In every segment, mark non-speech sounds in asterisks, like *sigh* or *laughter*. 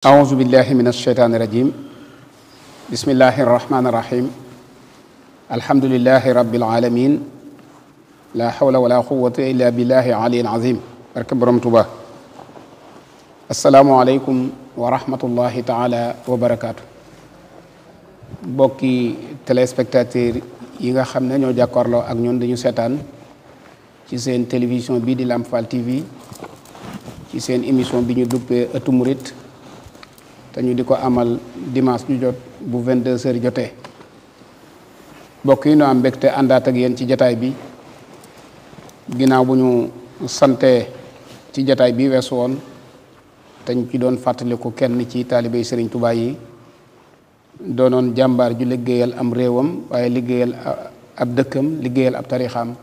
أعوذ بالله من الشيطان الرجيم بسم الله الرحمن الرحيم الحمد لله رب العالمين لا حول ولا قوة إلا بالله علي العظيم barke borom Tuuba asalaamualeykum wa rahmatullahi taala wa barakaatu mbokki téléspectateur yi nga xam ne ñoo jàkkaarloo ak ñun dañu seetaan ci seen télévision bii di Lamp Fall TV ci seen émission bi ñu duppee ëttu murit te ñu di ko amal dimanche ñu jot bu 22h jotee mbokk yi nu am mbégte àndaat ak yéen ci jataay bi ginnaaw bu ñu sante ci jataay bi weesu woon te ñu ci doon fàttaliku kenn ci taalibey Sëriñ Tuubaa yi doonoon jàmbaar ju liggéeyal am réewam waaye liggéeyal ab dëkkam liggéeyal ab tarixaam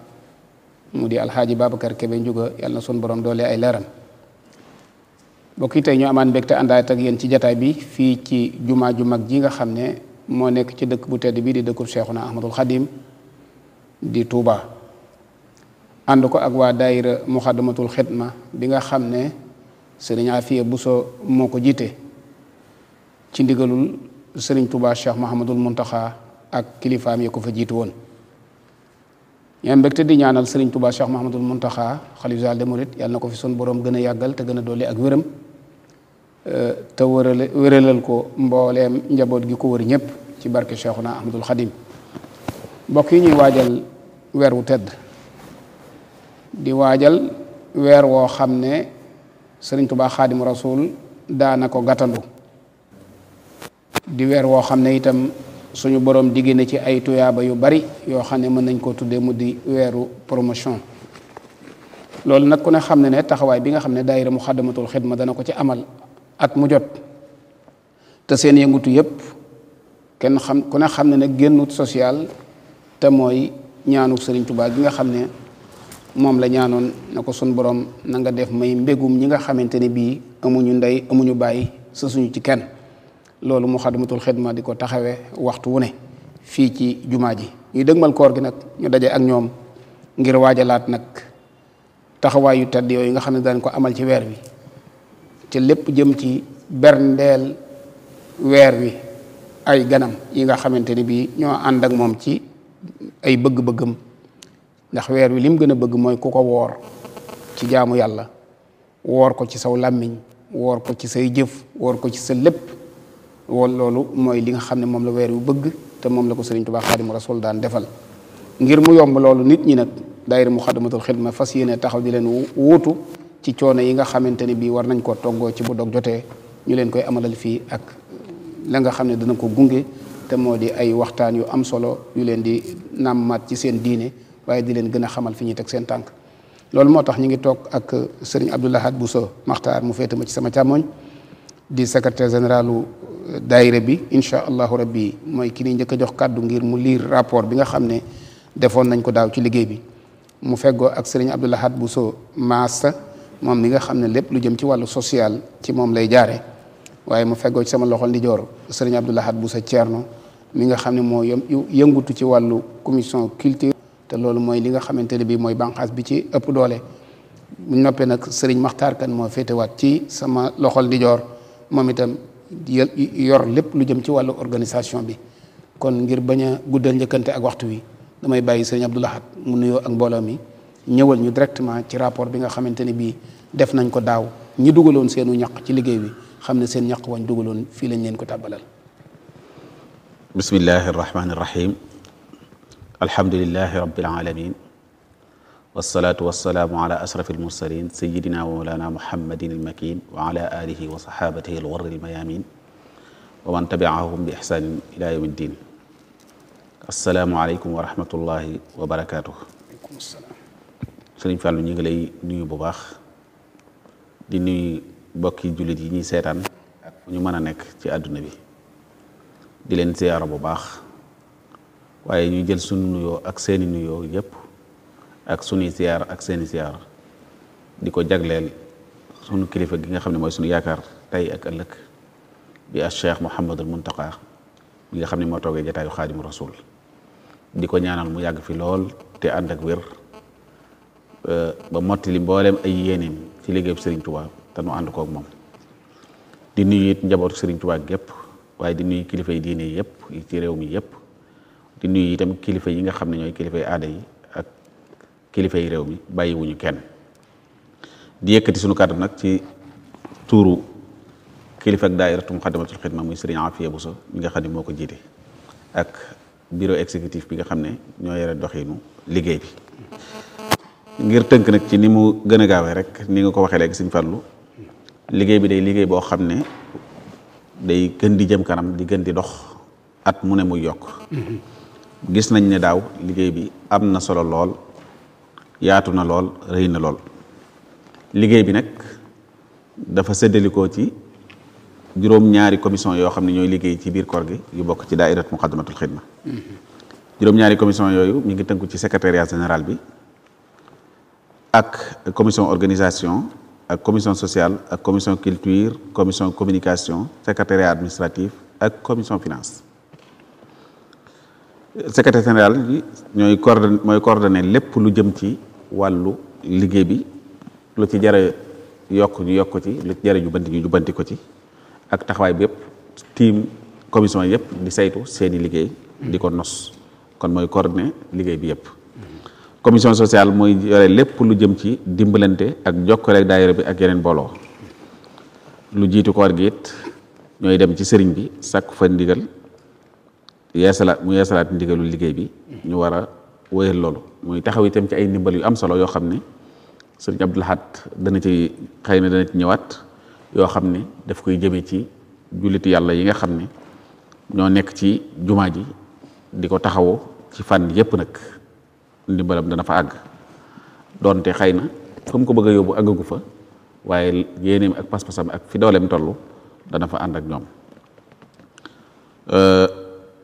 mu di alxaaji Babacar Kebe Njuga yàlla na sun borom doole ay leeram mbokk yi tey ñu amaan mbégte àndaat ak ci jataay bi fii ci jumaa ju mag ji nga xam ne moo nekk ci dëkk bu tedd bii di dëkkub Seexuna Ahmadul Xadim di Touba ànd ko ak waa daayira Muxaddamatul Xidma bi nga xam ne sëriñ Afiya Buso moo ko jiite ci ndigalul sëriñ Touba Cheikh Mahamadul Muntaxa ak kilifaam yi ko fa jiitu woon ñaan mbégte di ñaanal sëriñ Touba Cheikh Mahamadul Muntaxa xalif général des mourides yàlla na ko fi sun borom gën a yàggal te gën a dolli ak wéram Euh, te wërale wëralal ko mbooleem njaboot gi ko wër ñëpp ci barke naa Ahmadul Xadim mbokk yi ñuy waajal weer wu tedd di waajal weer woo xam ne sëriñ Tuubaa Xaadimu Rasuul daana ko gàttandu di weer woo xam ne itam suñu borom digg ci ay tuyaaba yu bari yoo xam ne mën nañ koo tuddee mu di weeru promotion loolu nag ku ne xam ne ne taxawaay bi nga xam ne daayira Muxaddamatul Xidma dana ko ci amal at mu jot te seen yëngutu yëpp kenn xam ku ne xam ne nag génnut social te mooy ñaanu Serigne Touba gi nga xam ne moom la ñaanoon na ko sun boroom na nga def may mbégum ñi nga xamante ne bii amuñu ndey amuñu bàyyi sa suñu ci kenn loolu mu xadamatul xidma di ko taxawee waxtu wu ne fii ci jumaa ji ñuy dëgmal koor gi nag ñu daje ak ñoom ngir waajalaat nag taxawaayu tedd yooyu nga xam ne daan ko amal ci weer bi ci lépp jëm ci berndeel weer wi ay ganam yi nga xamante ni bii ñoo ànd ak moom ci ay bëgg-bëggam ndax weer wi lim gën a bëgg mooy ku ko woor ci jaamu yàlla woor ko ci saw làmmiñ woor ko ci say jëf woor ko ci sa lépp wool loolu mooy li nga xam ne moom la weer wi bëgg te moom la ko Sëriñ Tuubaa Xaadimu Rasuul daan defal ngir mu yomb loolu nit ñi nag daayira Muxaddamatul Xidma fas yéene taxaw di leen wutu ci coono yi nga xamante ne bii war nañ koo toggoo ci bu dog jotee ñu leen koy amalal fii ak la nga xam ne dana ko gunge te moo di ay waxtaan yu am solo yu leen di nàmmaat ci seen diine waaye di leen gën a xamal fi ñuy teg seen tànk loolu moo tax ñu ngi toog ak sëriñ Abdou Lahad Bousso Maxtaar mu féete ci sama càmmoñ di secrétaire généralu daayira bi incha allahu rabbi mooy ki ni njëkk a jox kàddu ngir mu liir rapport bi nga xam ne defoon nañ ko daaw ci liggéey bi moom li nga xam ne lépp lu jëm ci wàllu social ci moom lay jaare waaye mu feggoo ci sama loxol di joor sëriñ Abdou Lahad Boussa Thierno mi nga xam ne moo yëngutu ci wàllu commission culture te loolu mooy li nga xamante ne bii mooy bànqaas bi ci ëpp doole mu noppee nag sëriñ Maxtaar Kan moo féete féetewaat ci sama loxol di joor moom itam yor lépp lu jëm ci wàllu organisation bi kon ngir bañ a guddal njëkkante ak waxtu wi damay bàyyi sëriñ Abdou mu nuyoo ak mbooloo mi ñëwal ñu directement ci rapport bi nga xamante ne bii def nañ ko daaw ñi dugaloon seenu ñaq ci liggéey bi xam ne seen ñaq wañ dugaloon fii lañ leen ko tàbbalal bismillahi arrahmani irrahim alhamdulilahi rabbil alamin wasalaatu wasalaamu ala ashraf almursalin sayidina wa mawlana muhammadin almakin wa ala alihi wa sahabatihi alwarri bi ihsanin ila sëriñ Fallou ñu ngi lay nuyu bu baax di nuyu mbokki jullit yi ñuy seetaan ak fu ñu mën a nekk ci àdduna bi di leen ziyaara bu baax waaye ñu jël suñu nuyoo ak seeni nuyoo yépp ak sunuy ziyaar ak seeni ziyaar di ko jagleel sunu kilifa gi nga xam ne mooy suñu yaakaar tey ak ëllëg bi ak Cheikh Mouhamadul Muntaqa bi nga xam ne moo toogee jataayu xaadimu rasul di ko ñaanal mu yàgg fi lool te ànd ak wér Euh, ba mottali mbooleem ay yéeneem ci liggéeyub Serigne Touba te nu ànd koog moom di nuyu it njabootu Serigne Touba gépp waaye di nuy kilifa yi diine yëpp yi ci réew mi yëpp di nuyu itam kilifa yi nga xam ne ñooy kilifa yi yi ak kilifa réew mi bàyyiwuñu kenn di yëkkati sunu kàddu nag ci tuuru kilifa ak daayiratu Muxaddamatul Xidma muy Serigne mi nga xam ne moo ko jiite ak bureau exécutif bi nga xam ne ñoo yore doxinu liggéey bi. ngir tënk nag ci ni mu gën a gaawee rek ni nga ko waxee léegi Sëñ Fallu liggéey bi day liggéey boo xam ne day gën di jëm kanam di gën di dox at mu ne muy yokk gis nañ ne daaw liggéey bi am na solo lool yaatu na lool rëy na lool liggéey bi nag dafa séddalikoo ci juróom ñaari commission yoo xam ne ñooy liggéey ci biir koor gi yu bokk ci daairat muqaddamatul xidma mm-hmm. juróom ñaari commission yooyu ñu ngi tënku ci secrétariat général bi ak commission organisation ak commission sociale ak commission culture commission communication secrétariat administratif ak commission finance secrétaire général bi mooy coordonné lépp lu jëm ci wàllu liggéey bi lu ci jare yokk ñu yokk ci lu ci jare ñu ñu jubanti ko ci ak taxawaay bi yëpp team commission yëpp di saytu seeni liggéey di ko nos kon mooy coordonné liggéey bi yëpp commission sociale mooy yore lépp lu jëm ci dimbalante ak jokkale ak bi ak yeneen mbooloo lu jiitu koor gi it ñooy dem ci sëriñ bi sàkku fa ndigal yeesalaat mu yeesalaat ndigalu liggéey bi ñu war a wéyal loolu muy taxaw itam ci ay ndimbal yu am solo yoo xam ni sëriñ Abdul Ahad dana ci xëy na dana ci ñëwaat yoo xam ni daf koy jëme ci jullitu yàlla yi nga xam ni ñoo nekk ci jumaa ji di ko taxawoo ci fànn yépp nag ndimbalam dana fa àgg donte xëy na fa ko bëgg a yóbbu àggagu fa waaye yéeneem ak pas-pasam ak fi dooleem toll dana fa ànd ak ñoom euh,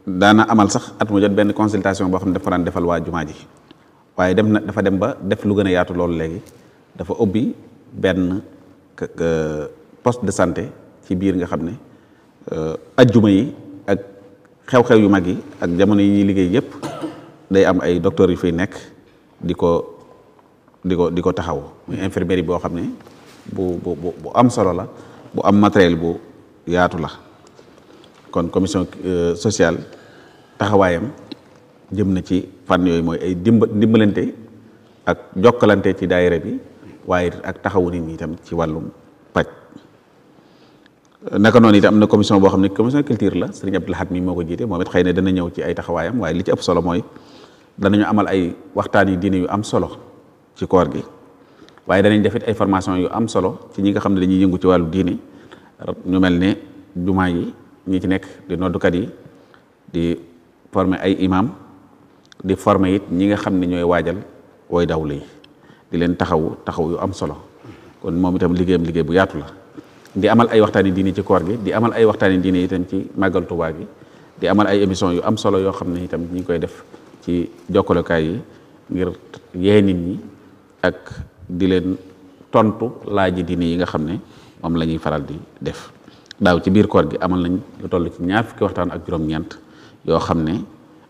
daana amal sax at mu jot benn consultation boo xam ne dafa daan defal waa jumaa ji waaye dem na dafa dem ba def lu gën a yaatu loolu léegi dafa ubbi benn poste de santé ci biir nga xam ne euh, ajjuma yi ak xew-xew yu mag yi ak jamono yi ñuy liggéey yépp day am ay docteurs yu fi nekk di ko di ko di ko taxaw muy infirmerie boo xam ne bu bu bu am solo la bu am matériel bu yaatu la kon commission euh, sociale taxawaayam jëm na ci fànn yooyu mooy ay dimba dimbalante ak jokkalante ci daayira bi waaye ak taxawu nit ñi itam ci wàllum paj naka noonu itam am na commission boo xam ne commission culture la sëriñ Abdou Lahad mi moo ko jiite moom it xëy na dana ñëw ci ay taxawaayam waaye li ci ëpp solo mooy danañu amal ay waxtaan yi diine yu am solo ci koor gi waaye danañ defit ay formation yu am solo ci ñi nga xam ne dañuy yëngu ci wàllu diine ñu mel ne jumaa yi ñi ci nekk di noddukat yi di former ay imam di forme it ñi nga xam ne ñooy waajal wooy dawlu yi di leen taxaw taxaw yu am solo kon moom itam liggéeyam liggéey bu yaatu la di amal ay waxtaani diine ci koor gi di amal ay waxtaani diine itam ci màggal Tuubaa gi di amal ay émission yu am solo yoo xam ne itam ñi ngi koy def ci jokkalukaay yi ngir yee nit ñi ak di leen tontu laaj laaji diine yi nga xam ne moom la ñuy faral di def daaw ci biir koor gi amal nañ lu toll ci ñaar fukki waxtaan ak juróom-ñeent yoo xam ne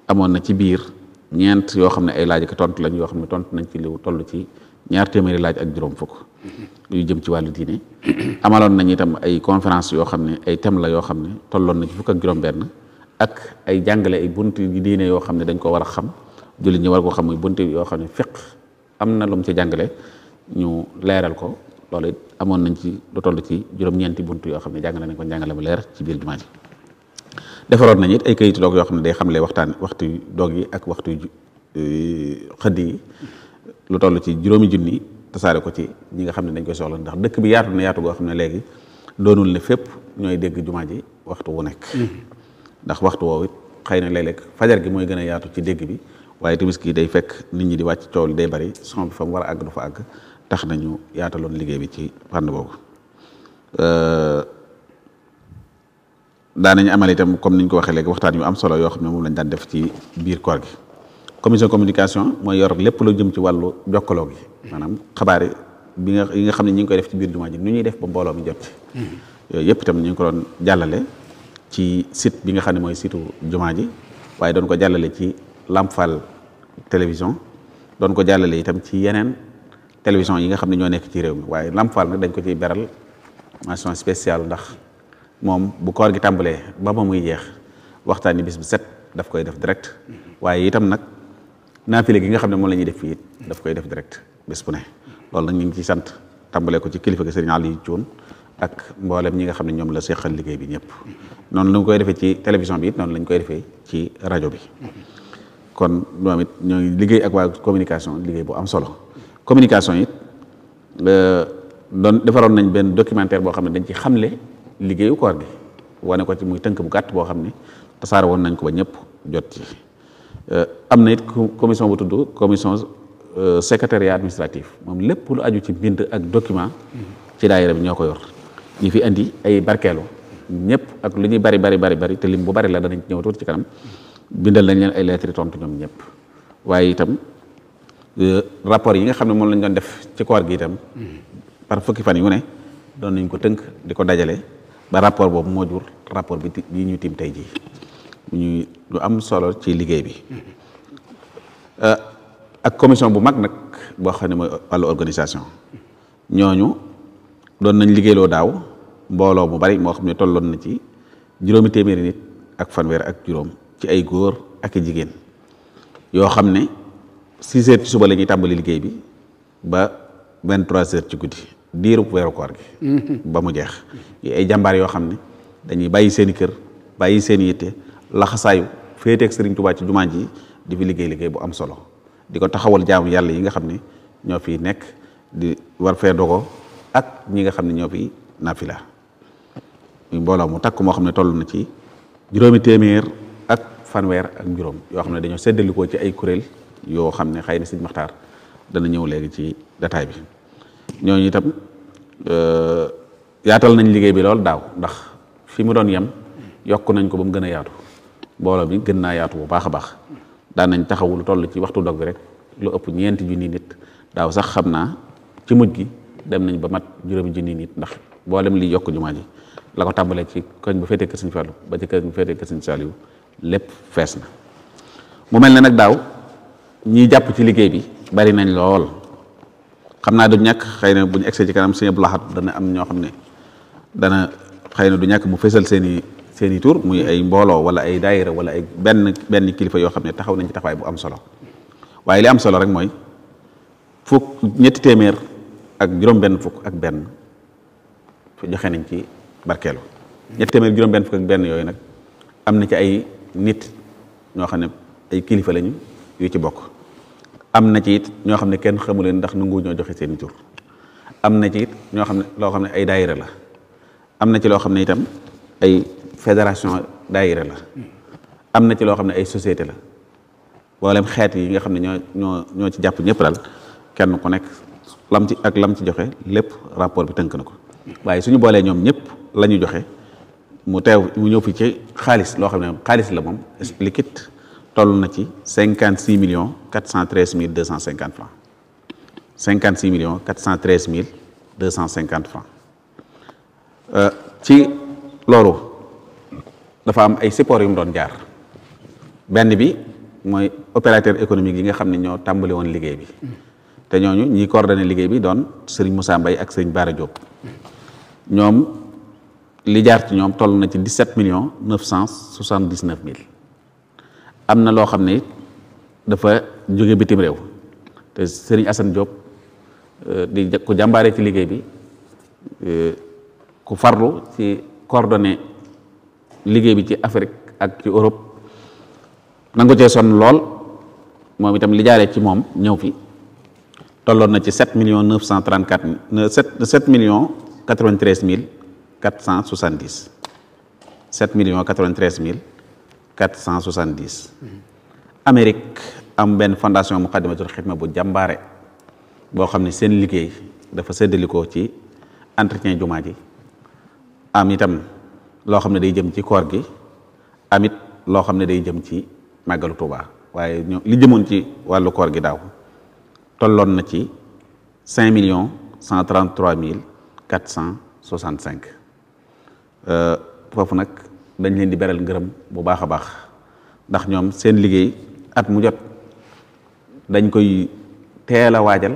amoon na ci biir ñeent yoo xam ne ay laaj ak tontu lañ yoo xam ne tontu nañ ci li toll ci ñaar téeméeri laaj ak juróom fukk yu jëm ci wàllu diine *coughs* amaloon nañu itam ay conférence yoo xam ne ay thème la yoo xam ne tolloon na ci fukk ak juróom-benn ak ay jàngale ay bunt yu diine yoo xam ne dañ ko war a xam jullit ñi war ko xam muy bunt yoo xam ne fiq am na lu mu ci jàngale ñu leeral ko loolu amoon nañ ci lu toll ci juróom-ñeenti bunt yoo xam ne jàngale nañ ko jàngale mu leer ci biir jumaa nañ ay kayitu yoo xam ne day xamle waxtaan waxtu doog yi ak waxtu euh, xëdd yi lu toll ci juróomi junni tasaare ko ci ñi nga xam ne dañ koy soxla ndax dëkk bi yaatu na yaatu goo xam ne léegi doonul ne fépp ñooy dégg jumaa ji waxtu wu nekk mm-hmm. ndax waxtu woowu it xëy na léeg-léeg fajar gi mooy gën a yaatu ci dégg bi waaye tamit kii day fekk nit ñi di wàcc coow li day bari son bi fa mu war a àgg du fa àgg tax nañu yaataloon liggéey bi ci fànn boobu euh, daanañu amal itam comme niñ ko waxee léegi waxtaan yu am solo yoo xam ne moom lañ daan def ci biir koor gi commission communication mooy yor lépp lu jëm ci wàllu jokkaloo gi maanaam xabaar yi bi nga yi nga xam ne ñi ngi koy def ci biir jumaa ji nu ñuy def ba mbooloo mi jot mm-hmm. yooyu yëpp itam ñu ko doon jàllale ci site bi nga xam ne mooy situ jumaa ji waaye doon ko jàllale ci Lamp télévision doon ko jàllale itam ci yeneen télévision yi nga xam ne ñoo nekk ci réew mi waaye làmpal Fall nag dañ ko ciy beral mention spéciale ndax moom bu koor gi tàmbalee ba ba muy jeex waxtaan yi bis bu set daf koy def direct waaye itam nag naafile gi nga xam ne moom la ñuy def fii it daf koy def direct bés bu ne loolu nag ñu ciy sant tàmbalee ko ci kilifa gi Serigne Aliou Thioune ak mboolem ñi nga xam ne ñoom la seqal liggéey bi ñëpp noonu la ñu koy defee ci télévision bi it noonu la koy defee ci rajo bi kon moom it ñooy liggéey ak waa communication liggéey bu am solo communication it euh, doon defaroon nañ benn documentaire boo xam ne dañ ci xamle liggéeyu koor gi wane ko ci muy tënk bu gàtt boo xam ne tasaare woon nañ ko ba ñëpp jot ci euh, am na yit commission bu tudd commission euh, secrétariat administratif moom lépp lu aju ci bind ak document ci daayira bi ñoo ko yor ñi fi indi ay barkeelu ñëpp ak lu ñuy bari bari bari bari te lim bu bari la danañ ñëw tuuti ci kanam bindal nañ leen ay lettres tontu ñoom ñëpp waaye itam euh, rapport yi nga xam ne moom lañ doon def ci koor gi itam par fukki fan yu ne doon nañ ko tënk di ko dajale ba rapport boobu moo jur rapport bi bi ñu tim tey ji ñu lu am solo ci liggéey bi euh, ak commission bu mag nag boo xam ne mooy wàllu organisation ñooñu doon nañ liggéeyloo daaw mbooloo mu bari moo xam ne tolloon na ci juróomi téeméeri nit ak fanweer ak juróom ci ay góor ak jigéen yoo xam ne six heures ci suba lañuy tàmbali liggéey bi ba vingt trois heures ci guddi diirub weeru koor gi mm-hmm. ba mu jeex ay jàmbaar yoo xam ne dañuy bàyyi seeni kër bàyyi seen i yitte laxasaayu féeteeg Serigne Touba ci jumaa ji di fi liggéey liggéey bu am solo di ko taxawal jaamu yàlla yi nga xam ne ñoo fi nekk di war fee ak ñi nga xam ne ñoo fi naafila muy mbooloo mu takk moo xam ne toll na ci juróomi téeméer ak fanweer ak juróom yoo xam ne dañoo seddalikoo ci ay kuréel yoo xam ne xëy na sëñ Maxtaar dana ñëw léegi ci détail bi ñooñu itam euh, yaatal nañ liggéey bi lool daaw ndax fi mu doon yem yokk nañ ko ba mu gën a yaatu mbooloo mi gën naa yaatu bu baax a baax daan nañ taxawu lu toll ci waxtu dog bi rek lu ëpp ñeenti nii nit daaw sax xam naa ci mujj gi dem nañ ba mat juróomi junni nit ndax mboolem li yokk jumaa ji la ko tàmbalee ci koñ bu féetee kër Sëñ Fallu ba ci koñ bu féetee kër Sëñ Saliou lépp fees na mu mel na nag daaw ñiy jàpp ci liggéey bi bari nañ lool xam naa du ñàkk xëy na bu ñu egsee ci kanam dana am ñoo xam ne dana xëy na du ñàkk mu fésal seeni seeni tur muy ay mbooloo wala ay daayira wala ay benn benn kilifa yoo xam ne taxaw nañ ci taxawaay bu am solo waaye li am solo rek mooy fukk ñetti téeméer ak juróom-benn fukk ak benn joxe nañ ci barkeelu ñetti téeméer juróom-benn fukk ak benn yooyu nag am na ci ay nit ñoo xam ne ay kilifa lañu yu ci bokk am na ci it ñoo xam ne kenn xamu leen ndax nangu ñoo joxe seen i am na ci it ñoo xam ne loo xam ne ay daayira la am na ci loo xam ne itam ay fédération daayira la am na ci loo xam ne ay société la mboolem xeet yi nga xam ne ñoo ñoo ci jàpp ñëpp daal kenn ku nekk. lam ci ak lam ci joxe lépp rapport bi tënk na ko waaye suñu boolee ñoom ñëpp la ñu joxe mu teew mu ñëw fi ci xaalis loo xam ne xaalis la moom liquide toll na ci cinquante six millions quatre cent treize mille deux cent cinquante francs cinquante six millions quatre mille deux cent cinquante francs euh, ci loolu dafa am ay support yu mu doon jaar benn bi mooy opérateur économique yi nga xam ne ñoo tàmbali woon liggéey bi te ñooñu ñii coordonné liggéey bi doon sëriñ Moussa Mbaye ak sëriñ Bara Diop ñoom li jaar ci ñoom toll na ci million 17 millions 979 mille am na loo xam ne dafa jóge bitim réew te sëriñ Assane Diop euh, di ku jàmbaare ci liggéey bi euh, ku farlu ci coordonné liggéey bi ci Afrique ak ci Europe nangu cee sonn lool moom itam li jaaree ci moom ñëw fi tolloon na ci sept millions neuf cent trente quatre euh, sept sept millions vingt treize mille quatre cent soixante dix sept millions quatre vingt treize mille quatre cent soixante dix Amérique am benn fondation Muqaddimatul ma bu jàmbaare boo xam ne seen liggéey dafa séddalikoo ci entretien jumaa ji am itam loo xam ne day jëm ci koor gi am it loo xam ne day jëm ci màggalu Tuubaa waaye ñoo li jëmoon ci wàllu koor gi daaw tolloon na ci cinq millions cent trente trois mille quatre cent soixante euh, foofu nag dañ leen di beral ngërëm bu baax a baax ndax ñoom seen liggéey at mu jot dañ koy teel a waajal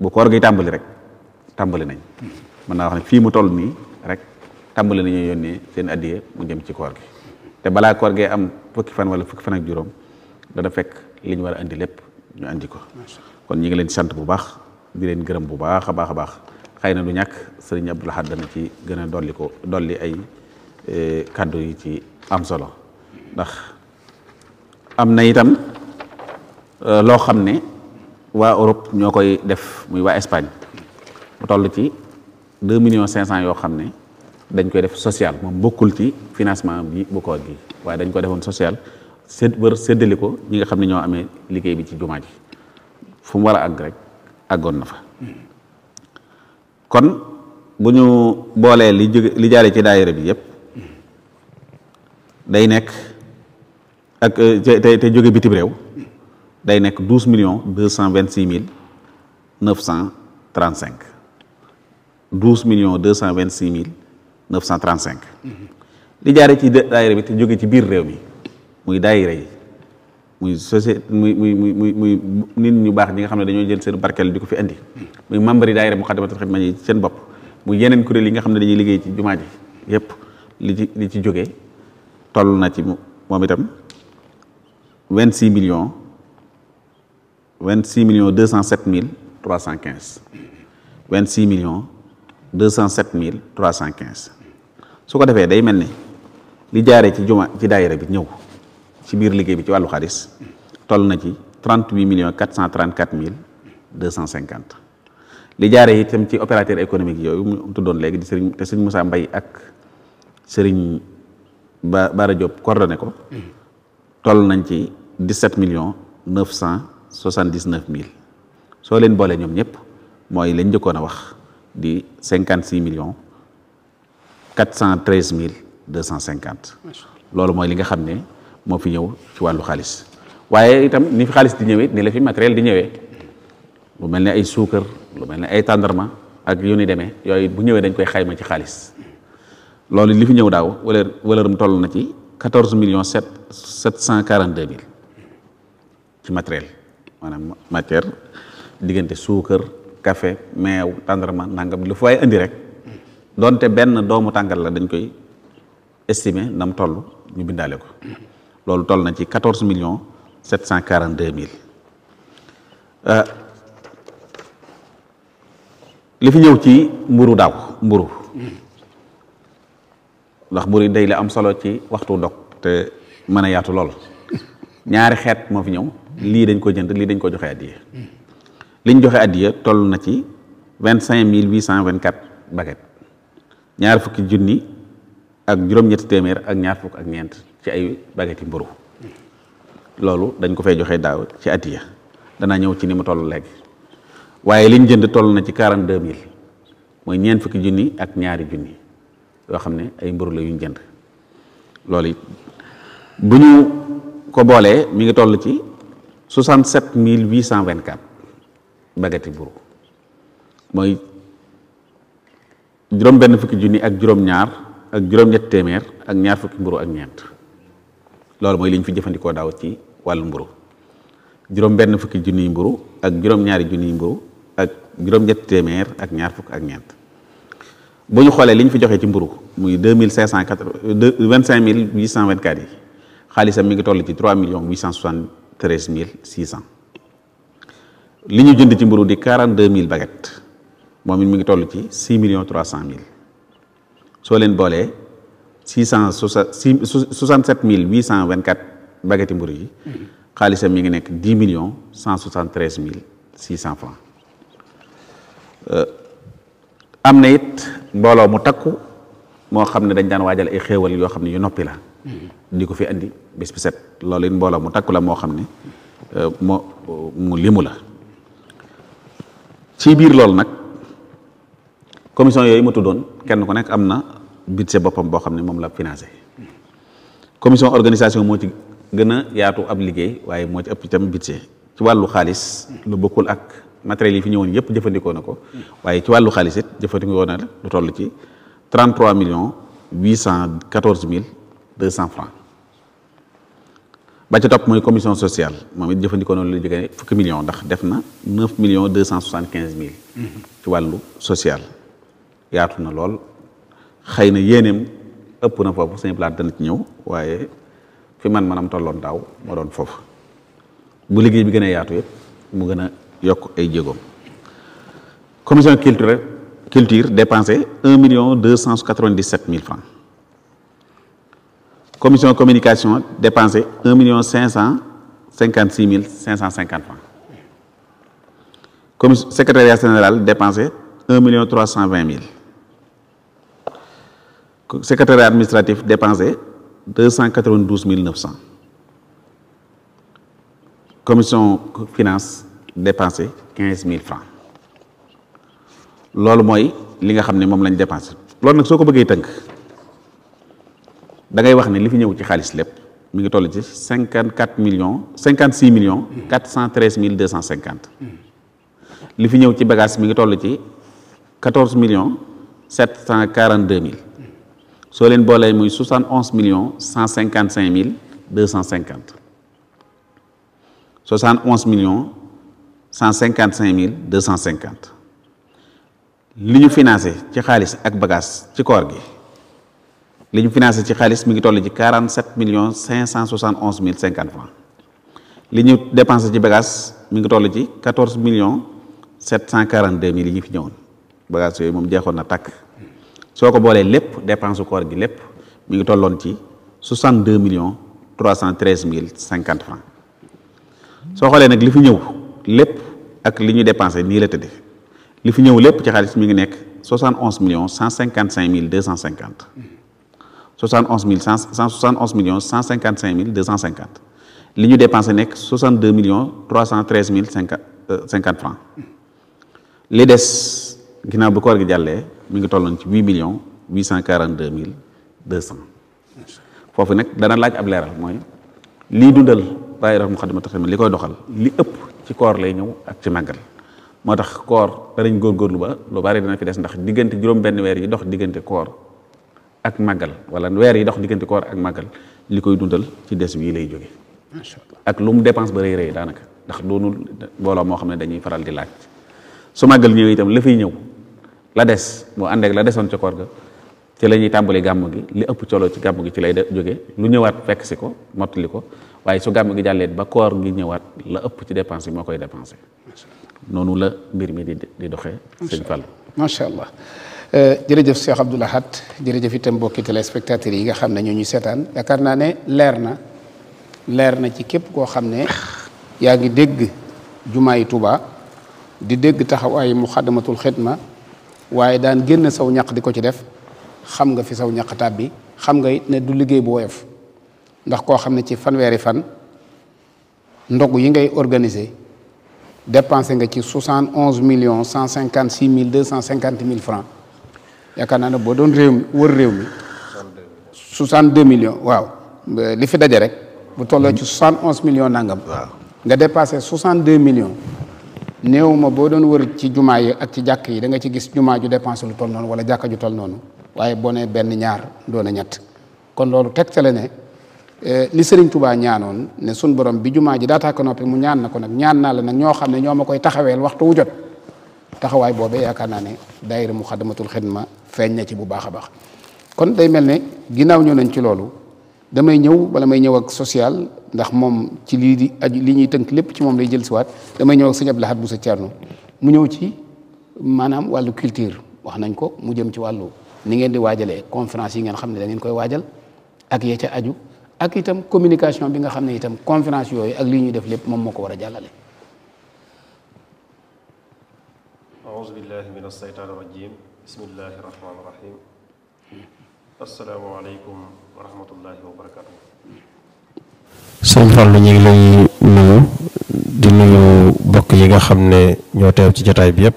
bu koor gi tàmbali rek tàmbali nañ mën naa wax ne fii mu toll nii rek tàmbali nañu yónnee seen addiye mu jëm ci koor gi te balaa koor gee am fukki fan wala fukki fan ak juróom dana fekk li war a indi lépp ñu andi ko kon ñi ngi leen sant bu baax di leen gërëm bu baax a baax a baax xëy na du ñàkk sëriñ Abdou Lahad dana ci gën a dolli ko dolli ay e, kàddu yi ci am solo ndax am na itam e, loo xam ne waa Europe ñoo koy def muy waa Espagne mu toll ci deux millions cinq cent yoo xam ne dañ koy def sociale moom bokkul ci financement bi bokkoo gi waaye dañ ko defoon social sédd wër séddali ko ñi nga xam ne ñoo amee liggéey bi ci jumaa ji fu mu war a àgg rek àggoon na fa kon bu ñu boolee li jóge li jaare ci daayira bi yëpp day nekk ak euh, te jóge bitim réew day nekk douze million deux cent vingt six mille neuf cent trente cinq douze million deux cent vingt six mille neuf cent trente cinq mm-hmm. li jaare ci daayira bi te jóge ci biir réew mi muy daayira yi muy société muy muy muy muy nit ñu baax ñi nga xam ne dañoo jël seen barkeel di ko fi andi muy membre yi daayira Muqaddamatul Xidma yi seen bopp mu yeneen kuréel yi nga xam ne dañuy liggéey ci jumaa ji yépp li ci li ci jógee toll na ci mu moom itam vingt six million vingt six million deux cent sept mille trois cent quinze vingt six millions deux cent sept mille trois cent quinze su ko defee day mel ni li jaaree ci juma ci daayira bi ñëw ci biir liggéey bi ci wàllu xaalis toll na ci trente huit millions quatre cent trente quatre mille deux cent cinquante li jaaree itam ci opérateur économique yooyu mu tuddoon léegi di sëriñ te sëriñ Moussa Mbaye ak sëriñ Ba Bara Diop coordonné ko toll nañ ci dix sept million neuf cent soixante dix mille soo leen boolee ñoom ñëpp mooy lañ njëkkoon a wax di cinquante six millions quatre cent treize mille deux cent cinquante loolu mooy li nga xam ne. moo fi ñëw ci wàllu xaalis waaye itam ni fi xaalis di ñëwee ni la fi matériel di ñëwee lu mel ne ay suukar lu mel ne ay tàndarma ak yu ni demee yooyu bu ñëwee dañ koy xayma ci xaalis loolu li fi ñëw daaw wala wala mu toll na ci quatorze millions sept sept cent quarante deux mille ci matériel maanaam matière diggante suukar café meew tàndarma nangam lu fay indi rek donte benn doomu tàngal la dañ koy estimer na mu toll ñu bindaale ko. loolu toll na ci quatorze millions sept cent quarante deux mille euh, li fi ñëw ci mburu daaw mburu ndax mburu day la am solo ci waxtu ndog te mën a yaatu lool ñaari xeet moo fi ñëw lii dañ ko jënd lii dañ ko joxe addiya liñ joxe addiya toll na ci vingt cinq mille huit cent vingt quatre baguettes ñaar fukki junni ak juróom-ñetti téeméer ak ñaar fukk ak ñeent ci ay baguette mburu loolu dañ ko fay joxe daaw ci atiya danaa ñëw ci ni mu toll léegi waaye liñ jënd toll na ci quarante deux mille mooy ñeent fukki junni ak ñaari junni yoo xam ne ay mburu la yuñ jënd loolu it bu ñu ko boolee mi ngi toll ci soixante sept mille huit cent vingt quatre baguette mburu mooy juróom benn fukki junni ak juróom ñaar ak juróom ñett téeméer ak ñaar fukki mburu ak ñeent loolu mooy li ñu fi jëfandikoo daaw ci wàllu mburu juróom benn fukki junniy mburu ak juróom-ñaari junniy mburu ak juróom-ñetti téeméer ak ñaar fukk ak ñeent bu ñu xoolee li ñu fi joxee ci mburu muy deux mille cinq cent quatre vingt cinq mille huit cent vingt quatre yi xaalisam mi ngi toll ci trois millions huit cent soixante treize mille six cent li ñu jënd ci mburu di quarante deux mille baguettes moom it mi ngi toll ci six millions trois cent mille soo leen boolee. six cent soixante-sept mille huit cent vingt-quatre baguettes mburu yi xaalisam mi ngi nekk dix millions cent soixante-treize mille six cent francs euh, am na it mbooloo mu takku moo xam ne dañ daan waajal ay xewal yoo xam ne yu noppi la di ko fi indi bés bi set loolu mbooloo mu takku la moo xam ne euh, moo mu limu la ci biir loolu nag commission yooyu ma tuddoon kenn ku nekk am na budget boppam boo xam ne moom la financé commission organisation moo ci gën a yaatu ab liggéey waaye moo ci ëpp tam budget ci wàllu xaalis lu bokkul ak matériels yi fi ñëwoon yëpp jëfandikoo na ko waaye ci wàllu xaalis it jëfandikoo lu toll ci 33 millions 814 mille 200 francs ba ca topp mooy commission sociale moom it jëfandikoo na lu jógee fukki millions ndax def na 9 millions 275 mille mhm. ci wàllu social yaatu na lool xëy na yéeneem ëpp na foofu sëñ Blaat dana ci ñëw waaye fi man manam tolloon daaw moo doon foofu bu liggéey bi gën a yaatu yëpp mu gën a yokk ay jéegoom commission culture culture dépensé un million deux cent quatre-vingt-dix-sept mille francs commission communication dépensé un million cinq cent cinquante six mille cinq cent cinquante francs commission général dépensé un million trois cent vingt mille secrétariat administratif dépensé deux cent quatre vingt douze mille cent commission finance dépensé quinze mille francs loolu mooy li nga xam ne moom lañ dépensé loolu nag soo ko bëggee tënk da ngay wax ne li fi ñëw ci xaalis lépp mi ngi toll ci cinquante quatre millions cinquante six millions quatre cent mille deux cent cinquante li fi ñëw ci bagage mi ngi toll ci quatorze millions sept cent quarante deux mille soo leen boolee muy soixante onze millions cent cinquante cinq mille deux cent cinquante soixante onze millions cent cinquante cinq mille deux cent cinquante li ñu financer ci xaalis ak bagage ci koor gi li ñu financé ci xaalis mi ngi toll ci quarante sept millions cinq cent soixante onze mille cinquante li ñu dépensé ci bagage mi ngi toll ci quatorze millions sept cent quarante deux mille yi ñu fi ñëwoon bagage yooyu moom jeexoon na takk soo ko boolee lépp dépense koor gi lépp mu ngi tolloon ci 62 millions 313 mille 50 francs soo xoolee nag li fi ñëw lépp ak li ñu dépensé nii la tëddee li fi ñëw lépp ci xaalis mi ngi nekk 71 millions 155 mille 250 71 mille 171 millions 155 mille 250 li ñu dépensé nekk 62 millions 313 mille 50 euh, francs li des. ginnaaw bi koor gi jàllee mi ngi tolloon ci huit millions huit cent quarante deux mille deux cent foofu nag dana laaj ab leeral mooy lii dundal daayira Moukhaddamatoul Khidma li koy doxal li ëpp ci koor lay ñëw ak ci màggal moo tax koor danañ góorgóorlu ba lu bari dana fi des ndax diggante juróom-benn weer yi dox diggante koor ak màggal wala weer yi dox diggante koor ak màggal li koy dundal ci des bii lay jóge macha ak lu mu dépense ba rëy rëy daanaka ndax doonu mbooloo moo xam ne dañuy faral di laaj su màggal ñëwee itam fay ñëw la des mu ànd ak la desoon ca koor ga ci la ñuy tàmbali gàmm gi li ëpp colo ci gàmm gi ci lay jóge lu ñëwaat fekk si ko mottali ko waaye su gàmm gi jàlleet ba koor gi ñëwaat la ëpp ci dépense yi moo koy dépensé noonu la mbir mi di di doxee sëñ Fall macha allah euh, jërëjëf Cheikh Abdou Lahad jërëjëf itam mbokki téléspectateurs yi nga xam ne ñoo ñu seetaan yaakaar naa ne leer na leer na ci képp koo xam ne yaa ngi dégg jumaa yi Tuubaa di dégg taxawaayu Muxaddamatul Xidma waaye daan génn saw ñaq di ko ci def xam nga fi saw ñaq bi xam nga it ne du liggéey bu woyof ndax koo xam ne ci fanweeri fan ndogu yi ngay organiser dépensé nga ci soixante onze million cent cinquante six mille deux cent cinquante mille francs yaakaar naa ne boo doon réew mi wër réew mi. 62 millions waaw li fi daje rek. bu tolloo ci 71 million nangam. waaw nga dépassé 62 million néew ma boo doon wër ci jumaa yi ak ci jàkk yi da nga ci gis jumaa ju dépense lu toll noonu wala jàkka ju toll noonu waaye boo nee benn ñaar doon a ñett kon loolu teg tegtale ne eh, li Serigne Touba ñaanoon ne sun borom bi jumaa ji daataa ko noppi mu ñaan na ko nag ñaan naa la nag ñoo xam ne ñoo ma koy taxaweel waxtu wu jot taxawaay boobee yaakaar naa ne mu daayira Muxaddamatul ma feeñ na ci bu baax a baax kon day mel ne ginnaaw ñëw nañ ci loolu damay ñëw wala may ñëw ak social ndax moom ci lii di aju li ñuy tënk lépp ci moom lay jël si damay ñëw ak sëñ Abdou Lahad Bousso mu ñëw ci maanaam wàllu culture wax nañ ko mu jëm ci wàllu ni ngeen di waajalee conférence yi ngeen xam ne da ngeen koy waajal ak ya ca aju ak itam communication bi nga xam ne itam conférence yooyu ak lii ñuy def lépp moom moo ko war a jàllale. aouzu billahi min asheytaan rajim bismillahi rahmaani rahim asalaamaaleykum wa rahmatullahi wa barakatuh ñu ngi lay nuyu di nuyu bokk yi nga xam ne ñoo teew ci jataay bi yëpp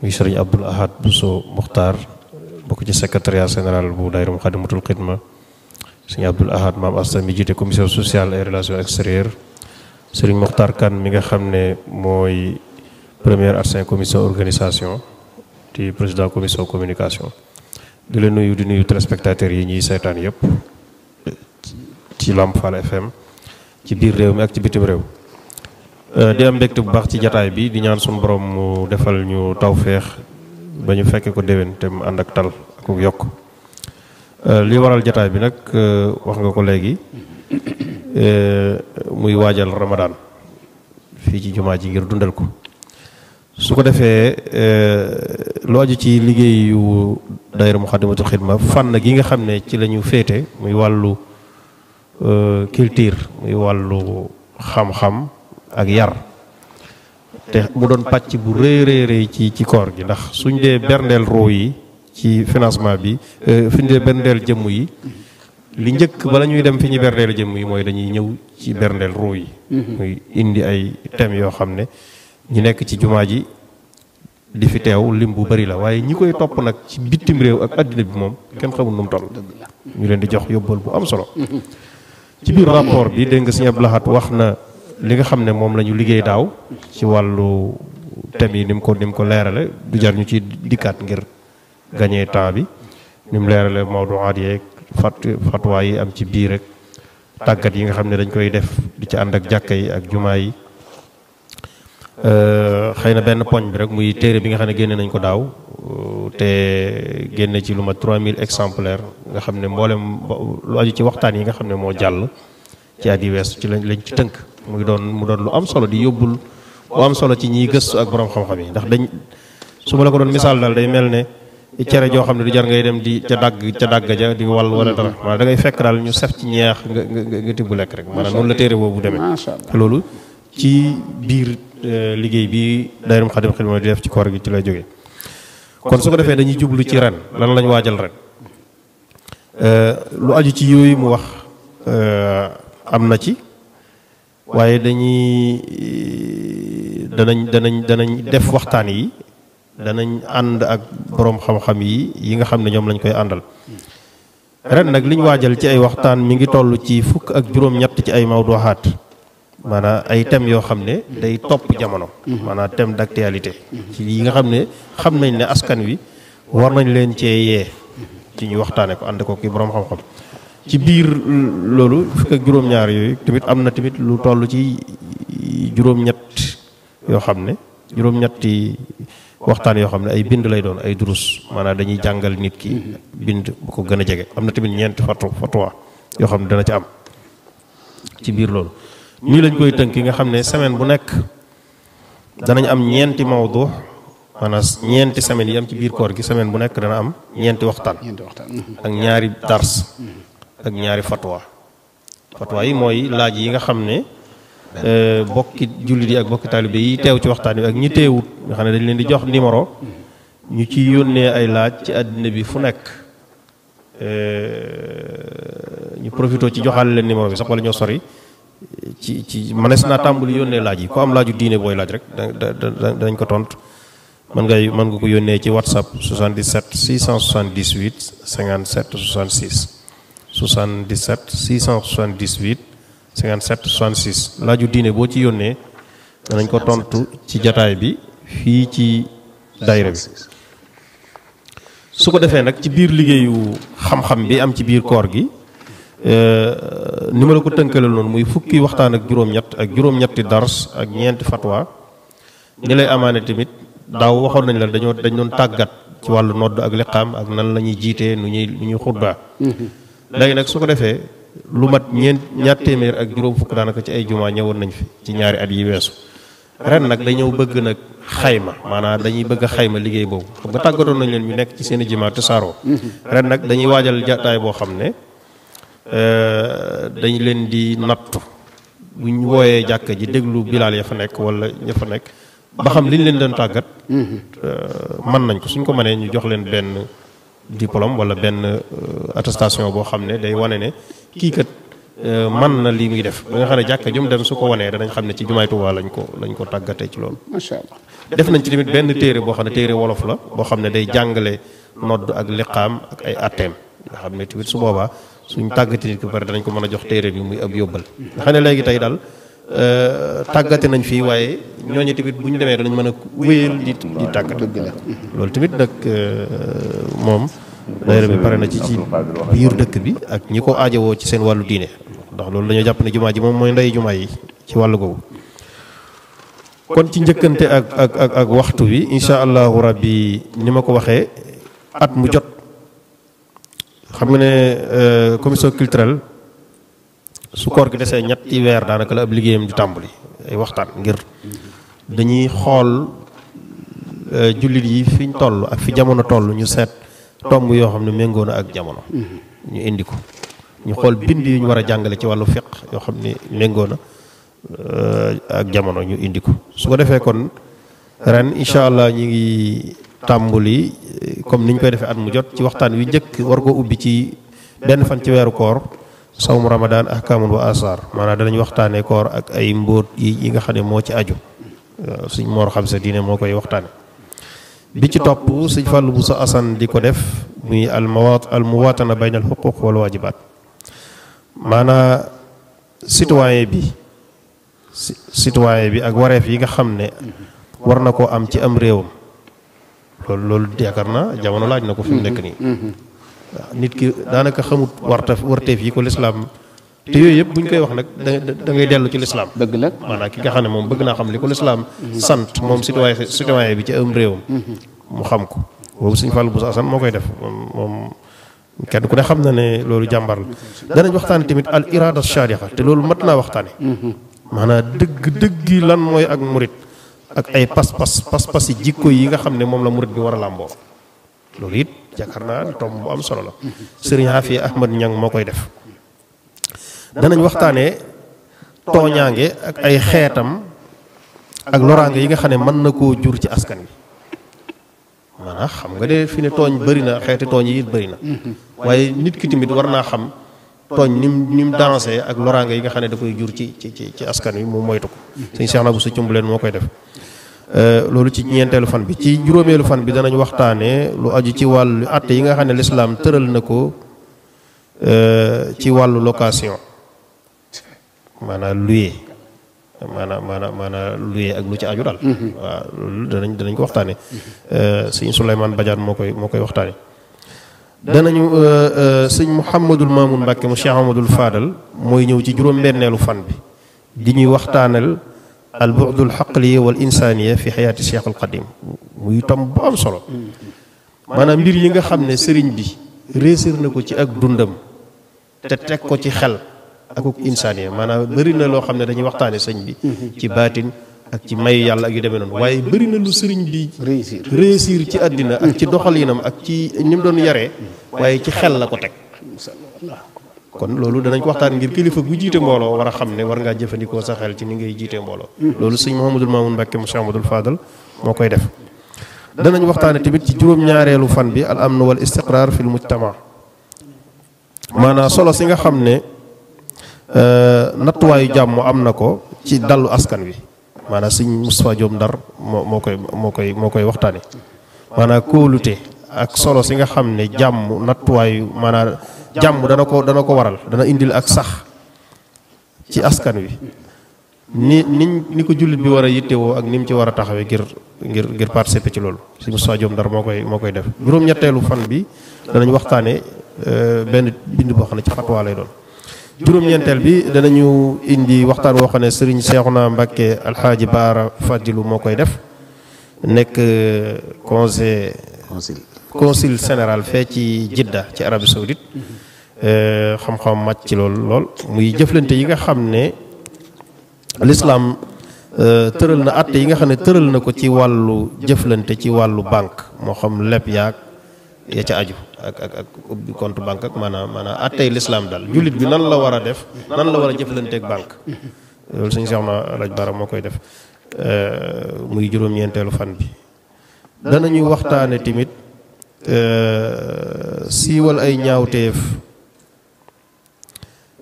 muy sëriñ Abdoul Ahad Bousso Muxtaar bokk ci secretariat général bu daayira Muxaddamatul Xidma sëriñ Abdoul Ahad maam Asta mi jiite commission sociale et relations extérieures sëriñ Muxtaar Kan mi nga xam ne mooy premier adjoint commission organisation di président commission communication di la nuyu di nuyu téléspectateurs yi ñuy seetaan yëpp ci Lamp Fall FM ci biir réew mi ak ci bitim réew euh, di am mbégte bu baax ci jataay bi di ñaan suñu borom mu defal ñu tawféex ba ñu fekkee ko déwén te mu ànd ak tal ak yokk euh, li waral jataay bi nag euh, wax nga ko léegi muy waajal Ramadan fii ci jumaa ji ngir dundal ko su ko defee euh, lu aju ci liggéeyu daayira Muxaddamatul Xidma fànn gi nga xam ne ci lañu féete muy wàllu euh, culture muy wàllu xam-xam ak yar te mu doon pàcc bu rëy rëy rëy ci ci koor gi ndax suñ dee berndeel roo yi ci financement bi fi euh, ñu dee berndeel jëmm yi li njëkk bala ñuy dem fi ñu berndeel jëmm yi mooy dañuy ñëw ci berndeel roo yi mm-hmm. muy indi ay thèmes yoo xam ne ñu nekk ci jumaa ji di fi teew lim bu bari la waaye ñi koy topp nag ci bitim réew ak àddina bi moom kenn xamul nu mu toll ñu leen di jox yóbbal bu am solo ci biir rapport bi dégg si Sëñ Abdou Lahad wax na li nga xam ne moom la ñu liggéey daaw ci wàllu thème yi ni ko ni ko leerale du jar ñu ci dikkaat ngir gagner temps bi ni mu leerale mawduwaat yeeg fat fatwaa yi am ci biir rek tàggat yi nga xam ne dañ koy def di ci ànd ak jàkka yi ak jumaa yi Euh, xëy na benn poñ bi rek muy téere bi nga xam ne génne nañ ko daaw te génne ci lu ma 3000 exemplaires nga xam ne mboolem lu aju ci waxtaan yi nga xam ne moo jàll ci at weesu ci lañ lañ ci tënk mu ngi doon mu doon lu am solo di yóbbul bu am solo ci ñiy gëstu ak borom xam-xam yi ndax dañ su ma la ko doon misaal daal day mel ne cere joo xam ne du jar ngay dem di ca dàgg ca dàgg ja di wal wala dara maanaam da ngay fekk daal ñu sef ci ñeex nga nga nga lekk rek maanaam noonu la téere boobu demee loolu ci Euh, liggéey bi dayrum xadim xidma di def ci koor gi ci lay jógee kon su ko defee dañuy jublu ci ren lan lañ waajal ren euh, lu aju ci yooyu mu wax euh, am na ci waaye dañuy danañ danañ danañ def waxtaan yi danañ ànd ak boroom xam-xam yi yi nga xam ne ñoom lañ koy àndal ren nag liñ waajal ci ay waxtaan mu ngi toll ci fukk ak juróom-ñett ci ay mawduwaat maanaam ay thèmes yoo xam ne day topp jamono. maanaam thème d'actualité. ci yi nga xam ne xam nañ ne askan wi war nañ leen cee yee. ci ñu waxtaanee ko ànd ko kii borom xam-xam. ci biir loolu fukk ak juróom-ñaar yooyu tamit am na tamit lu toll ci juróom yoo xam ne juróom-ñetti waxtaan yoo xam ne ay bind lay doon ay durus maanaam dañuy jàngal nit ki bind bu ko gën a jege am na tamit ñeenti fatu fatwa yoo xam ne dana ci am ci biir loolu. nii lañ koy tënk yi nga xam ne semaine bu nekk danañ am ñeenti mawdu maanaam ñeenti semaine yi am ci biir koor gi semaine bu nekk dana am ñeenti waxtaan ak ñaari dars ak ñaari fatwa fatwa yi mooy laaj yi nga xam ne euh, bokki jullit yi ak bokki taalibe yi teew ci waxtaan bi ak ñi teewut nga xam ne dañ leen di jox numéro ñu ci yónnee ay laaj ci àddina bi fu nekk euh, ñu profité ci joxal leen numéro bi sax wala ñoo sori ci ci mënees naa tàmbali yónnee laaj yi ku am laaju diine booy laaj rek da dañ ko tontu mën ngay mën nga ko yónnee ci whatsapp 77 678 57 66 77 678 57 66 laaju diine boo ci yónnee danañ ko tontu ci jataay bi fii ci daayira bi su ko defee nag ci biir liggéeyu xam-xam bi am ci biir koor gi Euh, ni ma la ko tënkale noonu muy fukki waxtaan ak juróom-ñett ak juróom-ñetti dars ak ñeenti fatwa ñi lay amaane tamit daaw waxoon nañ la dañoo dañ doon tàggat ci wàllu nodd ak liqaam ak nan la ñuy jiitee nu ñuy nu ñuy xutba mm-hmm. léegi nag su ko defee lu mat ñeent ñaar téeméer ak juróom fukk daanaka ci ay jumaa ñëwoon nañ fi ci ñaari at yi weesu ren nag dañoo bëgg nag xayma maanaam dañuy bëgg a xayma liggéey boobu xam nga tàggatoon nañ leen ñu nekk ci seen i jumaa te saaroo mm-hmm. ren nag dañuy waajal jataay boo xam ne Euh, dañ leen di nattu buñ wooyee jàkka ji déglu bilaal ya fa nekk wala ya fa nekk ba xam liñ leen doon tàggat euh, mën nañ ko suñ ko mënee ñu jox leen benn diplôme wala benn euh, attestation boo xam ne day wane ne kii kat man na lii muy def ba nga xam ne jàkka jum dem su ko wanee danañ xam ne ci jumaay Tuubaa lañ ko lañ ko tàggatee ci loolu macha def nañ ci tamit benn téere boo xam ne téere wolof la boo xam ne day jàngale nodd ak liqaam ak ay atteem nga xam ne tamit su boobaa suñ tàggati nit ko pare danañ ko mën a jox téere bi muy ab yóbbal nga xam ne léegi tey daal euh, tàggate nañ fii waaye ñooñu tamit bu ñu demee danañ mën a wéyal di di tàggate loolu tamit nag euh, moom daayira bi na ci ci dëkk bi ak ñi ko aajowoo ci seen wàllu diine ndax loolu dañoo jàpp ne jumaa ji moom mooy ndey jumaa yi ci wàllu googu kon ci njëkkante ak ak ak waxtu bi incha allahu rabbi ni ma ko waxee at mu jot xam nga ne euh, commission culturelle su koor gi desee ñetti weer daanaka la ab liggéeyam di tàmbali ay waxtaan ngir dañuy xool euh, jullit yi fi ñu toll ak fi jamono toll ñu seet tomb yoo xam ne méngoo na ak jamono. Mm-hmm. ñu indi ko ñu xool bind yu ñu war a jàngale ci wàllu fiq yoo xam ne méngoo na euh, ak jamono ñu indi ko su ko defee kon ren incha allah ñi ngi. tàmbuli comme ni koy defee at mu jot ci waxtaan wi njëkk war koo ubbi ci benn fan ci weeru koor sawmu ramadaan ahkaamun wa asaar maanaam danañ waxtaanee koor ak ay mbóot yi nga xam ne moo ci aju euh, suñ moor xam sa diine moo koy waxtaan bi ci topp suñ fàllu bu sa asan di ko def muy almawaat almuwaatana bayna al xuquq wal waajibaat maanaa citoyen bi citoyen bi ak wareef yi nga xam ne war na koo am ci am réewam loolu loolu yaakaar naa jamono laaj na ko fi mu nekk nii. waaw nit ki daanaka xamut warta warteef yi ko lislaam te yooyu yëpp bu ñu koy wax nag da ngay dellu ci lislaam dëgg la maanaam ki nga xam ne moom bëgg naa xam li ko lislaam sant moom citoyen citoyen bi ci am réew mu xam ko boobu suñu fàll bu asan moo koy def moom kenn ku ne xam na ne loolu jàmbar la danañ waxtaane tamit al irada sadiqa te loolu mat naa waxtaane mm-hmm. maanaam dëgg dëgg lan mooy ak murit ak ay pas-pas pas-pas yi jikko yi nga xam ne moom la murit bi war a làmboo loolu it yaakaar naa tomb bu am solo la sëriñ Hafi Ahmad Ñang moo koy def danañ waxtaanee tooñaange ak ay xeetam ak loraange yi nga xam ne mën na koo jur ci askan wi naa xam nga de fi ne tooñ bëri na xeeti tooñ yi it na mm-hmm. waaye nit ki war naa xam tooñ ni mu ni mu ak loraange yi nga xam ne dafay jur ci ci ci askan wi mu moytu ko. suñu seex na bu sa cumb leen moo koy def. Euh, loolu ci ñeenteelu fan bi ci juróomeelu fan bi danañ waxtaanee lu aju ci wàllu atte yi nga xam ne lislaam tëral na ko euh, ci wàllu location maanaam luye maanaam maanaam maanaam luye ak lu ci aju daal. Mm-hmm. waaw loolu danañ danañ ko waxtaanee. Euh, sëñ Souleymane Badiane moo koy moo koy waxtaanee. danañu euh, euh, sëñ Mouhamadul Mamoun Mbacke mu Cheikh Amadou faadal mooy ñëw ci juróom-benneelu fan bi di ñuy waxtaanal al bu'dul xaqliya wal insaaniya fi xayaati Cheikh al Qadim muy tam bu am solo maanaam mbir yi nga xam ne sëriñ bi réesir na ko ci ak dundam te teg ko ci xel ak insaaniya maanaam bëri na loo xam ne dañuy waxtaane sëñ bi ci baatin. ak ci may yàlla ak yu demee noonu waaye bëri lu sëriñ bi réussir réussir ci àddina ak ci doxalinam ak ci ni mu doon yaree waaye ci xel la ko teg kon loolu danañ ko waxtaan ngir kilifa gu jiite mbooloo war a xam ne war ngaa jëfandikoo sa xel ci ni ngay jiite mbooloo loolu sëñ Mouhamadul Mamoun Mbacke mu Cheikh Amadou Fadal moo koy def danañ waxtaane tamit ci juróom-ñaareelu fan bi al amn wal istiqrar fil mujtama maanaam solo si nga xam ne euh, nattuwaayu jàmm am na ko ci dallu askan wi maanaam sëñ Moustapha Diop Ndar moo moo koy moo koy moo koy waxtaane maanaam kóolute ak solo si nga xam ne jàmm nattuwaayu maanaam jàmm dana ko dana ko waral dana indil ak sax ci askan wi ni niñ ni ko jullit bi war a yittewoo ak ni mu ci war a taxawee ngir ngir ngir participer ci loolu sëñ Moustapha Diop Ndar moo koy moo koy def juróom-ñetteelu fan bi danañ waxtaane euh, benn bind boo xam ne ci fatwa lay doon juróom-ñeenteel bi danañu indi waxtaan woo xam ne sëriñ Seexuna Mbàkke alxaaji Baara Fadilu moo koy def nekk euh, conseil consul général fee ci Jidda ci Arabie Saoudite mm-hmm. euh, xam-xam màcc ci lool lool muy jëflante yi nga xam ne lislaam euh, tëral na àtte yi nga xam ne tëral na ko ci wàllu jëflante ci wàllu banque moo xam leb yaag ya ca aju ak ak ak ubbi compte banque ak maanaa maanaam attey lislaam daal jullit bi nan la war a def nan la war a jëflanteek banque loolu suñu seex ma moo koy def euh, muy juróom-ñeenteelu fan bi ñuy waxtaane tamit euh, siiwal ay ñaawteef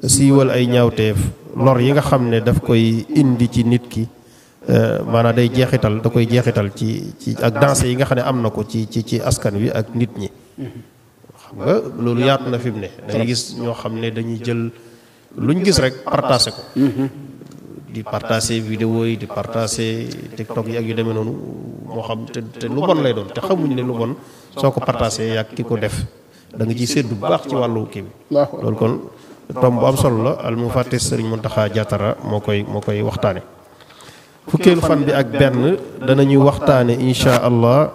siiwal ay ñaawteef lor yi nga xam ne daf koy indi ci nit ki Euh, maanaam day jeexital da koy jeexital ci ci ak danse yi nga xam ne am na ko ci ci ci askan wi ak nit ñi. xam nga loolu yaat na fi mu ne. da ngay gis ñoo xam ne dañuy jël luñ gis rek partase ko. di partagé vidéo yi di partagé TikTok yi ak yu demee noonu moo xam te te lu bon lay doon te xamuñ ne lu bon soo ko partagé yàgg ki ko def da nga ciy séddu bu baax ci wàllu kii bi. loolu kon tomb bu am solo la fàtte mufatis Serigne Mountakha Diatara moo koy moo koy waxtaane fukkeelu fan bi ak benn dana danañuy waxtaane incha allah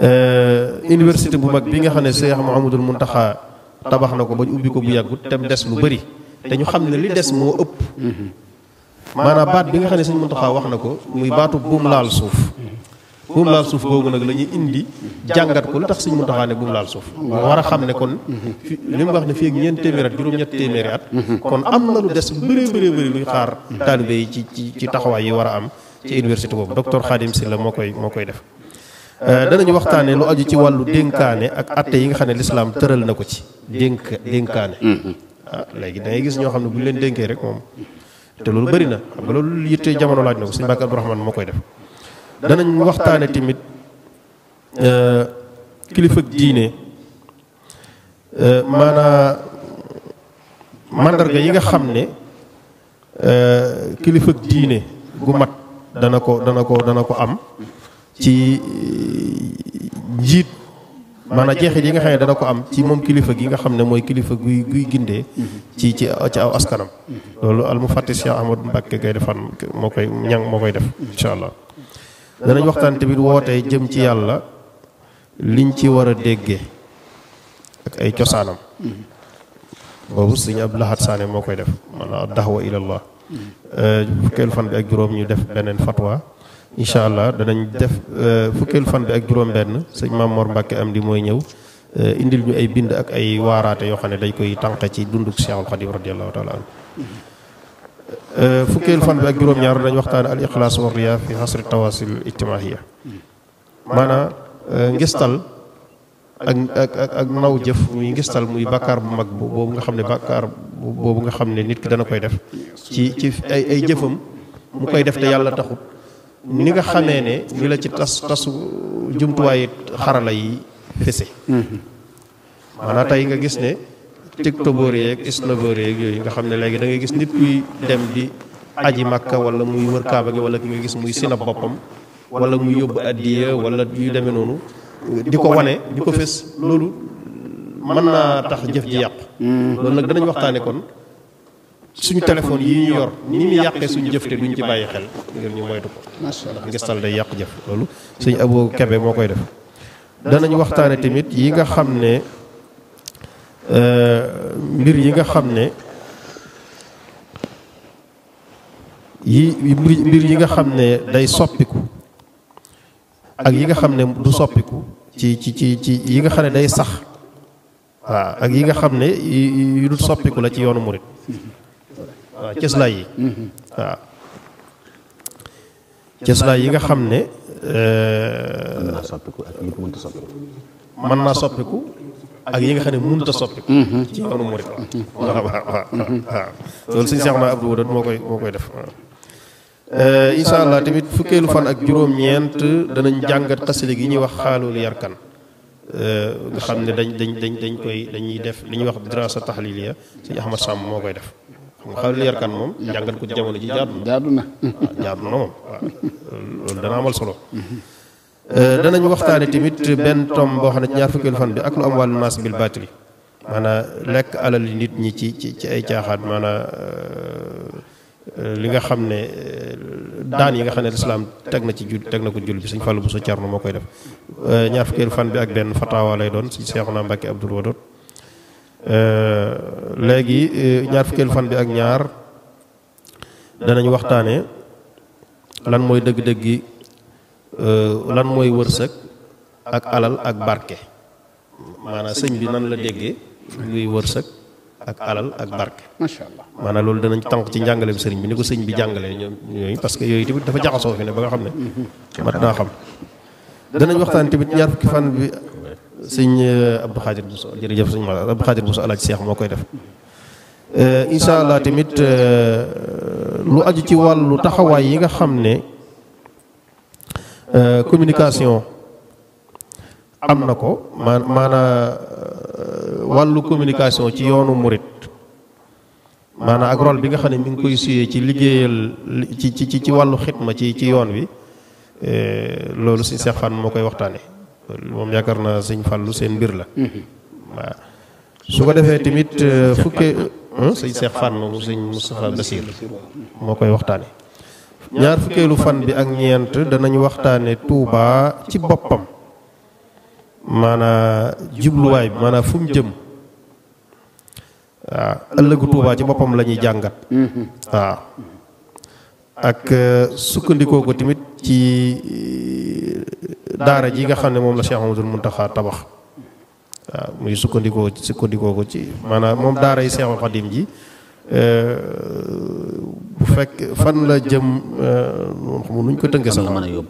euh, université bu mag bi nga xam ne Cheikh Mouhamadul Mountakha tabax na ko ba ñu ubbi ko bu yàggut tem des lu bëri te ñu xam ne li des moo ëpp mm-hmm. maanaam baat bi nga xam ne sëñ Mountakha wax na ko muy baatu buum laal suuf bu mu laal suuf googu nag la ñuy indi jàngat ko lu tax sëñ Muntaxa ne bu laal suuf moo war a xam ne kon li mu wax ne fii ak ñeent téeméeri at juróom-ñett téeméeri at kon am na lu des bëree bëree luy xaar taalibe yi ci ci ci taxawaay yi war a am ci université boobu docteur Khadim la moo koy moo koy def euh, danañu waxtaane lu aju ci wàllu dénkaane ak atte yi nga xam ne lislaam tëral na ko ci dénk dénkaane ah léegi da ngay gis ñoo xam ne bu ñu leen dénkee rek moom te loolu bëri na xam nga loolu yitte na ko sëñ Mbàkke Abdu moo koy def danañ waxtaane tamit euh, kilifa diine euh, maanaa màndarga yi nga xam ne euh, kilifa diine gu mat dana ko dana ko dana ko am ci njiit maanaam jeexit yi nga xam ne dana ko am ci moom kilifa gi nga xam ne mooy kilifa guy guy gindee ci ci ci aw askanam loolu al mu fàtte Cheikh Ahmadou Mbacke Gaïndé Fatma moo koy ñang moo koy def allah danañ waxtaan tamit woote jëm ci yàlla liñ ci war a déggee ak ay cosaanam boobu sëñ Abdou Lahad Sané moo koy def maanaam daxwa ilallah fukkeelu fan bi ak juróom ñu def beneen fatwa incha allah danañ def euh, fukkeelu fan bi ak juróom benn sëñ Mamor Mbacke am di mooy ñëw euh, indil ñu ay bind ak ay waaraate yoo xam ne dañ koy tànq ci dunduk Cheikhul Khadim radiyallahu taala anhu fukkeelu fan bi ak juróom-ñaar dañ waxtaan al ixlaas wa riya fi xasri tawasil ijtimaiya maanaam eh, ngistal ak naw jëf muy ngistal muy bàkkaar bu mag boobu nga xam ne bàkkaar boobu nga xam ne nit ki dana koy def ci ci ay ay jëfam mu koy def te yàlla taxut ni nga xamee ne ni la ci tas tasu jumtuwaay xarala yi fese hmm. tey nga gis ne tiktokeur yeeg islaveur yeeg yooyu nga xam ne léegi da ngay gis nit kuy dem di aji màkka wala muy wër kaaba gi wala ki nga gis muy sinab boppam wala muy yóbbu addiya wala yu demee noonu di ko wane di ko fës loolu mën naa tax jëf ji yàq hmm. loolu nag danañ waxtaane kon suñu téléphone yi ñu yor ni mu yàqee suñu jëf te duñ ci bàyyi xel ngir ñu moytu ko ndax ngistal day yàq jëf loolu suñu abo kebe moo koy def danañ waxtaane tamit yi nga xam ne Euh, mbir yi nga xam ne yi mbir yi nga xam ne day soppiku ak yi nga xam ne du soppiku ci ci ci ci yi nga xam ne day sax waaw ak yi nga xam ne yu du soppiku la ci yoonu murit waaw cëslaay yi mm-hmm. waaw cëslaay yi nga xam ne euh, mën naa soppiku ak yi nga xam ne mënut a soppi mm-hmm. ci yoonu murit waaw waaw mm-hmm. Mm-hmm. loolu suñu seex ma Abdou Wadoud moo koy moo koy def euh, incha allah tamit fukkeelu fan ak juróom-ñeent danañ jàngat xasida gi ñuy wax xaalul yarkan euh, nga xam ne dañ dañ dañ dañ koy dañuy def li ñuy wax dirasa taxliliya suñu Ahmad sàmm moo koy def xam nga xaalul yarkan moom jàngat ko jamono ji jaadu na jaadu na moom loolu dana amal solo Euh, danañ waxtaane tamit benn tom boo xam ne ñaar fukkeelu fan bi ak lu am wàllu maas bil baatili maanaam lekk alal yi nit ñi ci ci ay caaxaan maanaam euh, li nga xam ne euh, daan yi nga xam ne lislaam teg na ci jul teg na ko jul bi suñ fàllu bu sa na moo koy def ñaar fukkeelu fan bi ak benn fatawa lay doon si Seexuna Mbàkke Abdul Wadud léegi ñaar fukkeelu fan bi ak ñaar danañ waxtaane lan mooy dëgg-dëggi Euh, lan mooy wërsëg ak alal ak barke maanaa sëñ bi nan la déggee luy wërsëg ak alal ak barke. macha allah maanaam loolu danañ tànk ci njàngale bi sëriñ bi ni ko sëñ bi jàngalee ñoom ñooyu parce que yooyu tamit dafa jaxasoo fi ne ba nga xam ne. mat naa xam danañ waxtaan tamit ñaar fukki fan bi sëñ euh, Abdou Khadir Bousso jërëjëf sëñ Mawla Abdou Khadir Bousso Alaaji Seex moo koy def. Euh, incha allah tamit lu aju ci wàllu taxawaay yi nga xam ne. Euh, communication am na ko maana euh, wàllu communication ci yoonu murit maana ak rôle bi nga xam ne mi ngi koy suyee ci liggéeyal ci ci ci wàllu xitma ci ci yoon wi euh, loolu si Seex Fànn moo koy waxtaane moom yaakaar naa sëñ lu seen mbir la mhm. waaw su ko defee tamit fukkee sëñ Seex Fànn mu sëñ Moustapha Basir moo koy waxtaane ñaar fukkeelu fan bi ak ñeent danañu waxtaane Touba ci boppam maanaa jubluwaay bi maanaa fu jëm waaw ëllëgu Touba ci boppam lañuy ñuy jàngat waaw ak euh, sukkandikoo ko tamit ci euh, daara ji nga xam ne moom la Cheikh mu Mountakha tabax waaw muy sukkandikoo sukkandikoo ko ci maanaam moom daara yi Cheikhul Khadim ji Euh, bu fekk fan la jëm euh, moom nuñ ko tënk sax mën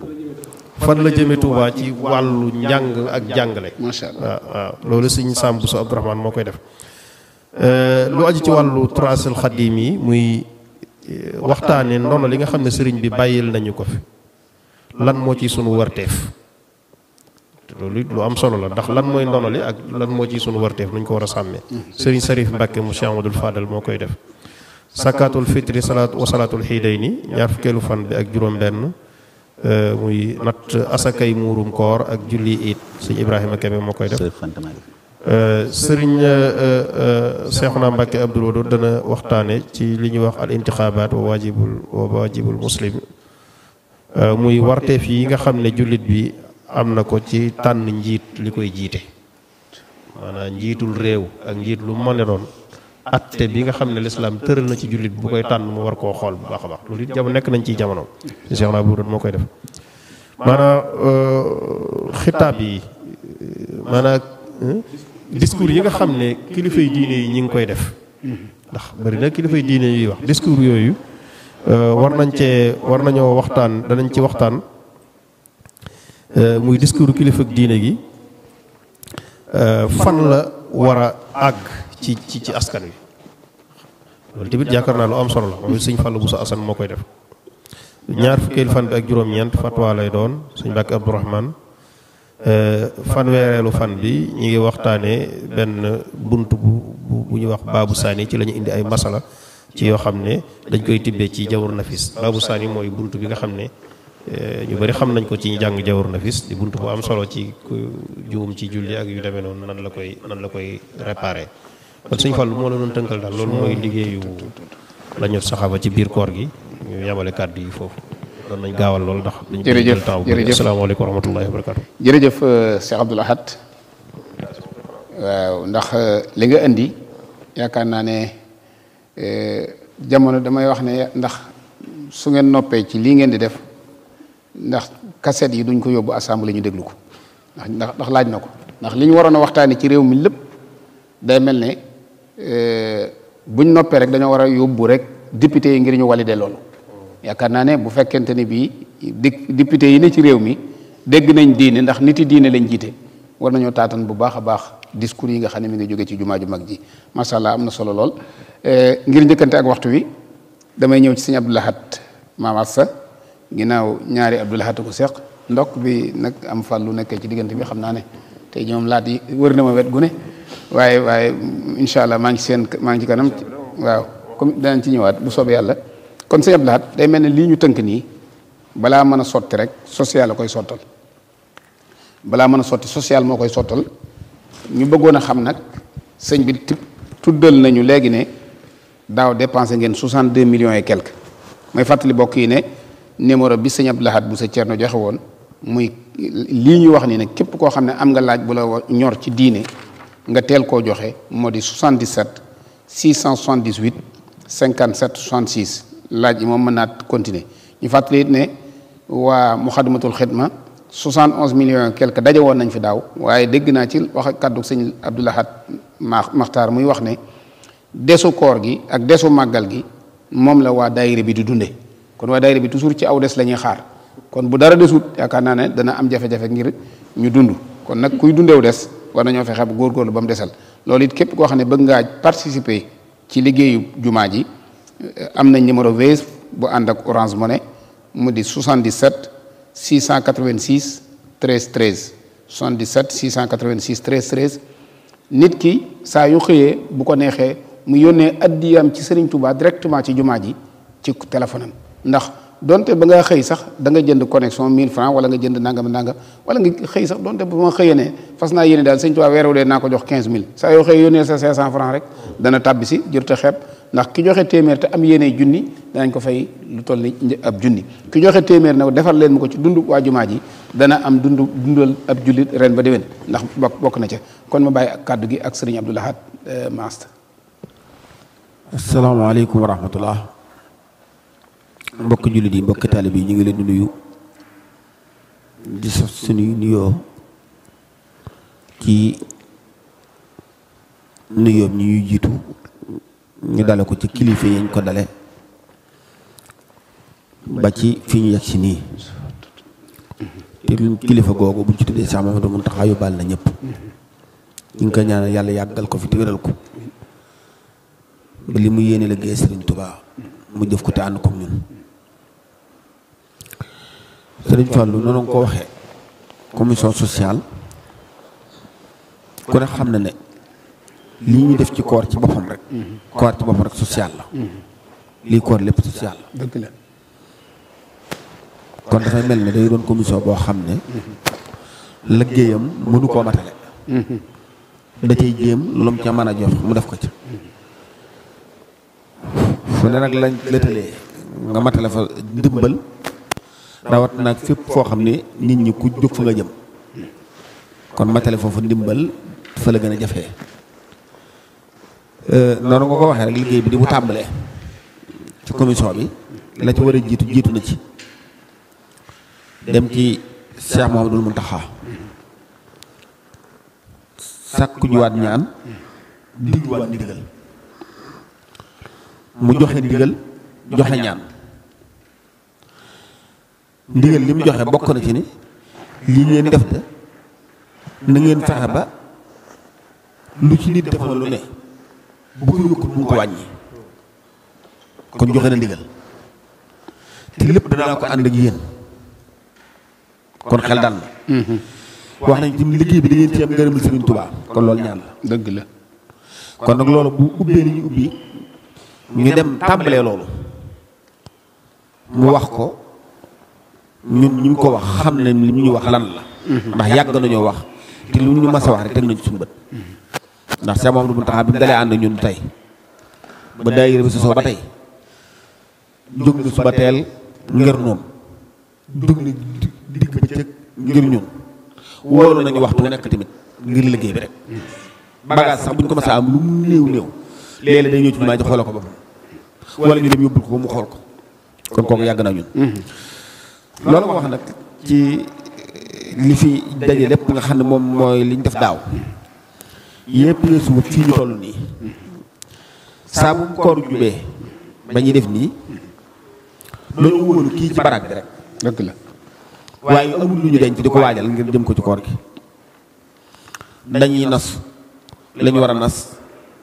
fan la jëme Touba ci wàllu njàng ak jàngale macha Allah waaw loolu sëñ Sam Bousso Abdourahmane moo koy def euh, lu aju ci wàllu Trasul Xadim yi muy waxtaane ndono li nga xam ne sëriñ bi bàyyil nañu ko fi lan moo ci sunu warteef loolu lu am solo la ndax lan mooy ndono li ak lan moo ci sunu warteef nu ko war a sàmmee sëriñ sarif mbàkke mu Cheikh Amadou moo koy def sakaatul fitri salaat wa salaatul xiiday ni ñaar fukkeelu fan bi ak juróom benn euh, muy natt asakay muurum ak julli iit sëñ ibrahima kebe moo koy def sëriñ euh, euh, seexuna mbàkke abdul wadood dana waxtaane ci li ñuy wax al intixaabaat wa waajibul wa waajibul muslim muy warteef yi nga xam ne jullit bi am na ko ci tànn njiit li koy jiite maanaam njiitul réew ak njiit lu mën a doon atte bi nga xam ne lislaam tëral na ci jullit bu koy tànn mu war koo xool bu baax a baax loolu it nekk nañ ciy jamono Cheikh naa bu doon moo koy def maanaam euh, xitaab yi maanaa discours yi nga xam ne kilifay diine yi ñi ngi koy def ndax bari na kilifay diine yuy wax discours yooyu euh, war nañ cee war nañoo waxtaan danañ ci waxtaan Euh, muy discours kilifa diine gi euh, fan la war a àgg ci ci ci askan wi loolu tamit yaakaar naa lu am solo la moom sëñ bu Bousso Assane moo koy def ñaar fukkeelu fan bi ak juróom-ñeent fatwa lay doon sëñ Mbàkke Abdourahman euh, fanweereelu fan bi ñu ngi waxtaanee benn bunt bu bu ñuy wax baabu sànni ci la indi ay masala ci yoo xam ne dañ koy tibbee ci jawar nafis baabu saani mooy bunt bi nga xam ne Eh, ñu bari xam nañ ko ci jàng jawar nafis di bunt bu am solo ci juum ci julli ak yu demee noonu nan la koy nan la koy réparé kon suñ fàllu moo la doon tënkal daal loolu mooy liggéeyu la ñu ci biir koor gi ñu yamale kàddu yi foofu doon nañ gaawal loolu ndax dañ jël temps asalaamaaleykum wa rahmatullahi wa barakatu jërëjëf euh, Cheikh Abdoul Ahad ndax euh, li nga indi yaakaar naa ne euh, jamono damay wax ne ndax su ngeen noppee ci lii ngeen di def ndax kaset yi duñ ko yóbbu assemblée ñu déglu ko ndax ndax laaj na ko ndax li ñu waroon a waxtaanee ci réew mi lépp day mel ne euh, buñ noppee rek dañoo war a yóbbu rek député yi ngir ñu walide loolu. yaakaar naa ne bu fekkente ni bii député yi ne ci réew mi dégg nañ diine ndax nit yi diine lañ jiite war nañoo taatan bu baax a baax discours yi nga xam ne mi ngi jóge ci jumaa ju mag ji macha allah am na solo lool. Euh, ngir njëkkante ak waxtu wi damay ñëw ci sëñ Abdou Lahad Maam Asta ginnaaw ñaari Abdul Ahad ko seq ndokk bi nag am lu nekkee ci diggante bi xam naa ne te ñoom laat yi wër na ma wet gu waaye waaye incha allah maa ngi seen maa ngi ci kanam waaw comme danañ ci ñëwaat bu soobee yàlla kon sëñ Abdul day mel ne lii ñu tënk nii balaa mën a sotti rek social la koy sottal balaa mën a sotti social moo koy sottal ñu bëggoon a xam nag sëñ bi tuddal nañu léegi ne daaw dépensé ngeen 62 millions et quelque may fàttali bokk yi ne. numéro bi sëñ Abdou Lahad bu sa Cerno joxe woon muy lii ñuy wax nii ne képp koo xam ne am nga laaj bu la ñor ci diine nga teel koo joxe moo di 77 678 57 66 laaj yi moom mën naa continuer ñu fàttali ne waa Muxaddamatul Xidma 71 millions quelque daje woon nañ fi daaw waaye dégg naa ci wax ak kàddu sëñ Abdou Lahad ma Maxtaar muy wax ne desu koor gi ak desu màggal gi moom la waa daayira bi di dunde kon waaye daayira bi toujours ci aw des la ñuy xaar kon bu dara desut yaakaar naa ne dana am jafe-jafe ngir ñu dund kon nag kuy dundeew des war nañoo fexe ba góorlu ba mu desal loolu it képp koo xam ne bëgg ngaa participer ci liggéeyu jumaa ji eh, am nañ numéro Wave bu ànd ak Orange Money mu di 77 686 13 13 77 686 13 13 nit ki saa yu xëyee bu ko neexee mu yónnee addiyam ci Serigne Touba directement ci jumaa ji ci téléphone am ndax donte ba nga xëy sax danga jënd connexion 1000 francs wala nga jënd nangam nangam wala nga xëy sax donte bu ma xëyee ne fas naa yéene daal sëñ Tuubaa weer wu naa ko jox 15000 saa yoo xëy yónnee sa 500 francs rek dana tàbbi si jër te ndax ki joxe téeméer te am yéene junni danañ ko fay lu toll ni ab junni ki joxe téeméer nag defar leen mu ko ci dundu waa jumaa ji dana am dundu dundal ab jullit ren ba déwén ndax bokk na ca kon ma bàyyi kàddu gi ak sëriñ Abdou Lahad euh, Maast asalaamaaleykum wa rahmatullah mbokki jullit yi mbokki taalib yi ñu ngi leen di nuyu di sax suñuy nuyoo ci nuyoo ñi ñuy jiitu ñu dale ko ci kilifa yañ ko dale ba ci fi ñu yegg si nii te kilifa googu buñ ci tuddee Cheikh Mamadou Mountakha yóbbaal na ñëpp ñu ngi ko ñaanal yàlla yàggal ko fi te wéral ko ba li mu yéene la géej Serigne Touba mu jëf ko te ànd ko ñun sëriñ Fallou noonu nga ko waxee commission sociale ku ne xam ne ne lii ñuy def ci koor ci boppam rek mm-hmm. koor ci boppam rek social la mm-hmm. lii koor lépp social dëgg la kon dafay mel ne day doon commission boo xam ne mm-hmm. liggéeyam mënu koo matale da cay jéem lu mu ca mën a jox mu def ko ci fu ne nag lañ lëtalee nga matale fa ndimbal rawat nag fépp foo xam ne nit ñi ku jóg fa nga jëm kon matale foofu ndimbal fa la gën a jafe euh, noonu nga ko waxee rek liggéey bi di mu tàmbalee ci commission bi la ci war jiitu jiitu na ci dem ci Cheikh Mouhamadoul Mountakha sàkku juwaat ñaan digguwaat ndigal mu joxe ndigal joxe ñaan ndigal li mu joxe bokk na ci ni lii ngeen def de na fexe ba lu ci nit defoon lu ne bu ko yokku bu ko wàññi kon joxe na ndigal te lépp danaa ko ànd ak yéen kon xel dal na mm-hmm. wax nañ ci liggéey bi da ngeen ci am ngërëmal Sëriñ Tuubaa kon loolu ñaan la dëgg la kon nag loolu bu ubbee li ñu ubbi ñu dem tàmbalee loolu mu wax ko ñun ñu ko wax xam nañ li ñu wax lan la. ndax yàgg nañoo wax te lu ñu mas a wax rek teg nañ ci suñu bët. ndax Cheikh Mouhamadou Mountakha bi mu dalee ànd ñun tey ba daayira bi soo ba tey jóg na suba teel ngir noonu jóg na digg bëccëg ngir ñun wóolu nañu waxtu nekk tamit ngir liggéey bi rek. bagage sax bu ñu ko mas a am lu mu néew néew léeg-léeg day ñëw ci jumaa ji xoolal ko boppam ñu dem yóbbul ko mu xool ko kon kooku yàgg na ñun. loolu nga wax nag ci eh, li fi daje lépp nga xam ne moom mooy li ñu def daaw yépp la fii ñu toll nii saabu bu koor jubee ba ñuy def nii loolu wóolu kii ci baraag bi rek waaye amul lu ñu denc di ko waajal ngir jëm ko ci koor gi dañuy nas lañu war a nas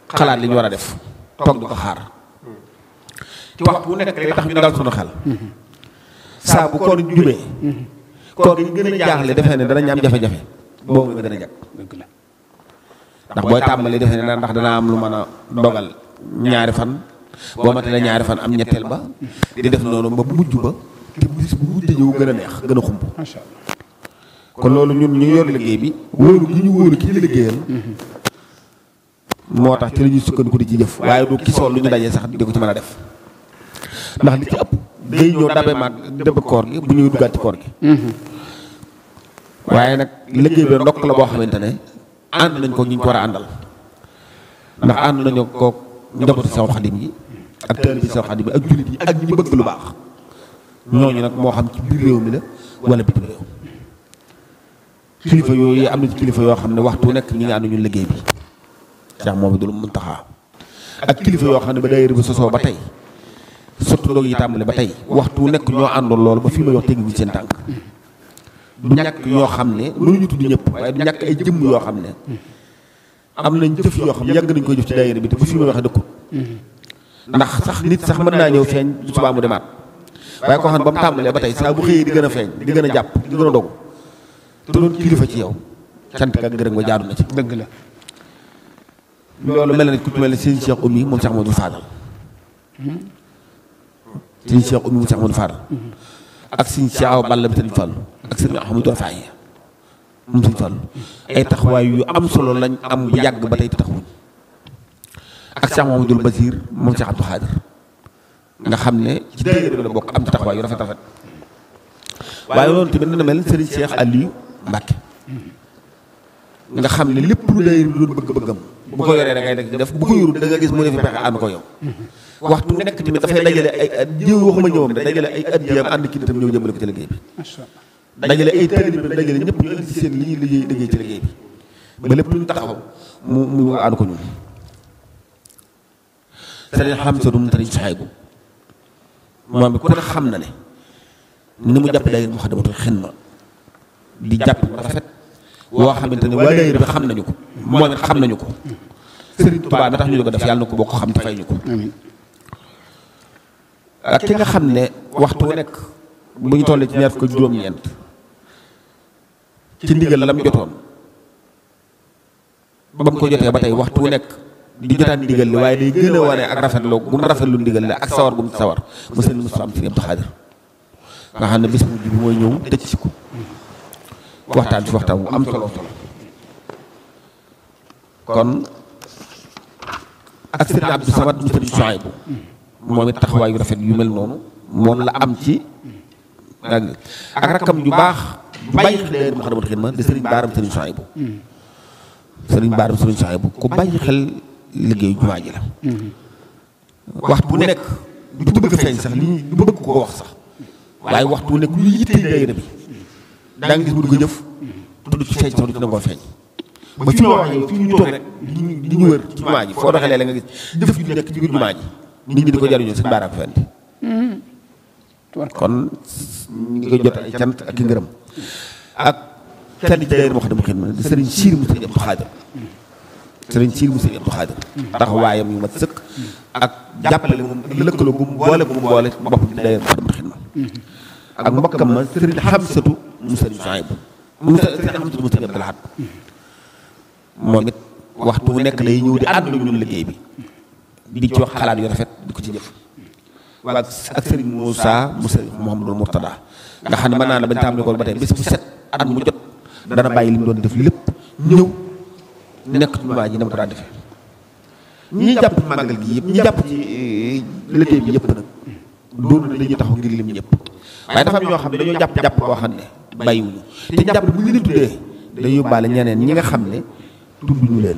xalaat liñu war a def toog di ko xaar hmm. ci waxtu wu nekk li tax ñu dal sunu xel hmm. saa bu koor jubee koor gi gën a jaaxle defee ne danañ am jafe-jafe boobu nga gën a jag ndax booy tàmbali defee ne ndax dana am lu mën a dogal ñaari fan boo matee ñaari fan am ñetteel ba di def noonu ba mujj ba te bis bu mujj ñëw gën a neex gën a xumb kon loolu ñun ñu yor liggéey bi wóoru gi ñu wóoru ki ñu moo tax ci la ñuy sukkandiku di ci jëf waaye du kisoo lu ñu dajee sax di ko ci mën a def ndax li ci ëpp day ñëw dabe maag dëbb koor gi bu ñuy duggaat ci koor gi waaye nag liggéey bi ndokk la boo xamante ne ànd nañ ko ñu ko war a àndal ndax ànd nañu ko njabootu saw xadim yi ak taalibe bi xadim yi ak jullit yi ak ñi bëgg lu baax ñooñu nag moo xam ci biir réew mi la wala bitim réew kilifa yooyu am na ci kilifa yoo xam ne waxtu nekk ñi nga ànd ñu liggéey bi Cheikh Mouhamadoul Mountakha ak kilifa yoo xam ne ba daayira bi sosoo ba tey surtout ndogu yi tàmbale ba tey waxtu nekk ñoo àndoon loolu ba fii may wax teguwuñ seen tànk du ñàkk ñoo xam ne mënuñu tudd ñëpp waaye du ñàkk ay jëmm yoo xam ne am nañ jëf yoo xam yàgg nañ koy jëf ci daayira bi te ba fii may waxee dëkkut ndax sax nit sax mën naa ñëw feeñ subaa mu demaat waaye koo xam ne ba mu tàmbalee ba tey saa bu xëyee di gën a feeñ di gën a jàpp di gën a dogu te doon kilifa ci yow cant ak ngërëm nga jaadu na ci dëgg la loolu mel na ku ci mel ne seen Cheikh Oumy moom Cheikh Modou sëñ Cheikh Oumy mu Cheikh Amadou Fall mhm. ak sëñ Cheikh Awa Balla sëñ Fall ak sëñ Ahmadou Faye moom sëñ ay taxawaay yu am solo lañ am bu yàgg ba tey taxawuñ ak Cheikh Mouhamadoul Basir moom Cheikh Abdou Khadir nga xam ne ci dëgg bi la bokk am ci taxawaay yu rafet rafet waaye loolu tamit dina mel seex Cheikh Aliou Mbacke nga xam ne lépp lu day doon bëgg-bëggam bu ko yoree da ngay nga gis mu ne ko yow waxtu nekk tamit dafay dajale ay at jiw waxuma ñëwam de dajale ay at jiwam ànd ci nitam ñëw jëmale ko ci liggéey bi dajale ay taalibeem dajale ñëpp ñu indi seen li ñuy liggéey liggéey ci liggéey bi ba lépp lu ñu taxaw mu mu ànd ko ñun sëriñ Xamsa ne xam na ne ni mu jàpp daayira Muxaddamatul Xidma di jàpp rafet woo xamante ne waa daayira bi xam nañu ko moom it xam nañu ko sëriñ Tuubaa na tax ñu di ko def ko bokk xam te fay ñu ko ak euh, ki nga xam ne waxtu wu nekk bu ñu toll ci ñaar fukk juróom-ñeent ci ndigal lam jotoon ba mu ko jotee ba tey waxtu wu nekk di jotaat ndigal li waaye day gën a wane ak rafetloo gu mu rafetlu ndigal li ak sawar gu mu sawar mu seen Musaa am Sëriñ Abdu Xaadir nga xam ne bi mooy ñëw tëj si ko waxtaan fi waxtaan am solo solo kon ak Sëriñ Abdou Samad mu Sëriñ Suhaybu moom it taxawaay yu rafet yu mel noonu moom la am ci ak rakkam ju baax bàyyi xel daayira Muxaddamatul Xidma de Serigne Baaram Serigne Sohaybu Serigne Baaram Serigne Sohaybu ku bàyyi xel liggéeyu jumaa ji la waxtu bu nekk du bëgg a feeñ sax li du bëgg ko wax sax waaye waxtu bu nekk lu yittee daayira bi daa ngi gis mu dugg jëf tudd ci feeñ sax du ci nangoo feeñ ba fi ma wax fi ñu toog rek di ñu wër ci jumaa ji foo doxalee la nga gis jëf ju nekk ci biir jumaa nit ñi di ko jariñoo sëñ Baara ko fent kon ñu ngi koy jot ay cant ak i ngërëm ak kenn ci daayira moo xam ne mu xin ma di sëriñ siir mu sëriñ Abdou Xaadir sëriñ moom lëkkaloo bu mu boole bu mu boole bopp ci daayira moo xam ne mu xin ma ak mu it waxtu nekk lay ñëw di ànd lu ñun liggéey bi bi ci wax xalaat yu rafet di ko ci jëf waa ak sëriñ Moussa mu sëriñ Mouhamadou Mourtada nga xam ne mën naa ne bañ tàmbali ko ba tey bis bu set at mu jot dana bàyyi li mu doon def lépp ñëw nekk ci jumaa na mu ko ñi jàpp ci màggal gi yëpp ñi eh, bi yëpp nag doon dañuy taxaw ngir lim ñëpp waaye dafa am ñoo xam ne dañoo jàpp jàpp koo xam ne bàyyiwuñu te jàpp bu ñu leen tuddee xam ne tudduñu leen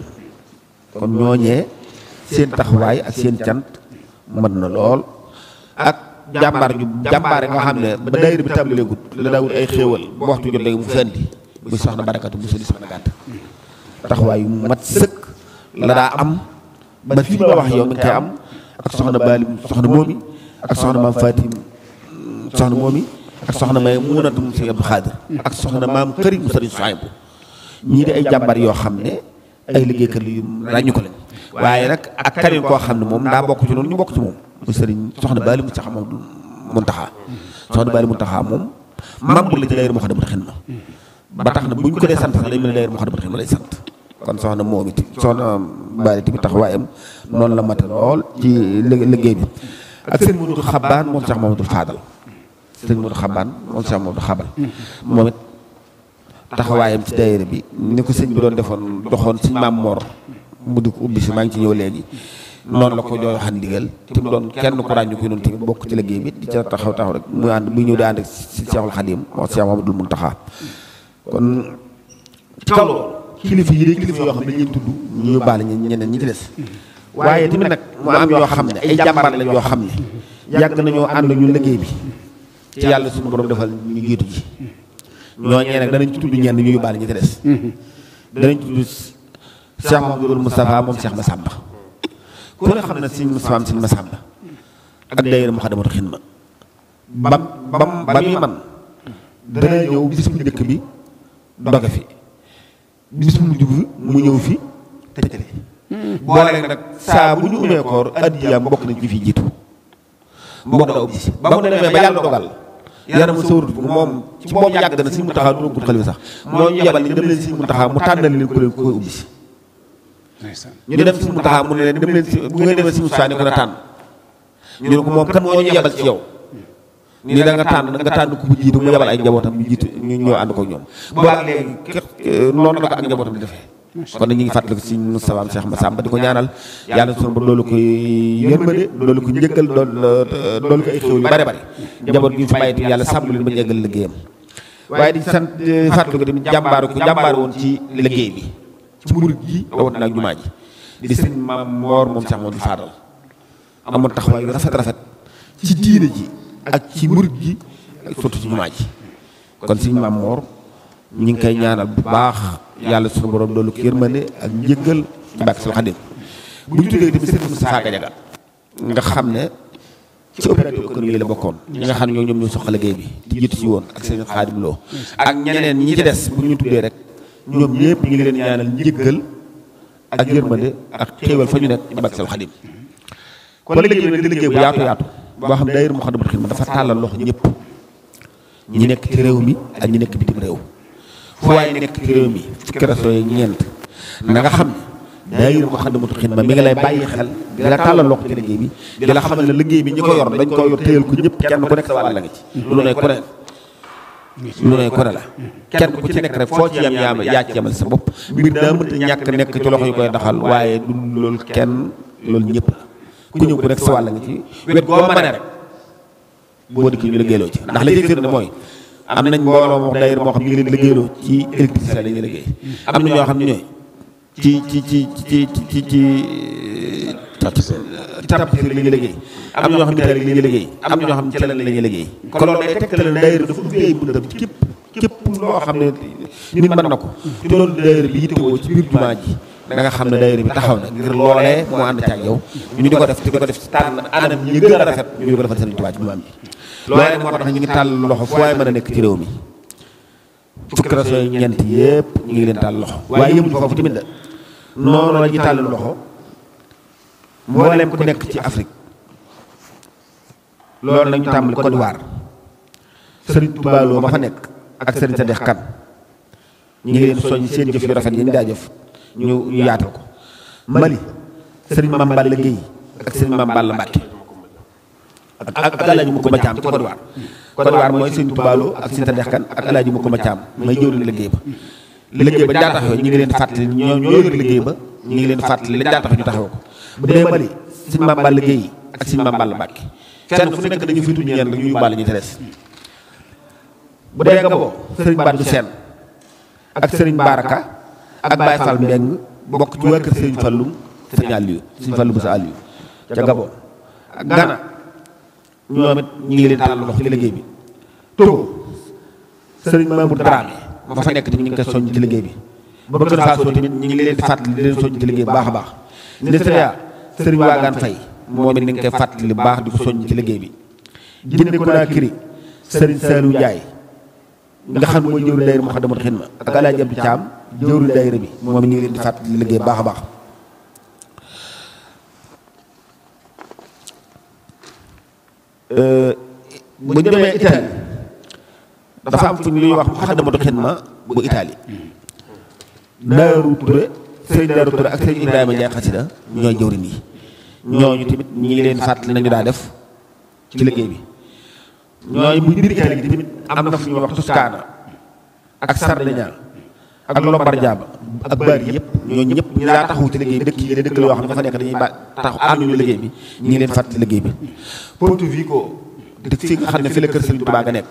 kon ñooñee seen taxawaay ak seen cant mën na lool ak jàmbaar ju jàmbaare nga xam ne ba daayira bi tàmbaleegut la daawul ay xéewal bu waxtu jot léegi mu fendi muy soxna barakatu bu soli soxna gàtt taxawaay yu mat sëkk la daa am ba fii ma wax yow mi soxna baalim soxna ak soxna maam fatim soxna moomi ak soxna xaadir ak soxna maam këri mu sëriñ soxaybu ñii di ay jàmbar yoo xam ne ay liggéeykat yu ràññu ko waaye nag ak kaneen koo xam ne moom daa bokk ci noonu ñu bokk ci moom mu sëriñ soxna Baali Muntaxa moom Muntaxa soxna Baali Muntaxa moom membre la ci daayira Moukhaddamatoul Khidma ba tax na bu ko dee sant sax day mel ne daayira Moukhaddamatoul sant kon soxna moom it soxna Baali tamit taxawaayam noonu la mate lool ci liggéey bi ak sëriñ Modou Xabaan moom Cheikh Mamadou Fadal sëriñ Modou Xabaan moom Cheikh Mamadou Xabal moom it taxawaayam ci daayira bi ni ko sëñ bi doon defoon doxoon sëñ Maam Mor mu di ko ubbi si maa ngi ci ñëw léegi noonu la ko ñoo xam ndigal te mu doon kenn ku ràññu ko noonu tamit bokk ci liggéey bi di ca taxaw taxaw rek muy ànd muy ñëw di ànd ak Seexul Xadiim wax Seex Mamadul Muntaxa kon ci kaw loolu kilifa yi day kilifa yoo xam ne dañuy tudd ñu baale ñu ñeneen ñi ci des waaye tamit nag mu am yoo xam ne ay jàmbaar la xam ne yàgg nañoo ànd ñu liggéey bi ci yàlla suñu borom defal ñu jiitu ji ñooñee nag danañ tudd ñenn ñu yóbbaale ñi ci des mm-hmm. danañ tudd Cheikh Mamadou Moustapha moom Cheikh Massamba ku ne xam ne sëñ Moustapha am ak daayira Muxaddamatu Xidma ba bam ba muy man dana ñëw bi doge fi bis bu mujj bi mu ñëw fi tëjale boole nag saa bu bokk nañ ci fi jiitu moo daw bis ba mu demee ba yàlla dogal yaram mu sawrut moom ci moom yàgg na sëñ Muntaxa du ko xalifa sax moo ñu yebal ni dem leen sëñ mu tànnal leen ku leen ko ubbi si ñu dem si mu taxaa mu ne leen dem leen si bu ngeen ko na tànn ñu ne ko moom kan moo ñu yabal ci yow nii da nga tànn nga tànn ku jiitu mu yabal ay njabootam ñu jiitu eh, ko ngi fàttaliku si Moustapha Cheikh Massamba di ko ñaanal yàlla sunu loolu koy yërmande loolu ko njëkkal eh, loolu ko ay xéw bare bare njaboot gi ñu fi bàyyi itam yàlla sàmm leen ba ñu eggal liggéeyam waaye di sant eh, fàttaliku tamit jàmbaaru ko jàmbaar woon ci liggéey bi ci murid gi rawat na ak jumaa ji di sëriñ maam moor moom Cheikh Modou Fadal amoon tax yu rafet rafet ci diine ji ak ci murid gi surtout ci jumaa ji kon sëriñ maam moor ngi koy ñaanal bu baax yàlla suñu borom doolu ko yërmande ak njëggal ci bàkk sul xadim bu ñu tuddee ne ci opérateur économique la bokkoon ñi nga xam ne ñoo ñoom ñoo soxla liggéey bi di ci woon ak sëriñ Xaadim Lo ak ñeneen ñi ci des bu ñu tuddee rek ñoom ñëpp ñu ngi leen ñaanal njëggal ak yërmande ak xéewal fa ñu nekk ci mbàkk sal xadim kon liggéey bi nag di liggéey bu yaatu yaatu boo xam daayira Muxaddamatul Xidma dafa tàllal loxo ñëpp ñi nekk ci réew mi ak ñi nekk bitim réew fu waay nekk ci réew mi fukki raso yi ñeent na nga xam ne daayira Muxaddamatul Xidma mi ngi lay bàyyi xel di la tàllal loxo ci liggéey bi di la xamal ne liggéey bi ñi ko yor dañ ko yor téyal ko ñëpp kenn ku nekk sa wàll la nga ci lu ne ku nekk lu ne ko la kenn ku ci nekk rek foo ci yem yaama yaa ci yemal sa bopp mbir daa mënta ñàkk nekk ci loxo yu koy doxal waaye du loolu kenn loolu ñëpp ku ñëw ku nekk sa wàll nga ci wet goo mën rek boo dikk ñu liggéeyloo ci ndax la ci firnde mooy am nañ mbooloo moo moo xam ñu ngi ci électricité la ñuy liggéey am na ñoo xam ne ñooy ci ci ci ci ci ci tàcc ko tàpp ci li ñu liggéey am ñoo xam ne li ñu liggéey am ñoo xam ne ci leneen la ñuy liggéey kon loolu day ci képp képp loo xam ne nit mën na ko te loolu daayira bi yittewoo ci biir jumaa ji da nga xam ne daayira na ngir loolee moo ànd ci ak ñu di ko def di ko anam ñi gën a rafet ñu di ko defal seen Tuubaa loxo fu waay mën a nekk ci réew mi fukki raso ñeent yëpp ñu ngi leen tàll loxo waaye yëmuñu foofu tamit da noonu la ñuy tàll loxo mboolem ku nekk ci Afrique loolu nañu tàmbali Côte d'Ivoire sëriñ Touba Lo ma fa nekk ak sëriñ Sadex Kan ñu ngi leen soññ seen jëf yu rafet yi ñu daa jëf ñu ñu yaatal ko Mali sëriñ Mam Balla Guèye ak sëriñ Mam Balla Mbàkke ak ak alaaji Mukuma Caam ci Côte d'Ivoire Côte d'Ivoire mooy sëriñ Touba Lo ak sëriñ Sadex Kan ak alaaji Mukuma Caam may jëwriñ liggéey ba liggéey ba jaatax yoo ñu ngi leen fàttali ñoo ñoo yor liggéey ba ñu ngi leen fàttali lañ daan tax ñu taxaw ko bu dee Mali sëñ Mame Balla Gueye ak sëñ Mame Balla Mbacke fenn fu nekk dañu fi tudd ñeen rek ñu yóbbaale ñu terees bu dee Gabon sëriñ Bandu Seen ak sëriñ Baraka ak Baye Fall Mbeng bokk ci waa kër sëriñ Fallum sëñ Aliou sëñ Fallum sa Aliou ca Gabon ak Gana ñoom ñu ngi leen tàllal loxo ci liggéey bi Togo sëriñ Mamour Dramé ma fa nekk ñu ngi koy soññ ci liggéey bi ba kër saa soo tamit ñu ngi leen di fàttali di leen soññ ci liggéey bu baax a baax Nitria sëriñ waagaan fay moom it baax di ko soññ ci liggéey bi Guinée Conakry sëriñ Saliou Ndiaye nga xam mooy jëwri daayira Moukhaddamatoul Khidma ak Alaaji Abdou Thiam jëwri daayira bi moom it ñu ngi leen di fàttali euh, dafa am fu ñuy wax Moukhaddamatoul Khidma bu Italie Daaru Touré sëñ Daaru Touré ak sëñ Ibrahima Ndiaye xasida ñooy jëwriñ yi ñooñu tamit ñi ngi leen fàttali nañu daa def ci liggéey bi ñooñu bu biir kër gi tamit am na fu ñuy wax Toscana ak Sardinia ak Lombardia ba ak Bari yëpp ñoo ñëpp ñu daa taxawu ci liggéey bi dëkk yi dëkk la yoo xam ne dafa nekk dañuy ba taxaw ànduñu liggéey bi ñi ngi leen fàttali liggéey bi Porto Vico di fi nga xam ne fi la kër Sëriñ Tuubaa nga nekk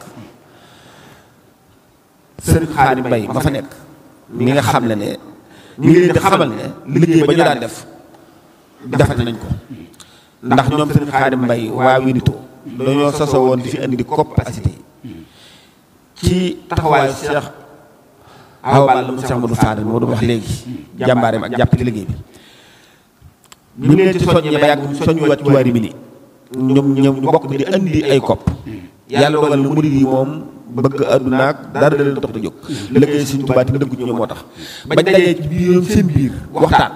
Sëriñ Xaadim Mbay ma fa nekk mi nga xam ne ne mi ngi leen di xamal ne liggéey ba ñu daan def defati nañ ko ndax ñoom seen Xaadim Mbay waa Winito dañoo sosoo woon di fi indi capacité ci taxawaayu Cheikh Awa Balla la mu Cheikh Modou moo doon wax léegi jàmbaareem ak jàpp ci liggéey bi ñu leen ci soññee ba yàgg soññuwaat ci waa Rimini ñoom ñoom ñu bokk di indi ay kopp yàlla dogal na murid yi moom bëgg àdduna ak dara da leen a jóg liggéey Sëriñ Tuubaa te dëgg ci ñoom moo tax bañ dajee ci biir seen biir waxtaan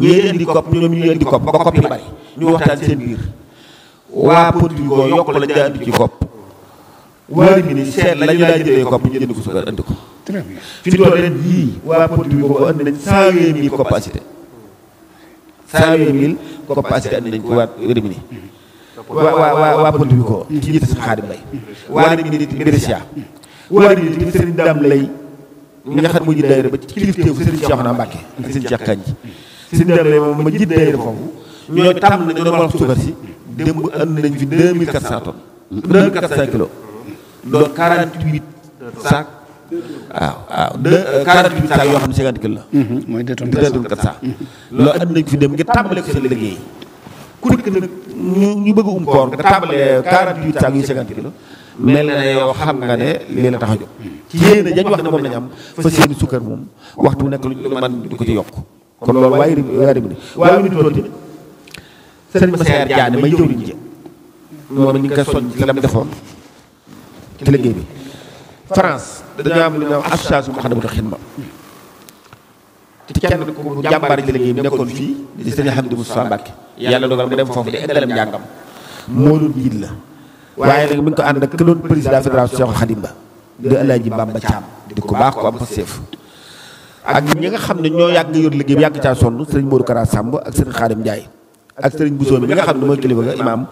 ñee indi kopp ñoom ñu indi kopp ba kopp yi bari ñu waxtaan seen biir waa politique koo yokk lañ daa indi ci kopp waa li ni seet la ñu daa jëlee kopp ñu jënd ko suukar indi ko fi toll ren yii waa politique koo indi nañ cent mille coppacité cent mille coppacité indi nañ ko waa rémi ni waa waa waa bunt bi ko ci njiit sëñ Xaadim Mbay waa ni nit Mérissia waa ni nit sëriñ Dame Lay mi nga xam mu ji daayira ba ci kilifteefu sëriñ Cheikh na Mbàkke ak sëriñ Cheikh Kanji sëriñ Dame ji daayira foofu ñoo tàmm na ñoo si démb and nañ fi 2400 tonnes 2400 kilos donc 48 sac waaw waaw deux euh, quarante huit sacs yoo xam ne cinquante kilos la. Mhm, mooy deux tonnes quatre cent. loolu at nañ fi dem ngir tàmbale ko seen liggéey. ku nekk nag ñu ñu bëgg um koor nga tàmbalee 48 saako yu 50 kilos mel na ne yow xam nga ne lii la tax a jóg ci yéen a jañ wax ne moom lañu am fa seen sukkar moom waxtu nekk lu man di ko ci yokk kon loolu waaye waa rim ne waaye nit loolu tamit sëriñ ma seer jaane ñu ngi ko soñ ci lam defoon ci liggéey bi France dañoo am lu ñuy wax association mu xam ne bu tax xidma te kenn ku jàmbaar ci liggéey bi nekkoon fii di sëñ Hamdi Moussa Mbacke yàlla dogal mu dem foofu di eggalam njàngam moo njiit la waaye nag mi ngi ko ànd ak këloon président fédération Cheikhul Khadim ba di Alaaji Bamba Caam di ko baax ko am passeef ak ñi nga xam ne ñoo yàgg yor liggéey bi yàgg caa sonn sëriñ Modou Kara Samb ak sëriñ Xaadim Njaay ak sëriñ Bousso mi nga xam ne mooy kilifa ga imaam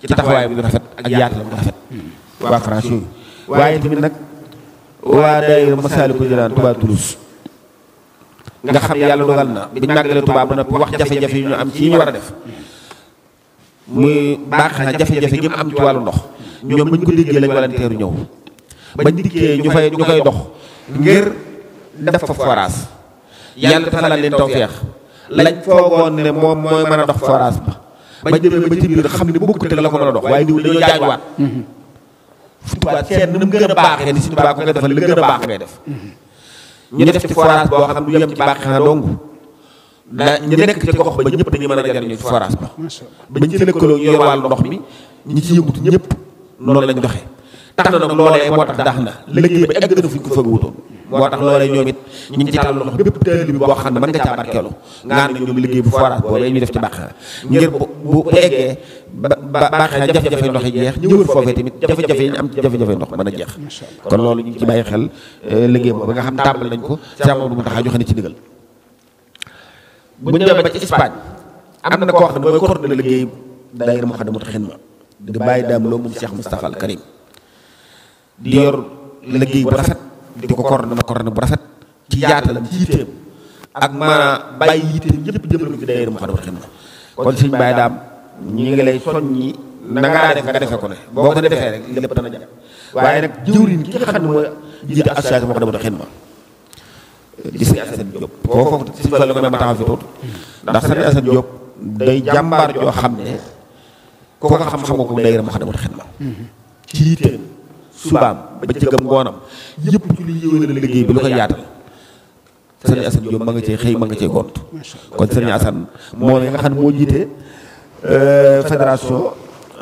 ci taxawaay bu rafet ak yaatalam rafet waa France yooyu waaye tamit nga xam ne yàlla dogal na bi ñu màggalee Tuubaa ba noppi wax jafe-jafe yu ñu am ci yi ñu war a def muy baax na jafe-jafe gi mu am ci wàllu ndox ñoom bu ñu ko déggee lañ walanteeru ñëw bañ dikkee ñu fay ñu koy dox ngir def ko forage yàlla defalal leen tawfeex lañ foogoon ne moom mooy mën a dox forage ba bañ demee ba ci biir xam ne bokkute la ko mën a dox waaye diw dañoo jaajuwaat fu tubaab seen ni mu a baaxee ni si tubaab gën a baax ngay def ñu def ci forage boo xam du yem ci bàqeexa dong la ñu nekk ci gox ba ñëpp dañuy mën a jariñu ci ba ba ñu ci lëkkaloo ñu ndox mi ñi ci yëngutu ñëpp noonu lañ doxee tax na nag loolee moo tax daax na liggéey ba egg na fuñ ko fëgg wutoon moo tax loolee ñoom it ñu ngi ci tàllal loxo bépp taalibe bi boo xam ne mën nga caa barkeelu nga ne ñoom liggéey bu forage boobee ñu def ci Bàqaa ngir bu bu eggee ba Bàqaa jafe-jafe ndox yi jeex ñëwal foofee tamit jafe-jafe jafe ndox mën a jeex kon loolu ñu ngi ci bàyyi xel euh, liggéey boobu nga xam tàmbal nañ ko sàmm bu mu tax a joxe ne ci digal bu ñu demee ci Espagne am na koo xam ne mooy coordonné liggéey daayira mu xam ne taxin ma di bàyyi di ko coordonné coordonné bu rafet ci yaatalam ci yitteem ak maanaam bàyyi yitteem yëpp jëmale ko ci daayira Moukhaddamatoul Khidma kon suñu bàyyi daam ñu soññi na nga daa def nga defee ko ne boo ko defee rek lépp dana jàpp waaye nag jëwriñ ki nga xam ne mooy jiite association Moukhaddamatoul Khidma di sëñ Assane Diop foofu ma taxaw fi tuuti ndax sëñ Assane Diop day jàmbaar joo xam ne koo ko xam-xamoo ko daayira Moukhaddamatoul Khidma mm-hmm. ci yitteem subaam bëccëgam ngoonam yëpp ci li yëwénal liggéey bi lu koy yaatal sëriñ Assane Diop ma nga cee xëy ma nga cee gont kon sëriñ Assane moo nga xam ne moo jiite euh, fédération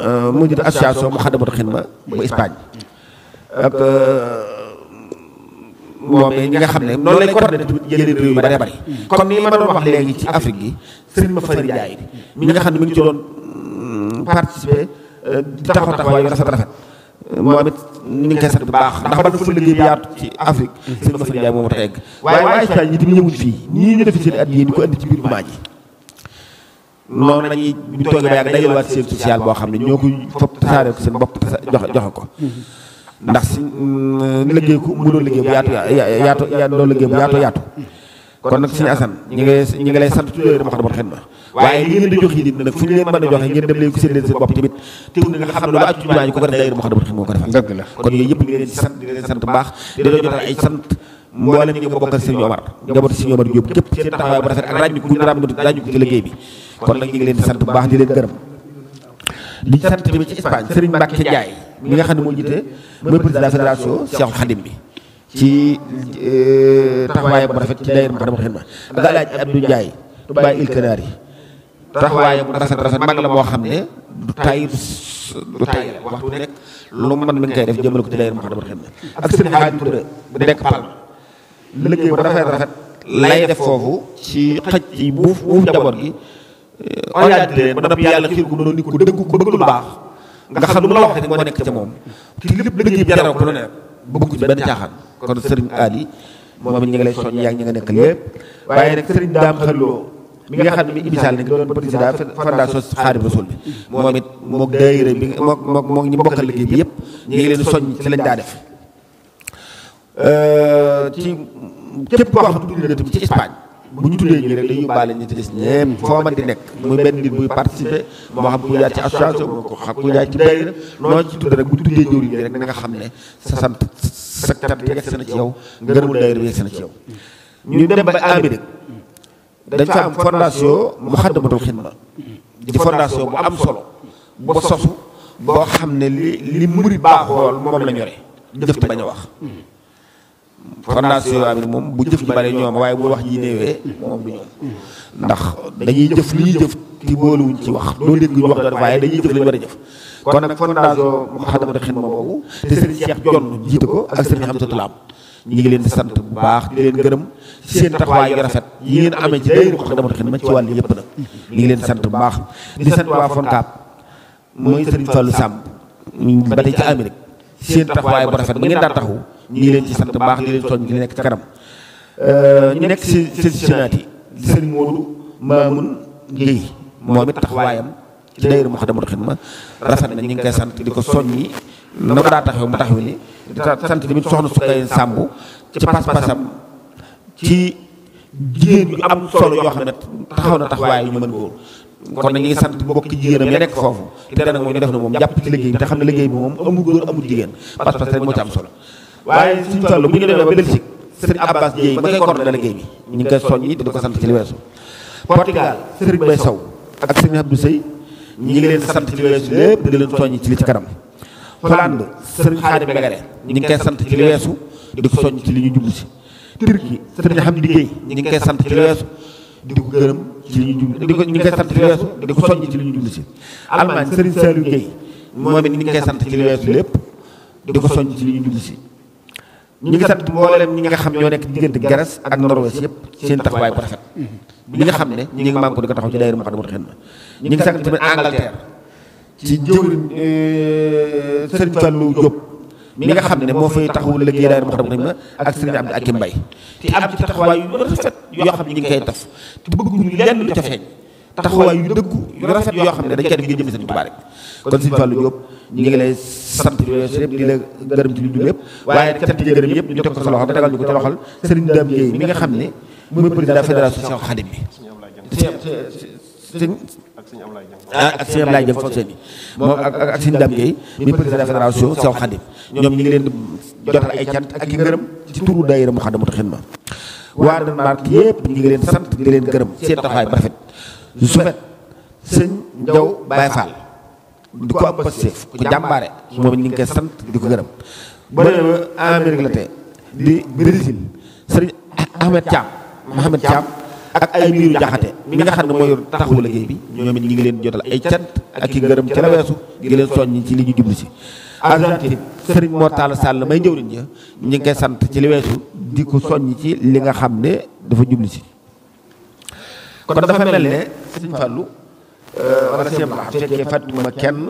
euh, moo jiite association mu xadamatu xidma bu Espagne ak euh, moom yi nga xam ne noonu lañ ko tax tamit yeneen réew yu bëree bëri ma doon wax léegi ci Afrique gi sëriñ ma fari jaay mi nga xam ne mi ngi ci doon mm, participer di taxaw taxawaay yu rafet rafet moom it ñu ngi koy sant bu baax ndax ba dafa liggéey bi yaatu ci Afrique seen Moussa Ndiaye a egg waaye waaye saa at yii di ko indi ci biir jumaa ji noonu lañuy bu toogee ba yàgg dajalewaat seen social boo xam ne ñoo ko fopp tasaaree ko seen bopp tasa joxe joxe ko ndax si mm, liggéey ko mu doon liggéey bu yaatu yaatu yaatu doon liggéey bu yaatu yaatu kon nag suñu asan ñi ngi ñi ngi lay sant tuddee dama xam ne xen ma waaye li ngeen di jox nit ñi nag fu ñu leen mën a joxe ngeen dem leen ko seen leen seen bopp tamit teewul nga xam ne lu aju jumaa ji ko ko def daayira Moukhaddamatoul Khidma moo ko defal dëgg la kon yooyu yëpp ñu leen di sant di mi nga xam ne moo jiite mooy président bi ci euh, taxawaayam bu rafet ci daayira Moukhaddamatoul Khidma ak Alaaji Abdou Ndiaye Touba il Kanari taxawaay bu rafet rafet mag la moo xam ne du tay du tay waxtu nekk lu man mi ngi koy def jëmale ko ci leer moo xam ne xam ne ak seen Xaadim Touré bu nekk pal liggéey bu rafet rafet lay def foofu ci xaj ci buuf buuf njaboot gi orienté leen a noppi yàlla xiir gu noonu nit ko dëggu ko bëgg lu baax nga xam lu mu la wax moo nekk ca moom te lépp liggéey bi jaral ko lu ne bëgg ci benn caaxaan kon sëriñ Ali moom it ñu ngi lay soññ yaa ngi nga nekk lépp waaye nag sëriñ Daam Xaloo mi nga xam ne initial nañ ko doon président fondation Xaadimu Rasuul bi moom it mook daayira bi mook mook ñi mbokkal liggéey bi yëpp ñu ngi leen soññ ci lañ daa def euh, ci képp koo xam tudd na tamit ci bu ñu tuddee ñi rek day yóbbaale ñi ci des ñepp foo mën di nekk muy benn nit buy participer moo xam ku jaar ci association ko xam ku jaar ci daayira noo ci tudd rek bu ñu tuddee jëwriñ ñi rek na nga xam ne sa sant sa cant yegg na ci yow ngërëmul daayira yegg na ci yow ñu dem ba abi dañ fa am fondation Moukhaddamatoul Khidma di fondation bu am solo ba sosu boo xam ne li li muri baaxool moom la ñore jëf ci bañ a wax fondation am moom bu jëf ji bare ñoom waaye bu wax ji néewee moom du ñoom ndax dañuy jëf li ñuy jëf ci boolewuñ ci wax doo dégg ñu wax dara waaye dañuy jëf la ñu war a jëf kon nag fondation Moukhaddamatoul Khidma boobu te sëriñ Cheikh Jonn jiite ko ak sëriñ Hamsatou Lam ñi ngi leen di sant bu baax di leen gërëm seen taxawaay yu rafet yi ngeen amee ci dayru ko dama xin ma ci wàll yëpp nag ñi leen di sant bu baax di sant waa Foncab mooy Serigne Fallou Samb ba tey ci Amérique seen taxawaay bu rafet ba ngeen daan taxaw ñi ngi leen ci sant bu baax di leen soñ di nekk ci kanam euh, ñu nekk si seen sénaat yi di Serigne Modou Mamoun Guèye moom it taxawaayam ci dayru ma dama xin ma rafet na ñu ngi koy sant di ko soññi na ko daa taxaw mu taxaw ni di sant tamit soxna Sukay Samb ci pas-pasam ci jigéen yu am solo yoo xam ne taxaw na taxawaay yu ñu mën góor kon nag ñu ngi sant mbokki jigéenam ya nekk foofu te nag moom ñu def na moom jàpp ci liggéey bi te xam ne liggéey bi moom amul góor amul jigéen pas-pas rek moo ci am solo waaye suñu toll bu ñu demee ba Belgique sëriñ Abbas Dieye ma ngay coordonné liggéey bi ñu ngi koy soññi di ko sant ci li weesu Portugal sëriñ Bay Sow ak sëriñ Abdou Sey ñu ngi leen sant ci li weesu lépp di leen soññi ci li ci kanam Hollande sëriñ Xaadim Mbegere ñu ngi koy sant ci li weesu di ko soññ ci li ñu jublu si Turki sëriñ Hamdi Gueye ci li weesu di ko gërëm di ñu ngi koy sant ci li di ko soññ ci li ñu jublu si Allemagne sëriñ Saliou Gueye moom it ñu ngi koy sant ci li weesu lépp di ko soññ ci li ñu jublu si ñu ngi sant mboolem ñi nga xam ñoo nekk diggante Grèce ak Norvège yëpp seen taxawaay bu rafet nga xam ne ñu ngi manko di ko taxaw ci daayira mu xaddamatu xidma ñu ngi sant tamit Angleterre ci jëwriñ e, sëriñ Fallou Diop mi nga xam ne moo fay taxawul liggéey daayira Moukhaddamatoul Khidma ak sëriñ Abdou Akim Mbaye te am ci taxawaay xam ne ñu ngi koy taf te bëgguñu lenn lu ca feeñ taxawaay yu rafet yoo xam ne dañ koy def ngir jëm sëriñ Tuubaa rek kon sëriñ Fallou Diop ñu ngi ko sa nga mi nga xam ne mooy président fédération Xaadim bi ak sëñ Ablaye Dieng Fonse bi moom ak ak sëñ Dame Gueye mi président fédération Saw Xadim ñoom ñi ngi leen jotal ay cant ak i ngërëm ci turu daayira mu xadamu taxin ma waa Danemark yëpp ñi ngi leen sant di leen gërëm seen taxawaay ba rafet su fet sëñ Ndaw Baye Fall di ko am pastéef ku jàmbaare moom ñi ngi koy sant di ko gërëm ba en Amérique la tey di Brésil sëriñ Ahmed Thiam Mohamed Thiam ak ay mbiru jaxate mi nga xam ne mooy taxawu liggéey bi ñoom it ñi ngi leen jotal ay cant ak i ngërëm ca la weesu di leen soññ ci li ñu jublu si Argentine Serigne Mor Talla Sall may jëw nit ñu ngi koy sant ci li weesu di ko soññ ci li nga xam ne dafa jublu si kon dafa mel ne Serigne Fallou euh, wala Serigne Abdou Lahad fekkee fàttuma kenn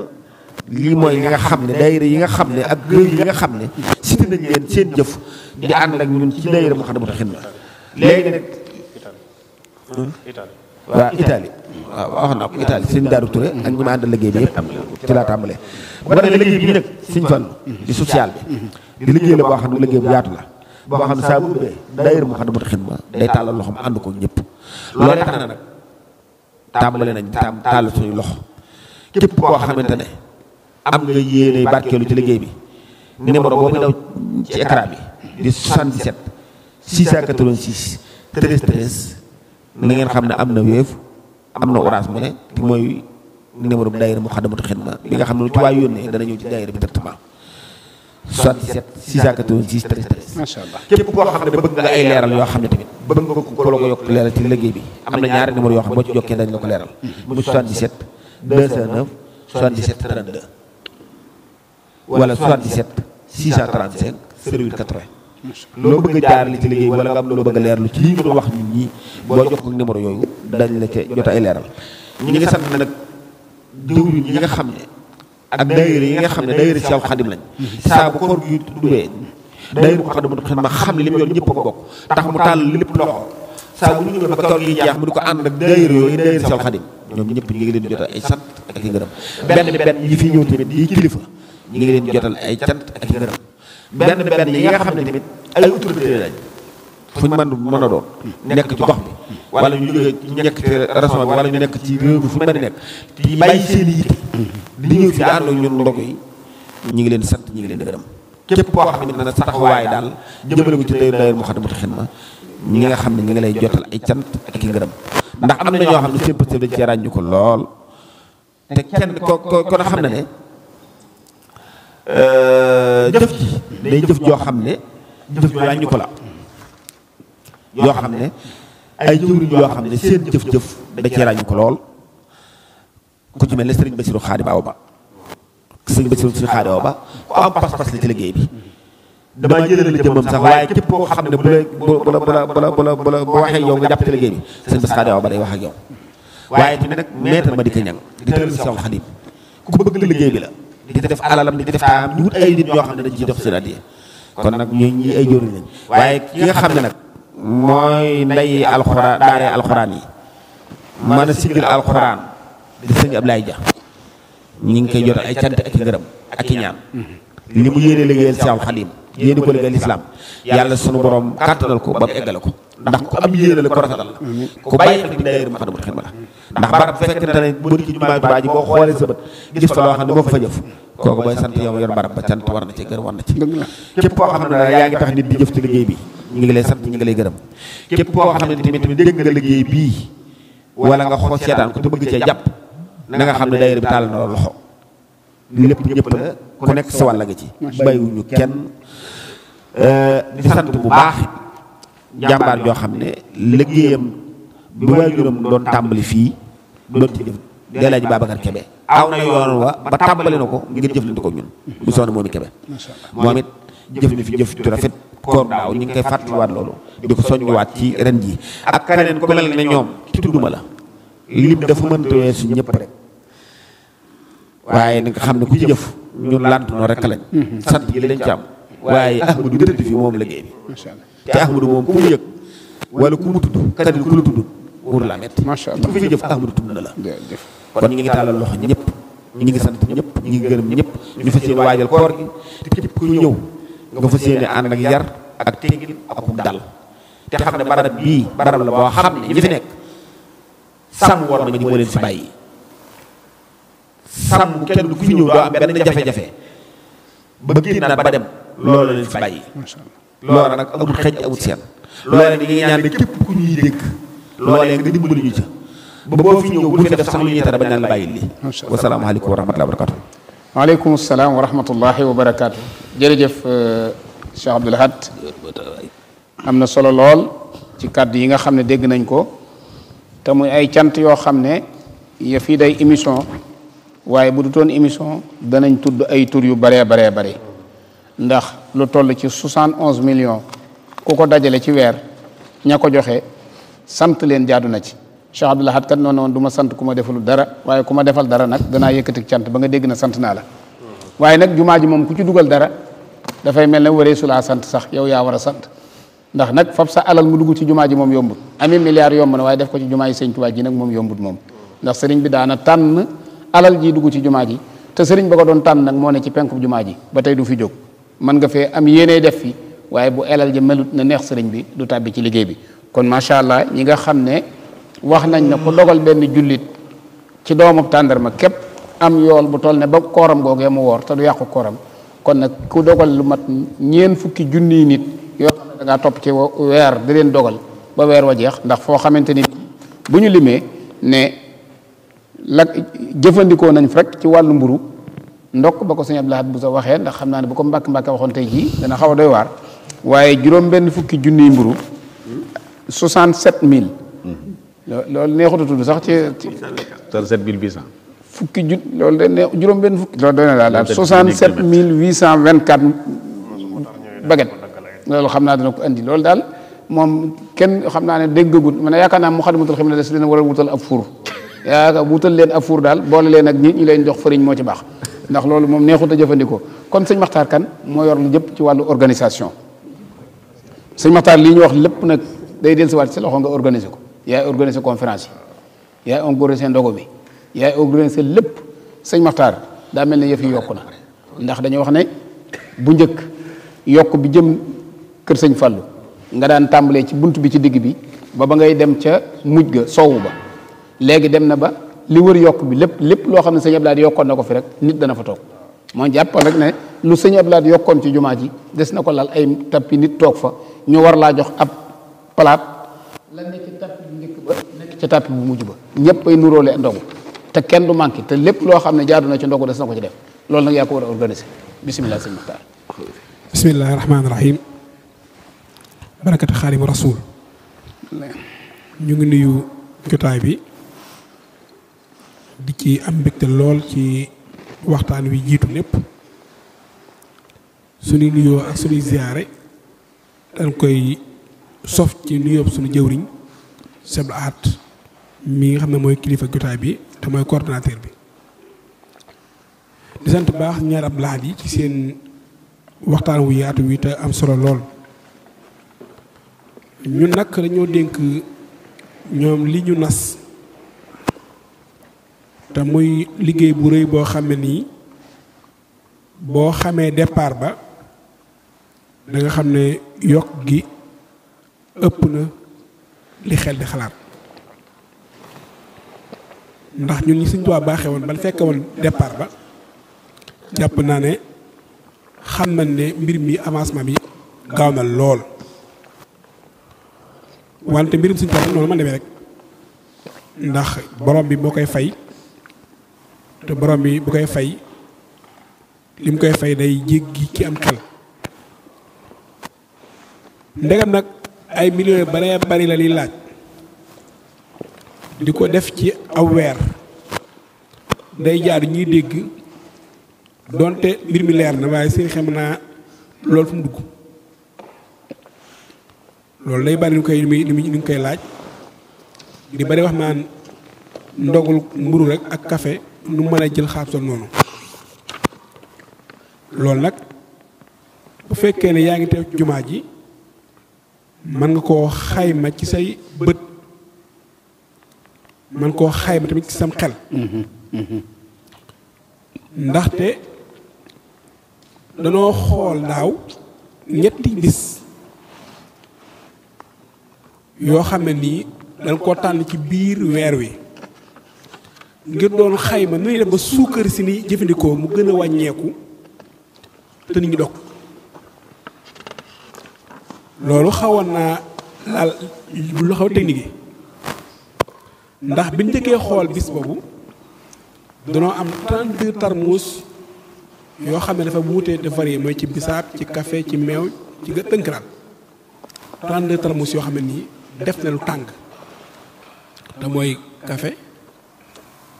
lii mooy li xam ne daayira yi nga xam ne ak réew yi nga xam ne siti nañ leen seen jëf di ànd ak ñun ci daayira Moukhaddamatoul Khidma léegi nag waaw Italie waaw wax naa ko Italie sëñ Daaru Touré ak ñi ma àndal liggéey bi yëpp ci laa tàmbalee bu ko defee liggéey bi nag sëñ Fallu di social bi di liggéey la boo xam ne liggéey bu yaatu la boo xam ne saa bu ubbee daayira mu Xaddamatul Xidma day tàllal loxoom ànd ko ñëpp loolee tax na nag tàmbale nañ di tàll suñu loxo képp koo xamante ne am nga yéene barkeelu ci liggéey bi numéro boobu daw ci écran bi di 77 686 13 13 na ngeen xam ne am na Wave am na Orange Money te mooy numéro bi daayira Moukhaddamatoul Khidma bi nga xam ne lu ci waay yónnee dana ñëw ci daayira bi directement képp koo xam ne bëgg nga ay leeral yoo xam ne tamit bëgg nga ko la ko leeral ci liggéey bi am na ñaari numéro yoo xam ne boo ci jokkee dañ la ko leeral mu 77 209 77 32 wala 77 635 08 80 loo bëgg a jaarale ci liggéey wala nga a leerlu ci lii nga doon wax ñun ñii boo jox ko numéro yooyu dañ la ca jot ay leeral ñi ngi sant nag jëwriñ ñi nga xam ne ak daayira yi nga xam ne daayira Seexul Xadim lañ saa bu koor gi dubee daayira a i ngërëm benn benn ñi fi ñëw tamit yi kilifa ñi ngi leen jotal ay cant ak i ngërëm benn benn yi nga xam ne tamit ay autorité lañ fu ñu mën mën a doon nekk ci gox bi wala ñu jógee ñu nekk ci région bi wala ñu nekk ci réew bi fu mën a nekk te bàyyi seen yitte di ñëw fi ànd ñun ndog yi ñu ngi leen sant ñu ngi leen gërëm képp koo xam ne na saxawaay daal jëmale ko ci tey daayir Moukhaddamatoul Khidma ñi nga xam ne ñu ngi lay jotal ay cant ak i ngërëm ndax am na ñoo xam ne seen pëstëf dañ cee ràññu ko lool te kenn ko ko kon a xam ne ne Euh, jëf ji day jëf joo xam ne jëf ju ko la yoo xam ne ay jëwriñ yoo xam ne seen jëf-jëf da cee ràññi ko lool ku ci mel ne ba Basiru Xaadim Awa Ba sëriñ Basiru si Xaadim Awa Ba ku am pas-pas la ci bi damaa jëlee la jëmmam sax waaye képp koo xam ne bu la bu la bu la bu la bu la bu waxee yow nga jàpp ci bi sëriñ Basiru Xaadim Awa day wax ak waaye tamit nag maître ma di ko ñang di tëral si ku bëgg liggéey bi la di ci def alalam di ci def taam di wut ay nit ñoo xam ne dañ ciy nag ñu ñi ay jóoriñ lañ waaye ki nga xam ne nag mooy nday alxuraan daare alxuraan yi mën a siggil alxuraan di sëñ Ablaye Dia ñu ngi koy jot ay cant ak ngërëm ak i ñaan mm-hmm. li mu yéene liggéeyal si am xalim yéeni ko liggéey lislaam yàlla sunu borom kàttanal ko ba mu eggale ko ndax ku am yéene la ko rafetal la ku bàyyi xel bi daayira Moukhaddamatoul Khidma xoolee sa bët gis fa loo xam ne boo ko fa jëf képp koo xam ne yaa ngi tax nit di jëf ci liggéey bi ñu ngi lay sant ñu ngi lay gërëm képp koo xam ne tamit dégg nga liggéey bii wala nga seetaan ko te bëgg cee jàpp na nga xam ne daayira bi tàll na loxo lépp ñëpp la ku nekk sa wàll nga ci bàyyiwuñu kenn di sant bu baax jàmbaar joo xam ne liggéeyam bi waajuram doon tàmbali fii doon ci de dellaa ji Babacar Kebe aw na yoon wa ba tàmbali ko ngir jëflante ko ñun bu soxna moom i Kebe moom it jëf na fi jëf ju rafet koor ñu ngi koy fàttaliwaat loolu di ko soññuwaat ci ren jii ak keneen ku mel ne ñoom ci tudduma la lim dafa mënta weesu ñëpp rek waaye na xam ne ku ci jëf ñun lantunoo rek lañ mm-hmm. sant gi lañ ci waaye ahmadu bi tëdd fii moom liggéey te ahmadu moom ku mu yëg wala ku mu tudd kaddu ku la tudd wóor laa metti ku fi jëf ahmadu tudd na la kon ñu ngi tàllal loxo ñëpp ñu ngi sant ñëpp ñu ngi gërëm ñëpp ñu fas yéene waajal koor gi te képp ku ñëw nga fas yéene ànd ak yar ak teggin ak um dal te xam ne barab bii barab la boo xam ne ñi fi nekk sàmm war nañu moo leen fi bàyyi sàmm kenn ku fi ñëw doo am benn jafe-jafe ba génnaat ba dem loolu leen fi bàyyi loolu nag amul xëj amul seen loolee ni ngi ñaan ne nga dimbali ñu ca ba boo fi ñëw bu fi def sax lu ñuy tere ba naan la bàyyi lii wasalaamaaleykum wa rahmatullahi wa barakatu waaleykum salaam wa rahmatullahi wa barakatu jërëjëf euh, Cheikh am na solo lool ci kàddu yi nga xam ne dégg nañ ko te muy ay cant yoo xam ne ya fii day émission waaye bu du toon émission danañ tudd ay tur yu baree baree bari ndax lu toll ci soixante onze million ku ko dajale ci weer ña ko joxe sant leen jaadu na ci Cheikh Abdoul Ahad kat noonu woon du ma sant ku ma defalu dara waaye ku ma defal dara nag danaa yëkkati cant ba nga dégg na sant naa la waaye nag jumaa ji moom ku ci dugal dara dafay mel ne waree su sant sax yow yaa war a sant ndax nag fab sax alal mu dugg ci jumaa ji moom yombut ami milliard yomb na waaye def ko ci jumaa yi Sëñ Tuubaa ji moom yombut moom alal ji dugg ci jumaa ji te sëriñ ba ko doon tànn nag moo ne ci penku jumaa ji ba tey du fi jóg mën nga fee am yéene def fi waaye bu alal ji melut na neex sëriñ bi du tàbbi ci liggéey bi kon macha allah ñi nga xam ne wax nañ ne ku dogal benn jullit ci doomam tàndarma képp am yool bu toll ne ba kooram googee mu woor te du yàqu kooram kon nag ku dogal lu mat ñeen fukki junniy nit yoo da ngaa topp ci weer di leen dogal ba weer wa jeex ndax foo xamante ni bu la jëfandikoo nañ frek ci wàllu mburu ndokk ba ko sëñ Abdou bu sa waxee ndax xam naa ne bu ko mbàkk mbàkk waxoon tey jii dana xaw a doy waar waaye juróom benn fukki junniy mburu 67000. Hmm. loolu neexut a tudd sax ci. 67800. fukki jun loolu de ne juróom benn fukki. loolu doy na daal daal 67824 baguette loolu xam naa dina ko andi loolu daal moom kenn xam naa ne déggagut man yaakaar naa mu xadimatul xam ne des dina war a wutal ab fuur. yaa wutal leen ab fuur daal boole leen ak ñi ñu leen jox fëriñ moo ci baax ndax loolu moom neexut a jëfandikoo kon sëñ Maxtaar kan moo yor lu jëpp ci wàllu organisation sëñ Maxtaar lii ñu wax lépp nag day dellusiwaat si loxo nga organiser ko yaay organiser conférence yi yaay organiser ndogo bi yaay organiser lépp sëñ Maxtaar daa mel ne yëf yokk na ndax dañu wax ne bu njëkk yokk bi jëm kër sëñ Fallou nga daan tàmbalee ci bunt bi ci digg bi ba ba ngay dem ca mujj ga soowu ba léegi dem na ba li wër yokk bi lépp lépp loo xam ne sëñ Abdoulaye yokkoon na ko fi rek nit dana fa toog moo jàppal rek ne lu sëñ Abdoulaye yokkoon ci jumaa ji des na ko lal ay tappi nit toog fa ñu war laa jox ab palaat la nekk ci tappi bu njëkk ba mujj ba ñëpp ay nuróole ndogu te kenn du manqué te lépp loo xam ne jaadu na ci ndogu des na ko ci def loolu nag yaa ko war a organiser bisimilah sëñ Muxtaar bisimilahi rahmaani rahim barakati xaadimu rasuul bi di ci am mbégte lool ci waxtaan wi jiitu lépp suñu nuyoo ak suñuy ziyaare dañ koy sof ci nuyoo suñu jëwriñ Sëñ Ahad mi nga xam ne mooy kilifa jotaay bi te mooy coordonnateur bi di sant baax ñaar ab laaj yi ci seen waxtaan wu yaatu wi te am solo lool ñun nag dañoo dénk ñoom li ñu nas te muy liggéey bu rëy boo xam ne nii boo xamee départ ba da nga xam ne yokk gi ëpp na li xel di xalaat ndax ñun ñi Sëñ Tuubaa baaxee woon bal fekke woon départ ba jàpp naa ne xam nañ ne mbir mi avancement bi gaaw na lool wante mbirum Sëñ Tuubaa noonu ma demee rek ndax borom bi boo koy fay te borom bi bu koy fay li mu koy fay day jéggi ki am xel ndegam nag ay millions yu bare bari la liy laaj di ko def ci aw weer day jaar ñuy dégg donte mbir mi leer na waaye seen xam naa loolu fu mu dugg loolu day bari lu koy lu mu koy laaj di bari wax naan ndogul mburu rek ak kafe nu mën a jël xaalisam noonu loolu nag bu fekkee ne yaa ngi teew jumaa ji mën nga koo xayma ci say bët mën koo xayma tamit ci sam xel ndaxte danoo xool daaw ñetti bis yoo xam ne nii dañ koo tànn ci biir weer wi ngir doon xayma nu ñuy def ba suukar si ni jëfandikoo mu gën a wàññeeku te nit ñi dog loolu xawoon naa laal lu xaw technique yi ndax biñ njëkkee xool bis boobu danoo am 32 tarmuus yoo xam ne dafa wuute de varié mooy ci bisaab ci kafe ci meew ci ga tënkral 32 tarmuus yoo xam ne nii def na lu tàng te mooy café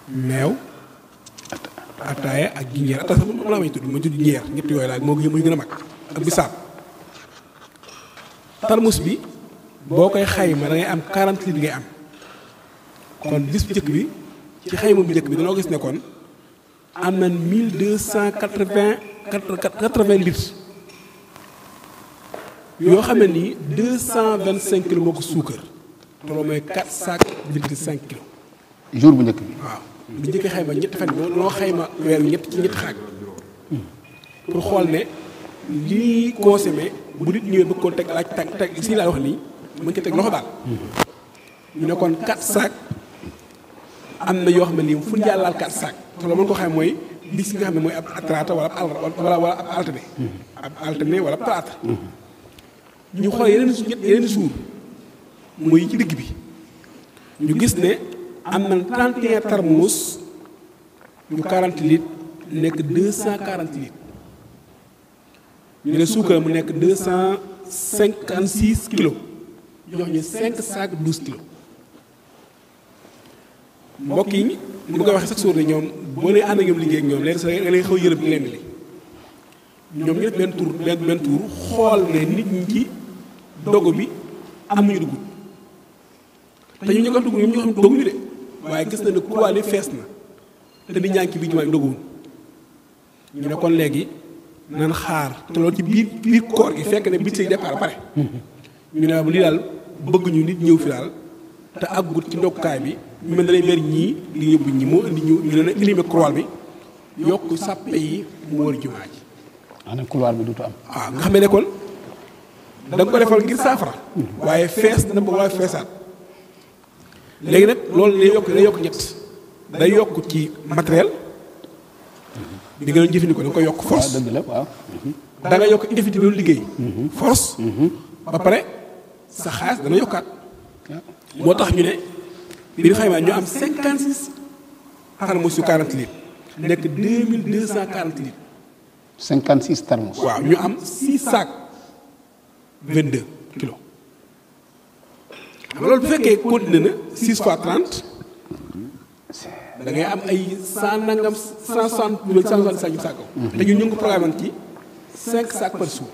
meew ataaya ak jinjeer ataaya sax mën naa may tudd ma moo gën a mag ak bisaab tarmus bi boo koy xayma da am 40 litres ngay am kon bis bu njëkk bi ci xayma bu njëkk bi danoo gis nekkoon am na 1280 80 litres yoo xam ne nii 225 kilos moo ko suukar te loolu mooy 4 sacs litres 5 kilos. jour bu njëkk bi bi njëkk xayma ñetti fan loo xayma weer wi ñett ci ñetti xaaj pour xool ne lii consommé bu nit ñëwee bëgg koo teg laaj teg teg si laa wax nii mën ko teg loxo daal ñu ne kon quatre sacs am na yoo xam ne nii fu ñu kat quatre sacs te loolu mën ko xam mooy bis nga xam ne mooy ab atrata wala ab wala wala ab alterné ab alterné wala ab plâtre ñu xool yeneen yeneen suur mooy ci digg bi ñu gis ne am na 31 thermos yu 40 litres nekk 240 litres ñu ne suukar mu nekk 256 kilos jox ñu 5 sacs 12 kilos mbokk yi ni ma koy waxee sax suur ne ñoom boo leen ànd ak ñoom liggéey ak ñoom léegi sax nga leen xaw a yërëm leen li ñoom ñu def benn tour benn benn tour xool ne nit ñi ci dogu bi am ñu dugg te ñu ñu ko dugg ñoom ñoo xam de. waaye gis na ni couloir yi fees na te di ñànki bi jumaa bi doguwul ñu ne kon léegi nan xaar te loolu ci biir biir koor gi fekk ne bi budget yi départ pare ñu ne li daal bëgg ñu nit ñëw fi daal te àggut ci ndokkaay bi ñu mel ne lay mer ñii di yóbbu ñi moo indi ñu ñu leen a élimé bi yokk sàppe yi mu wër jumaa ji maanaam couloir am waaw ah, nga xam ne kon da ko defal ngir saafara mm-hmm. waaye fees na ba waaye feesaat léegi nag loolu day yokk day yokk ñett day yokk ci matériel bi nga doon jëfandikoo da ko yokk force dëgg la waaw da nga yokk indifiti liggéey force ba pare sa xaalis dana yokkaat moo tax ñu ne bi ñu xaymaa ñu am cinquante six thermos yu quarante litres nekk deux mille deux cent quarante litres cinquante six thermos waaw ñu am six sacs vingt loolu bu fekkee continué na 6 fois 30 da ngay am ay 100 nangam 160 wala 160 saako. te ñun ñu ngi ko programme ci 5 sacs par jour.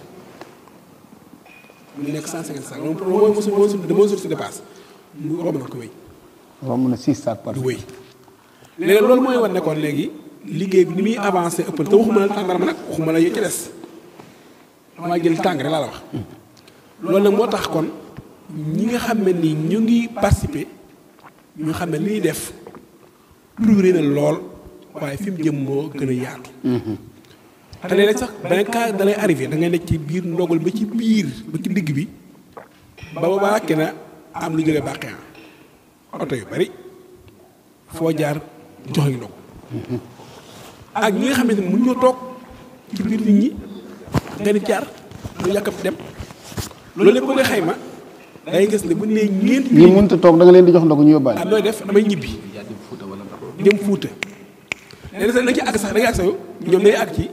mu nekk 150 sacs loolu mooy mosu mosu mooy suñu dépasse mu romb na ko wéy. romb na 6 sacs par jour wéy. léegi loolu mooy war nekkoon léegi liggéey bi ni muy avancé ëpp na te waxuma la tàndarma nag waxuma la yow ci des. damaa jël tàng rek laa la wax. loolu nag moo tax kon. ñi nga xam ne ni ñu ngi participer ñu xam ne li ñuy def progrès na lool waaye fi jëm moo gën a yaatu. Mm-hmm. te léeg sax beneen cas da lay arrivé da ngay nekk ci biir ndogal ba ci biir ba ci digg bi ba ba bàkke na am lu jógee bàqe ah oto yu bari foo jaar jox ñu ndog mm-hmm. ak ñi nga xam ne mën ñoo toog ci biir nit ñi nga ni jaar lu yàkkam dem loolu lépp nga xayma. dangay gis ne bu ñu nee ñeent. ñi mënut toog da nga leen di jox ndogu ñu yóbbaale. ah nooy def damay ñibbi jëm fuuta léegi sax dañ ci àgg sax da ngay àgg sax yow ñoom dañuy àgg ci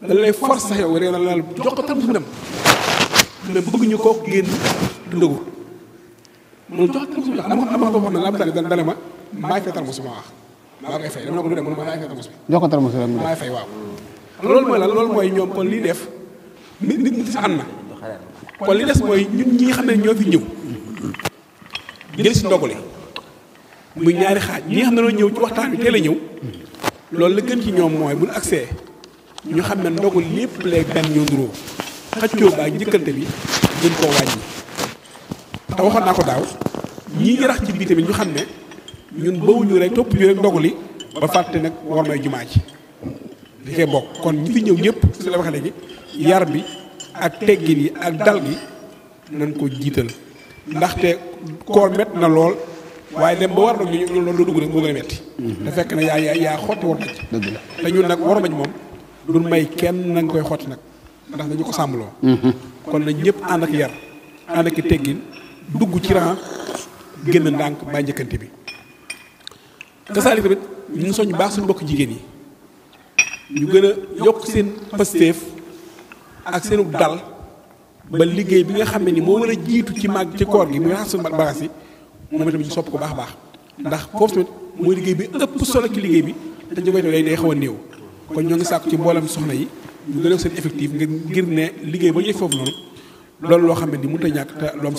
da lay force sax yow rek la la jox ko tam mu dem mais bëgg ñu kooku génn ndogu mun jox tam suñu wax am am ko wax na la misali dana ma maa fay tarmus ma wax maa koy fay dama ne ko du dem mu ne ma maa fay tarmus loolu mooy la loolu mooy ñoom kon lii def nit nit si ànd na kon li des mooy ñun ñi nga xam ne ñoo fi ñëw jël si ndogale muy ñaari xaaj ñi xam ne ñoo ñëw ci waxtaan bi teel la ñëw loolu la gën ci ñoom mooy bu ñu ñu xam ne ndogu lépp lay benn ñoo nduróo xaccoo baa njëkkante bi gën koo wàññi te waxoon naa ko daaw ñii rax ci biir tamit ñu xam ne ñun bawuñu rek topp ñu rek ndogu li ba fàtte nag war may jumaa ji di koy bokk kon ñu fi ñëw ñëpp su la waxee léegi yar bi ak teggin yi ak dal gi nañ ko jiital ndaxte koor mett na lool waaye dem ba war nag ñu loolu dugg rek moo gën a metti mhm. te fekk na yaa yaa xotti war maj te ñun nag war maj moom duñ may kenn na nga koy xotti nag ndax dañu ko sàmmaloo mhm. kon nañ ñëpp ànd ak yar ànd ak teggin dugg ci ran génn ndànk bàyyi njëkkante bi te saali tamit ñu soññ baax suñu mbokk jigéen yi ñu gën a yokk seen pasteef ak seenu dal ba liggéey bi nga xam ne ni moo war a jiitu ci màgg ci koor gi muy raxas suñu bagaas yi moom itam ñu sopp ko baax a baax ndax foofu tamit mooy liggéey bi ëpp solo ci liggéey bi te ñu koy day day xaw a néew kon ñoo ngi sàkku ci mboolam soxna yi ñu gën seen effectif ngir ngir ne liggéey ba ñuy foofu noonu loolu loo xam ne ni mënut a ñàkk te lu am la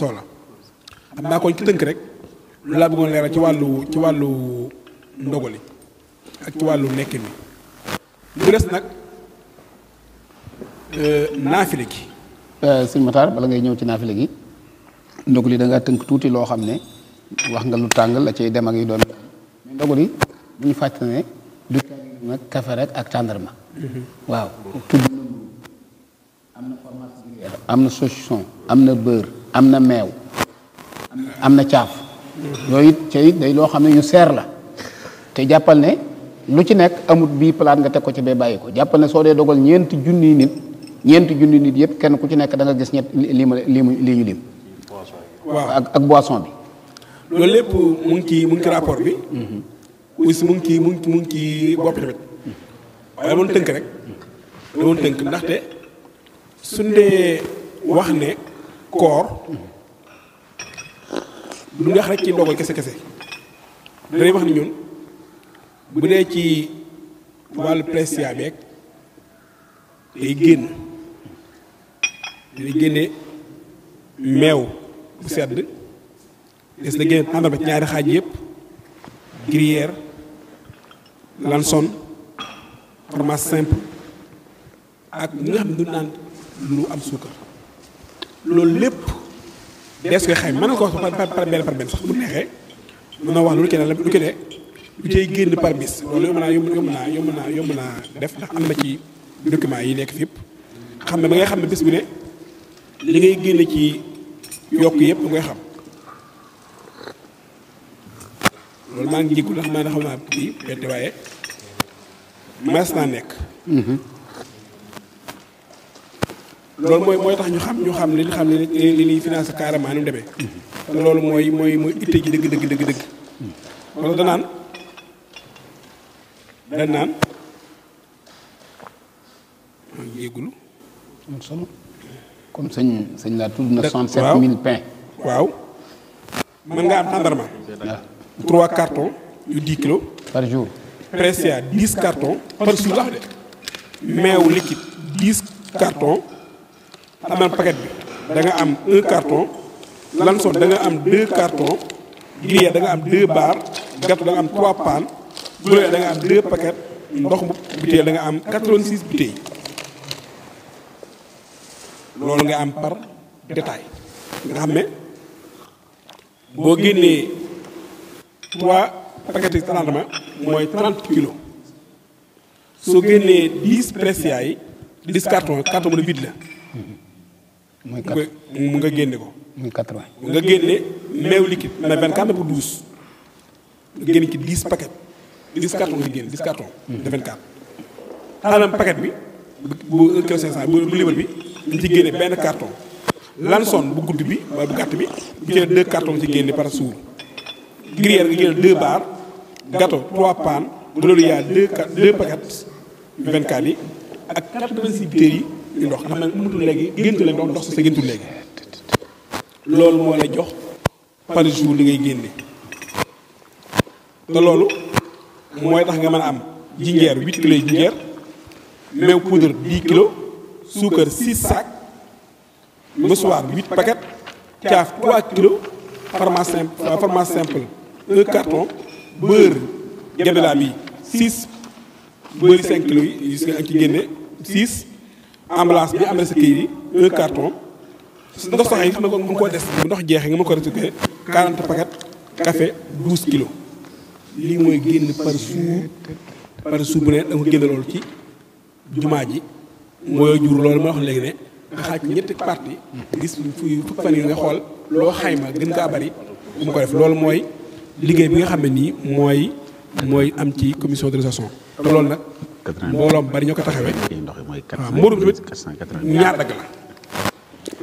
xam naa kon ci tënk rek loolu laa bëggoon leeral ci wàllu ci wàllu ndogali ak ci wàllu nekkin bi. lu des nag. Euh, naafile gi. Euh, sëñ Matar bala ngay ñëw ci naafile gi ndogu li da tënk tuuti loo xam ne wax nga lu tàng la cay dem ak yi doon mais ndogu li ne du kafe rek ak tàndarma. Mhm. waaw na fromage am na saucisson am na meew am na caaf. Mhm. yooyu it loo xam ne ñu seer la te jàppal ne lu ci nekk amut bii palaat nga teg ko ci bee bàyyi ko jàppal ne soo dee dogal ñeenti junniy nit. ñeenti junni nit yëpp kenn ku ci nekk da nga gis ñett lii ma lii ñu lim. waaw ak ak boisson bi. loolu lépp mu ngi ci mun ngi ci rapport bi. aussi mu ngi ci mu ngi ci mu ngi ci bopp tamit. waaye dama tënk rek. dama tënk ndaxte suñ dee wax ne koor du wax rek ci ndogal kese kese dañuy wax ne ñun bu dee ci wàllu pression beeg. day génn day génne meew bu sedd des na génne tàndarma ci ñaari xaaj yëpp gruyère lanson fromage simple ak ñi nga xam ne du naan lu am suukar loolu lépp dees koy xayma mën na ko wax par par benn par benn sax bu neexee mën na wax lu keneen la lu keneen lu cay génn par bis loolu yomb naa yomb naa yomb naa yomb naa def ndax am na ci. documents yi nekk fépp xam ne ba ngay xam ne bés bu ne li ngay génne ci yokk yëpp ngay xam loolu maa ngi njëkku ndax man xam naa kii bett waaye mas naa nekk loolu mooy mooy tax ñu xam ñu xam li ñu xam ne li ñuy financé carrément ni mu demee te loolu mooy mooy mooy itte ji dëgg dëgg dëgg dëgg wala danaan danaan yéegul. am solo kon sëñ sëñ laa tudd na. cent sept mille pain. waaw. mën nga am tàndarma. waaw. Ah. trois cartons yu dix kilos. par jour. presse à dix cartons. par jour meew liquide dix cartons. amal paquet bi da am un carton. lanson da am deux cartons. grillé da am deux barres. gâteau da nga am trois paan. bleuet da am deux paquets. ndox mu butéel da am quatre-vingt-six bouteilles. loolu nga am par détail nga xam ne boo génnee trois paquets de rendement mooy trente kilos soo génnee dix pressia yi dix carton carton bu vide la muy quatre mu nga génne ko. muy quatre vingt nga génne meew liquide mais benn carton bu douze. génne ci dix paquet dix carton nga génne dix carton. de vingt quatre. xanaa paquet bi bu bu kilo cinq cent bu libre bi. dañ ci génne benn carton lanson bu gudd bi wala bu gàtt bi bu ci deux cartons ci génne par jour gruyère nga génne deux barres gâteau trois pans bu loolu yaa deux deux paquets vingt quatre yi ak quatre-vingt-six bouteilles yi ndox xam ne mënatul léegi géntu leen ndox ndox sa géntul léegi loolu moo lay jox li ngay génne te loolu mooy tax nga mën a am jinjeer huit kilos yi jinjeer meew poudre dix kilos suukar 6 sacs mouchoir 8 paquets caaf 3 kilos fromage simple fromage euh, simple 1 carton beurre Jabela bi 6 beurre 5 kilos yi gis nga ak ci génne 6 emballage bi am na yi 1 carton ndox sax yi nga ko nga des bu ndox jeexee nga ma ko restitué 40 paquets café 12 kilos lii mooy génn par jour bu ne da nga ko loolu ci jumaa ji mooy jur loolu ma wax léegi ne nga xaaj ñetti parti gis fu fukk fan yi nga xool loo xayma gën kaa bari bu mu ko def loolu mooy liggéey bi nga xam ne nii mooy mooy am ci commission d'organisation te loolu nag mbooloom bari ñoo ko taxawee waaw mburum tamit ñaar dagg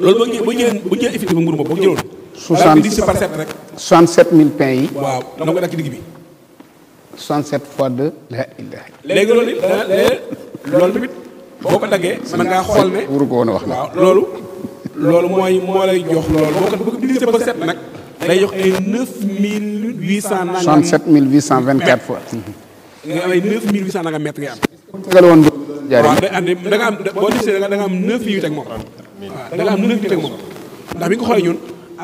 la loolu boo jëlee boo jëlee effectif mburum boobu boo jëloon 77 par 7 rek 67 000 waaw da ko dagg ci digg bi 67 fois 2 la ilaha léegi loolu loolu boo ko daggee mën ngaa xool ne wuru ko woon wax waaw loolu loolu mooy moo lay jox loolu boo ko boo ko set nag day jox ay neuf mille huit cent nangam soixante-sept mille huit cent vingt-quatre fois nga am ay neuf mille nga am boo divisé ñun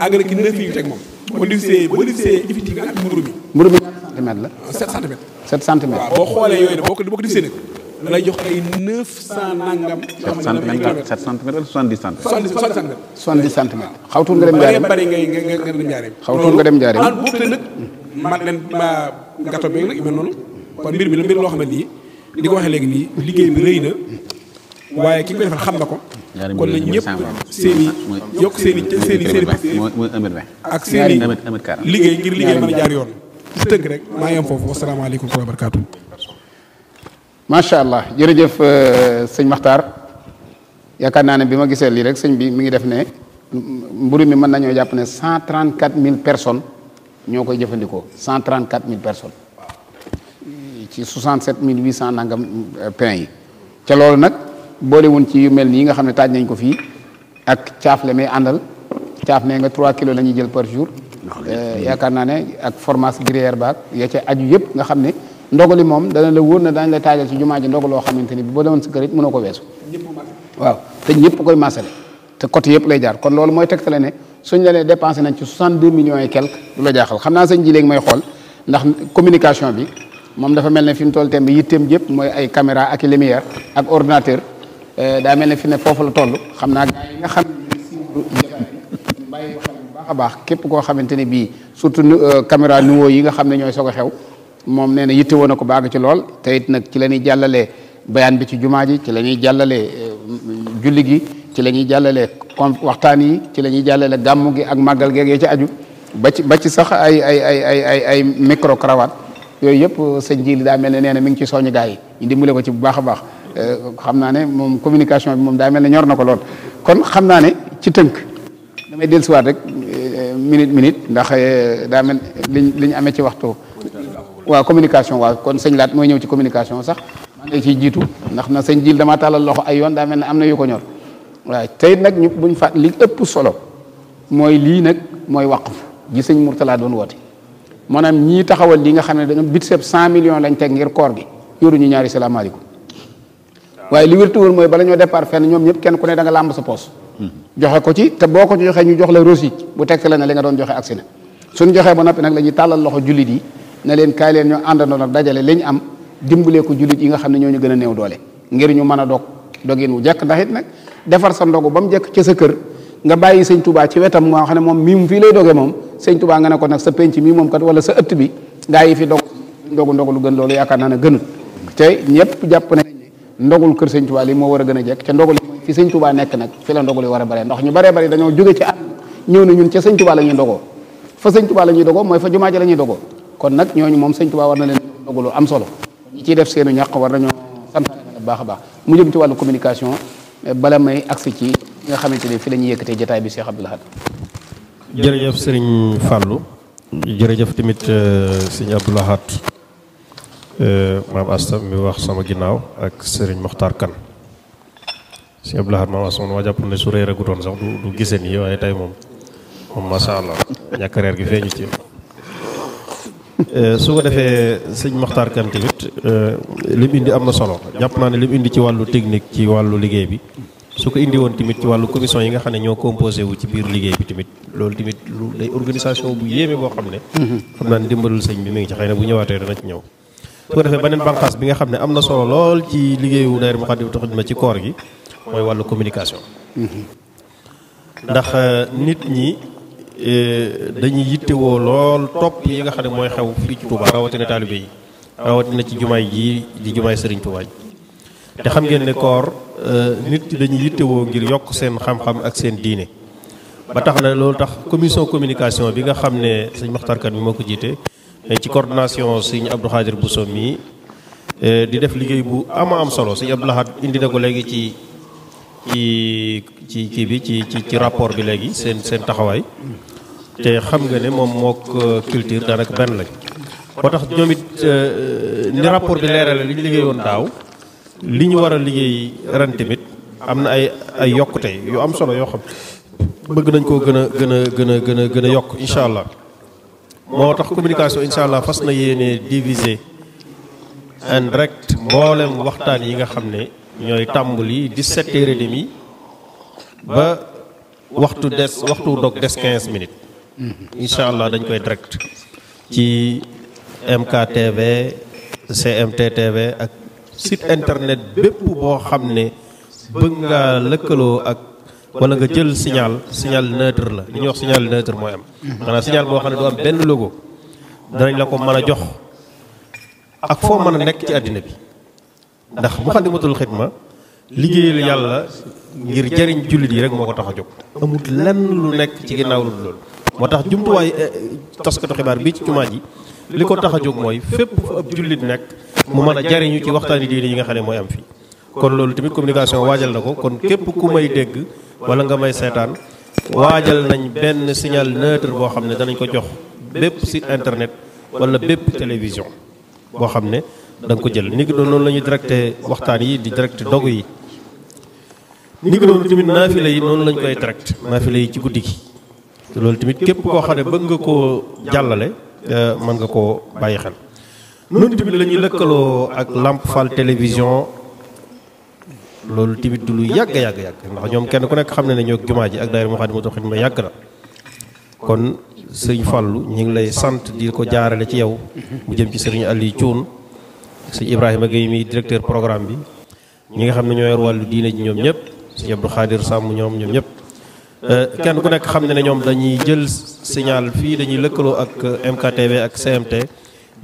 àgg na ki neuf yu teg moom boo divisé boo divisé ifiti nga am mburu mi mburu mi centimètres la sept centimètres sept centimètres waaw boo xoolee yooyu boo boo ko divisé nag da lay jox ay neuf cent nangam. yoo xam ne dañuy sept centimètres wala soixante dix centimètres. soixante dix centimètres. xawtul nga dem Ndiarème bari ngay ngay ngay dem Ndiarème. xawtul nga dem Ndiarème loolu en tout nag. man leen ba gâteau beeg nag yu mel noonu. kon mbir mi la mbir loo xam ne nii li ko waxee léegi nii liggéey bi rëy na waaye ki koy defal xam na ko. kon nag ñëpp seen i yokk seen i seen i seen i ak seen i liggéey ngir liggéey mën a jaar yoon. ci tënk rek maa ngi am foofu wasalaamaaleykum wa barakaatu. macha allah jërëjëf euh, sëñ maxtar yaakaar naa ne bi ma gisee lii rek sëñ bi mi ngi def ne mburu mi mën nañoo jàpp ne cent trente quatre mille personnes ñoo koy jëfandikoo cent trente quatre mille personnes ci soixante sept mille huit cent nangam euh, pain yi ca loolu nag boolewuñ ci yu mel nii nga xam ne taaj nañ ko fii ak caaf la may àndal caaf ne nga trois kilos la ñuy jël par jour euh, yaakaar naa ne ak fromage gruyère baak ya ca aju yëpp nga xam ne ndogali moom dana la wóor na daañ la taajal ci jumaa ji ndogaloo xamante ni bi boo demoon sa kër it mënoo ko weesu waaw te ñëpp koy maasale te côté yëpp lay jaar kon loolu mooy teg tegtale ne suñ la nee dépensé nañ ci 62 millions et quelque du xam naa sëñ ji léegi may xool ndax communication bi moom dafa mel ne fi mu toll temb yitteem yëpp mooy ay caméra ak lumière ak ordinateur euh, daa mel ne fi ne foofu la toll xam naa gars yi nga xam ne baax képp koo xamante ne bii surtout euh, caméra nouveau yi nga xam ne ñooy soog a xew moom nee na yitte woon na ko baaga ci lool te it nag ci la ñuy jàllalee bayaan bi ci jumaa ji ci la ñuy jàllalee euh, julli gi ci la ñuy jàllalee com waxtaan yi ci la ñuy jàllalee gàmmu gi ak màggal gee ci aju ba ci ba ci sax ay ay ay ay ay ay micro cravate yooyu yëpp sëñ ji li daa mel ne nee na mi ngi ci soññ gaa yi ñu dimbale ko ci bu baax a baax euh, xam naa ne moom communication bi moom daa mel ne ñor na ko lool kon xam naa ne ci tënk damay dellusiwaat rek euh, minute minute ndax daa mel liñ liñ amee ci waxtu waaw communication waaw kon señ laat mooy ñëw ci communication sax maa ngi ciy jiitu ndax na sëñ jil damaa tàllal loxo ay yoon daa mel ne am na yu ko ñor waaw tey nag ñu buñ faat li ëpp solo mooy lii nag mooy waqf gi sëñ Mourtala doon woote maanaam ñii taxawal li nga xam ne dañu budget cent million lañ teg ngir koor gi yoruñu ñaari salaamaaleykum waaye li wér tuwul mooy bala ñoo départ fenn ñoom ñëpp kenn ku ne da nga làmb sa poos hmm. joxe ko ci te boo ko ci joxee ñu jox la rosi bu tegte la ne li nga doon joxe agsi na suñ joxee jullit yi na leen kaay leen ñu àndandoo nag dajale li am dimbalee ko jullit yi nga xam ne ñoo ñu gën a néew doole ngir ñu mën a dog dogin wu jekk ndax it nag defar sa ndogu ba mu jekk ca sa kër nga bàyyi sëñ tubaa ci wetam moo xam ne moom mii mu fii lay doge moom sëñ tubaa nga ne ko nag sa penc mii moom kat wala sa ëtt bi gaa yi fi dog ndogu ndogu lu gën loolu yaakaar naa ne gënut te ñëpp jàpp nañ ne ndogul kër sëñ tubaa li moo war a gën a jekk ca ndogul mooy fi sëñ tubaa nekk nag fi la ndogul war a bare ndax ñu baree bari dañoo jóge ci at ñëw na ñun ca sëñ tubaa la ñuy dogoo fa sëñ tubaa ñuy dogoo mooy fa jumaa ji la ñuy dogoo kon nag ñooñu moom sëñ Tuubaa war na leen dogalu am solo ñi ciy def seenu ñàq war nañoo santaane bu baax baax mu jëm ci wàllu communication eh, bala may agsi ci nga xamante ne fii la ñuy yëkkatee jotaay bi Cheikh Abdou Lahad jërëjëf sëriñ Fallou jërëjëf tamit eh, sëriñ Abdou Lahad eh, maam Asta mi wax sama ginnaaw ak sëriñ Mokhtar Kane sëriñ Abdou maam Asta moom maa jàpp ne su réer a gutoon sax du du gisee nii waaye tey moom moom macha allah ñàkk reer gi feeñu ci. Euh, su ko defee sëñ Maxtaar Kan tamit euh, lim indi am na solo jàpp naa ne lim indi ci wàllu technique ci wàllu liggéey bi su ko indi woon tamit ci wàllu commission yi nga xam ne ñoo composé wu ci biir liggéey bi tamit loolu tamit lu day organisation bu yéeme boo xam ne xam naa ne dimbalul sëñ bi mi ngi ci xëy na bu ñëwaatee dana ci ñëw su ko defee beneen bànqaas bi nga xam ne am na solo lool ci liggéeyu daayira Moukhaddamatoul Khidma ci koor gi mooy wàllu communication mhm. ndax euh, Euh, dañuy yittewoo lool topp yi nga xam ne mooy xew fii ci Touba rawatina taalibe yi rawatina ci jumaay ji di jumaay Serigne Touba te xam ngeen ne koor euh, nit dañuy yittewoo ngir yokk seen xam-xam ak seen diine ba tax na loolu tax commission communication bi nga xam ne sëñ Maxtarkat bi moo ko jiite ci coordination sëñ Abdou Khadir Bousso mii euh, di def liggéey bu ama am solo sëñ Abdou Lahad indi na ko léegi ci ci ci bi ci ci ci rapport bi léegi seen seen taxawaay te xam nga ne moom mook euh, culture daanaka benn lañ moo tax ñoom ni euh, rapport bi leerale li ñu liggéeyoon daaw li ñu war liggéey ren am na ay ay yokkute yu am solo yoo xam bëgg nañ koo gën a gën a gën a gën a gën a yokk incha allah moo tax communication incha allah fas na yéenee diviser en direct mboolem waxtaan yi nga xam ne ñooy tàmbali 17 heures et demie ba waxtu des waxtu dog des minutes. Mm-hmm. incha allah dañ koy direct ci MKTV CMTTV ak site internet bépp boo xam ne bëgg nga lëkkaloo ak wala nga jël signal signal neutre la li ñuy wax signal neutre mooy am. Mm-hmm. maanaam signal boo xam ne du am benn logo danañ la ko mën a jox ak foo mën a nekk ci àddina bi ndax Moukhaddamatoul Khidma liggéeyal yàlla ngir jëriñ jullit yi rek moo ko tax a jóg. amut lenn lu nekk ci ginnaaw lu loolu. moo tax jumtuwaay eh, taskatu xibaar bii ci jumaa yi li ko tax a jóg mooy fépp fu ab jullit nekk mu mën a jariñu ci waxtaani diine yi nga xam ne mooy am fii kon loolu tamit communication waajal na ko kon képp ku may dégg wala nga may seetaan waajal nañ benn signal neutre boo xam ne danañ ko jox bépp site internet wala bépp télévision boo xam ne da ko jël ni ki doon noonu la ñuy directe waxtaan yi di directe dogu yi ni ki doon tamit naafila yi noonu lañ koy direct naafila ci guddi gi loolu tamit képp koo xam ne bëgg nga koo jàllale euh, mën nga koo bàyyi xel. noonu tamit la lëkkaloo ak làmp Fall télévision loolu tamit du lu yàgg yàgg yàgg ndax ñoom kenn ku nekk xam ne nañoo ñoo jumaa ji ak daayira Moukhaddamatoul Khidma yàgg na kon sëñ Fallou ñu ngi lay sant di ko jaarale ci yow mu jëm ci sëriñ Aliou Thioune sëñ Ibrahima Gueye mi directeur programme bi ñi nga xam ne ñoo yor wàllu diine ji ñoom ñëpp sëñ Abdou Khadir Samb ñoom ñoom ñëpp Euh, kenn ku nekk xam ne na ñoom dañuy jël signal fii dañuy lëkkaloo ak euh, MKTV ak CMT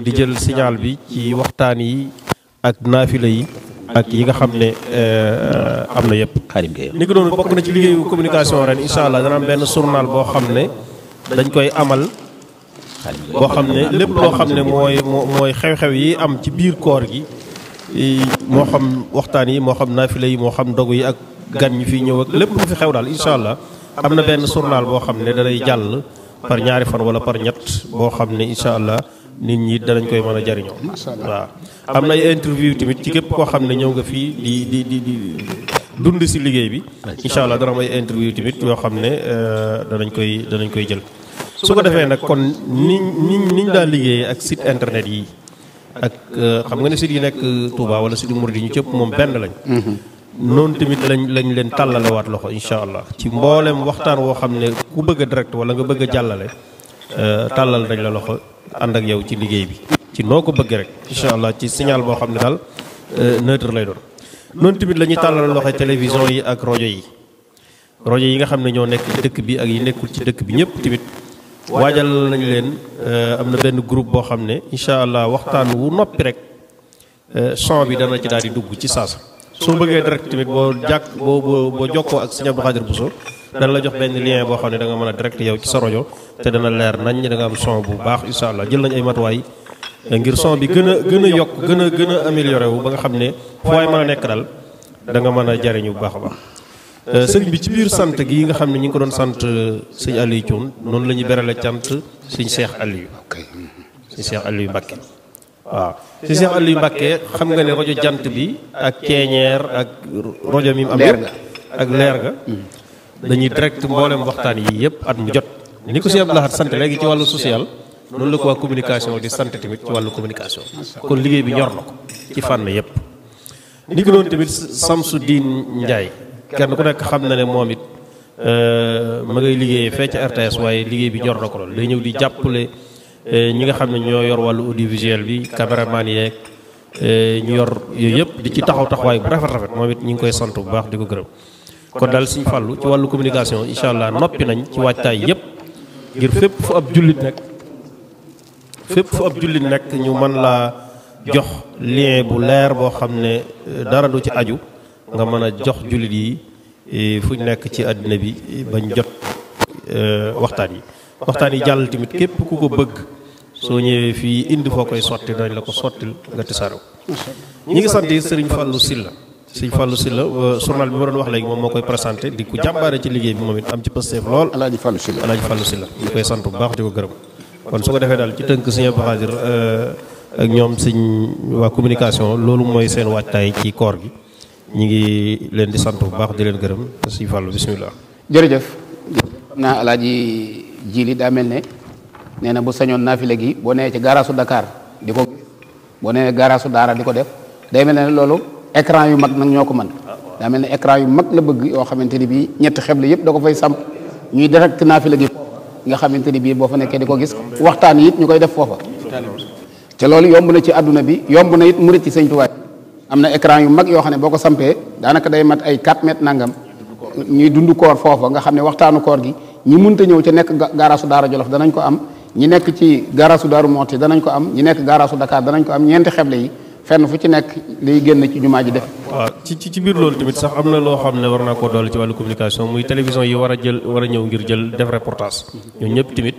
di jël signal bi ci waxtaan yi ak naafila yi ak yi nga xam ne euh, am na yëpp. xarim Gueye ni ko doon bokk na ci liggéeyu communication ren incha allah dana benn journal boo xam ne dañ koy amal. boo xam ne lépp loo xam ne mooy mooy xew-xew yi am ci biir koor gi. moo xam waxtaan yi moo xam naafila yi moo xam ndogu yi ak gan ñi fi ñëw ak lépp lu fi xew daal incha allah. am na benn journal boo xam ne danay jàll par ñaari fan wala par ñett boo xam ne incha allah nit ñi danañ koy man a jariñoo waaw am na ay interview tamit ci képp koo xam ne ñëw nga fii di di di di dund si liggéey bi incha allah dana am ay interview tamit yoo xam ne euh, danañ koy danañ koy jël su ko defee nag kon ni ni niñ daan liggéeyee ak site internet yi ak euh, xam nga ne site yi nekk Touba wala site Mouride yi ñu cëpp moom benn lañ mm-hmm. noonu tamit lañ lañ leen tàllalewaat loxo incha allah ci mboolem waxtaan woo xam ne ku bëgg direct wala nga bëgg a jàllale euh, tàllal nañ la loxo ànd ak yow ci liggéey bi ci noo ko bëgg rek incha allah ci signal boo xam ne daal euh, neutre lay doon noonu tamit la ñuy tàllal loxo télévision yi ak rojo yi rajo yi nga xam ne ñoo nekk ci dëkk bi ak yi nekkul ci dëkk bi ñëpp tamit waajal nañ leen euh, am na benn groupe boo xam ne incha allah waxtaan wu noppi rek son bi dana ci daal di dugg ci saasa soo bëggee direct tamit boo jàkk boo boo boo jokkoo ak sëñ Abdou Khadir Bousso dana la jox benn lien boo xam ne da mën a direct yow ci sa rajo te dana leer nañ da nga am son bu baax incha allah jël nañ ay matuwaay ngir son bi gën a gën yokk gën a gën a amélioré wu ba nga xam ne fu waay mën a nekk daal da nga mën a jariñu bu baax a baax euh, sëriñ bi ci biir sant gi nga xam ne ñu ngi ko doon sant euh, sëñ Aliou Thioune noonu la ñuy berale cant sëñ Cheikh Aliou sëñ Cheikh Aliou Mbacké waaw si Cheikh Aliou Mbacké xam nga ne rajo jant bi ak ceeñeer ak rajo mi am yëpp ak leer ga dañuy direct mboolem waxtaan yi yëpp at mu jot ni ko si Abdou Lahad sant léegi ci wàllu social noonu la ko waa communication di sant tamit ci wàllu communication kon liggéey bi ñor na ko ci fànn yëpp ni ko noonu tamit Samsudine Ndiaye kenn ku nekk xam na ne moom it euh, ma ngay liggéeyee fecc RTS waaye liggéey bi ñor na ko lool lay ñëw di jàppale Eh, ñi nga xam ne ñoo yor wàllu audiovisuel bi caméraman yeeg eh, ñu yor yooyu yëpp di ci taxaw taxawaay bu rafet rafet moom it ñu ngi koy sant bu baax di ko gërëm. kon dal suñu fàllu ci wàllu communication incha allah noppi nañ ci waajtaay yëpp ngir fépp fu ab jullit nekk fépp ñu man laa jox lien bu leer boo xam ne eh, dara du ci aju nga mën a jox jullit yi fu ñu nekk ci àddina bi bañ jot waxtaan yi waxtaan yi jàll tamit képp ku ko bëgg soo ñëwee fii indi foo koy sotti dañ la ko sottil nga tisaaro ñi ngi sant sëriñ Fallou Silla sëriñ Fallou Silla euh, journal bi ma doon wax léegi moom moo koy présenté di ku jàmbaare ci liggéey bi moom it am ci pësteef lool alaaji Fallou Silla alaaji Fallou Silla ñu koy sant bu baax di ko gërëm kon su ko defee daal ci tënk sëñ Abdou euh, ak ñoom sëñ waa communication loolu mooy seen waajtaay ci koor gi ñu ngi leen di sant bu baax di leen gërëm sëñ Fallou bisimilah jërëjëf xam ji li daa mel ne nee na bu sañoon naafile gi boo nee ci garaasu Dakar di ko boo nee garaasu Daara di ko def day mel ne loolu écran yu mag na ñoo ko man daa mel ne écran yu mag la bëgg yoo xamante ni bii ñetti xeble yëpp da ko fay samp ñuy direct naafile gi nga xamante ni bii boo fa nekkee di ko gis waxtaan yi ñu koy def foofa te loolu yomb na ci àdduna bi yomb na it murit ci sëñ am na écran yu mag yoo xam ne boo ko sampee daanaka day mat ay 4 mètres nangam ñuy dund koor foofa nga xam ne waxtaanu koor gi ñu munta ñëw ca nekk garaasu daara Jolof danañ ko am ñi nekk ci gaarasu Daaru Mooti danañ ko am ñi nekk gaarasu Dakar danañ ko am ñeenti xeble yi fenn fu ci nekk liy génn ci ñumaa ji def waaw ci ci biir loolu tamit sax am na loo xam ne war naa koo dolli ci wàllu communication muy télévision yi war a jël war a ñëw ngir jël def reportage ñoo ñëpp tamit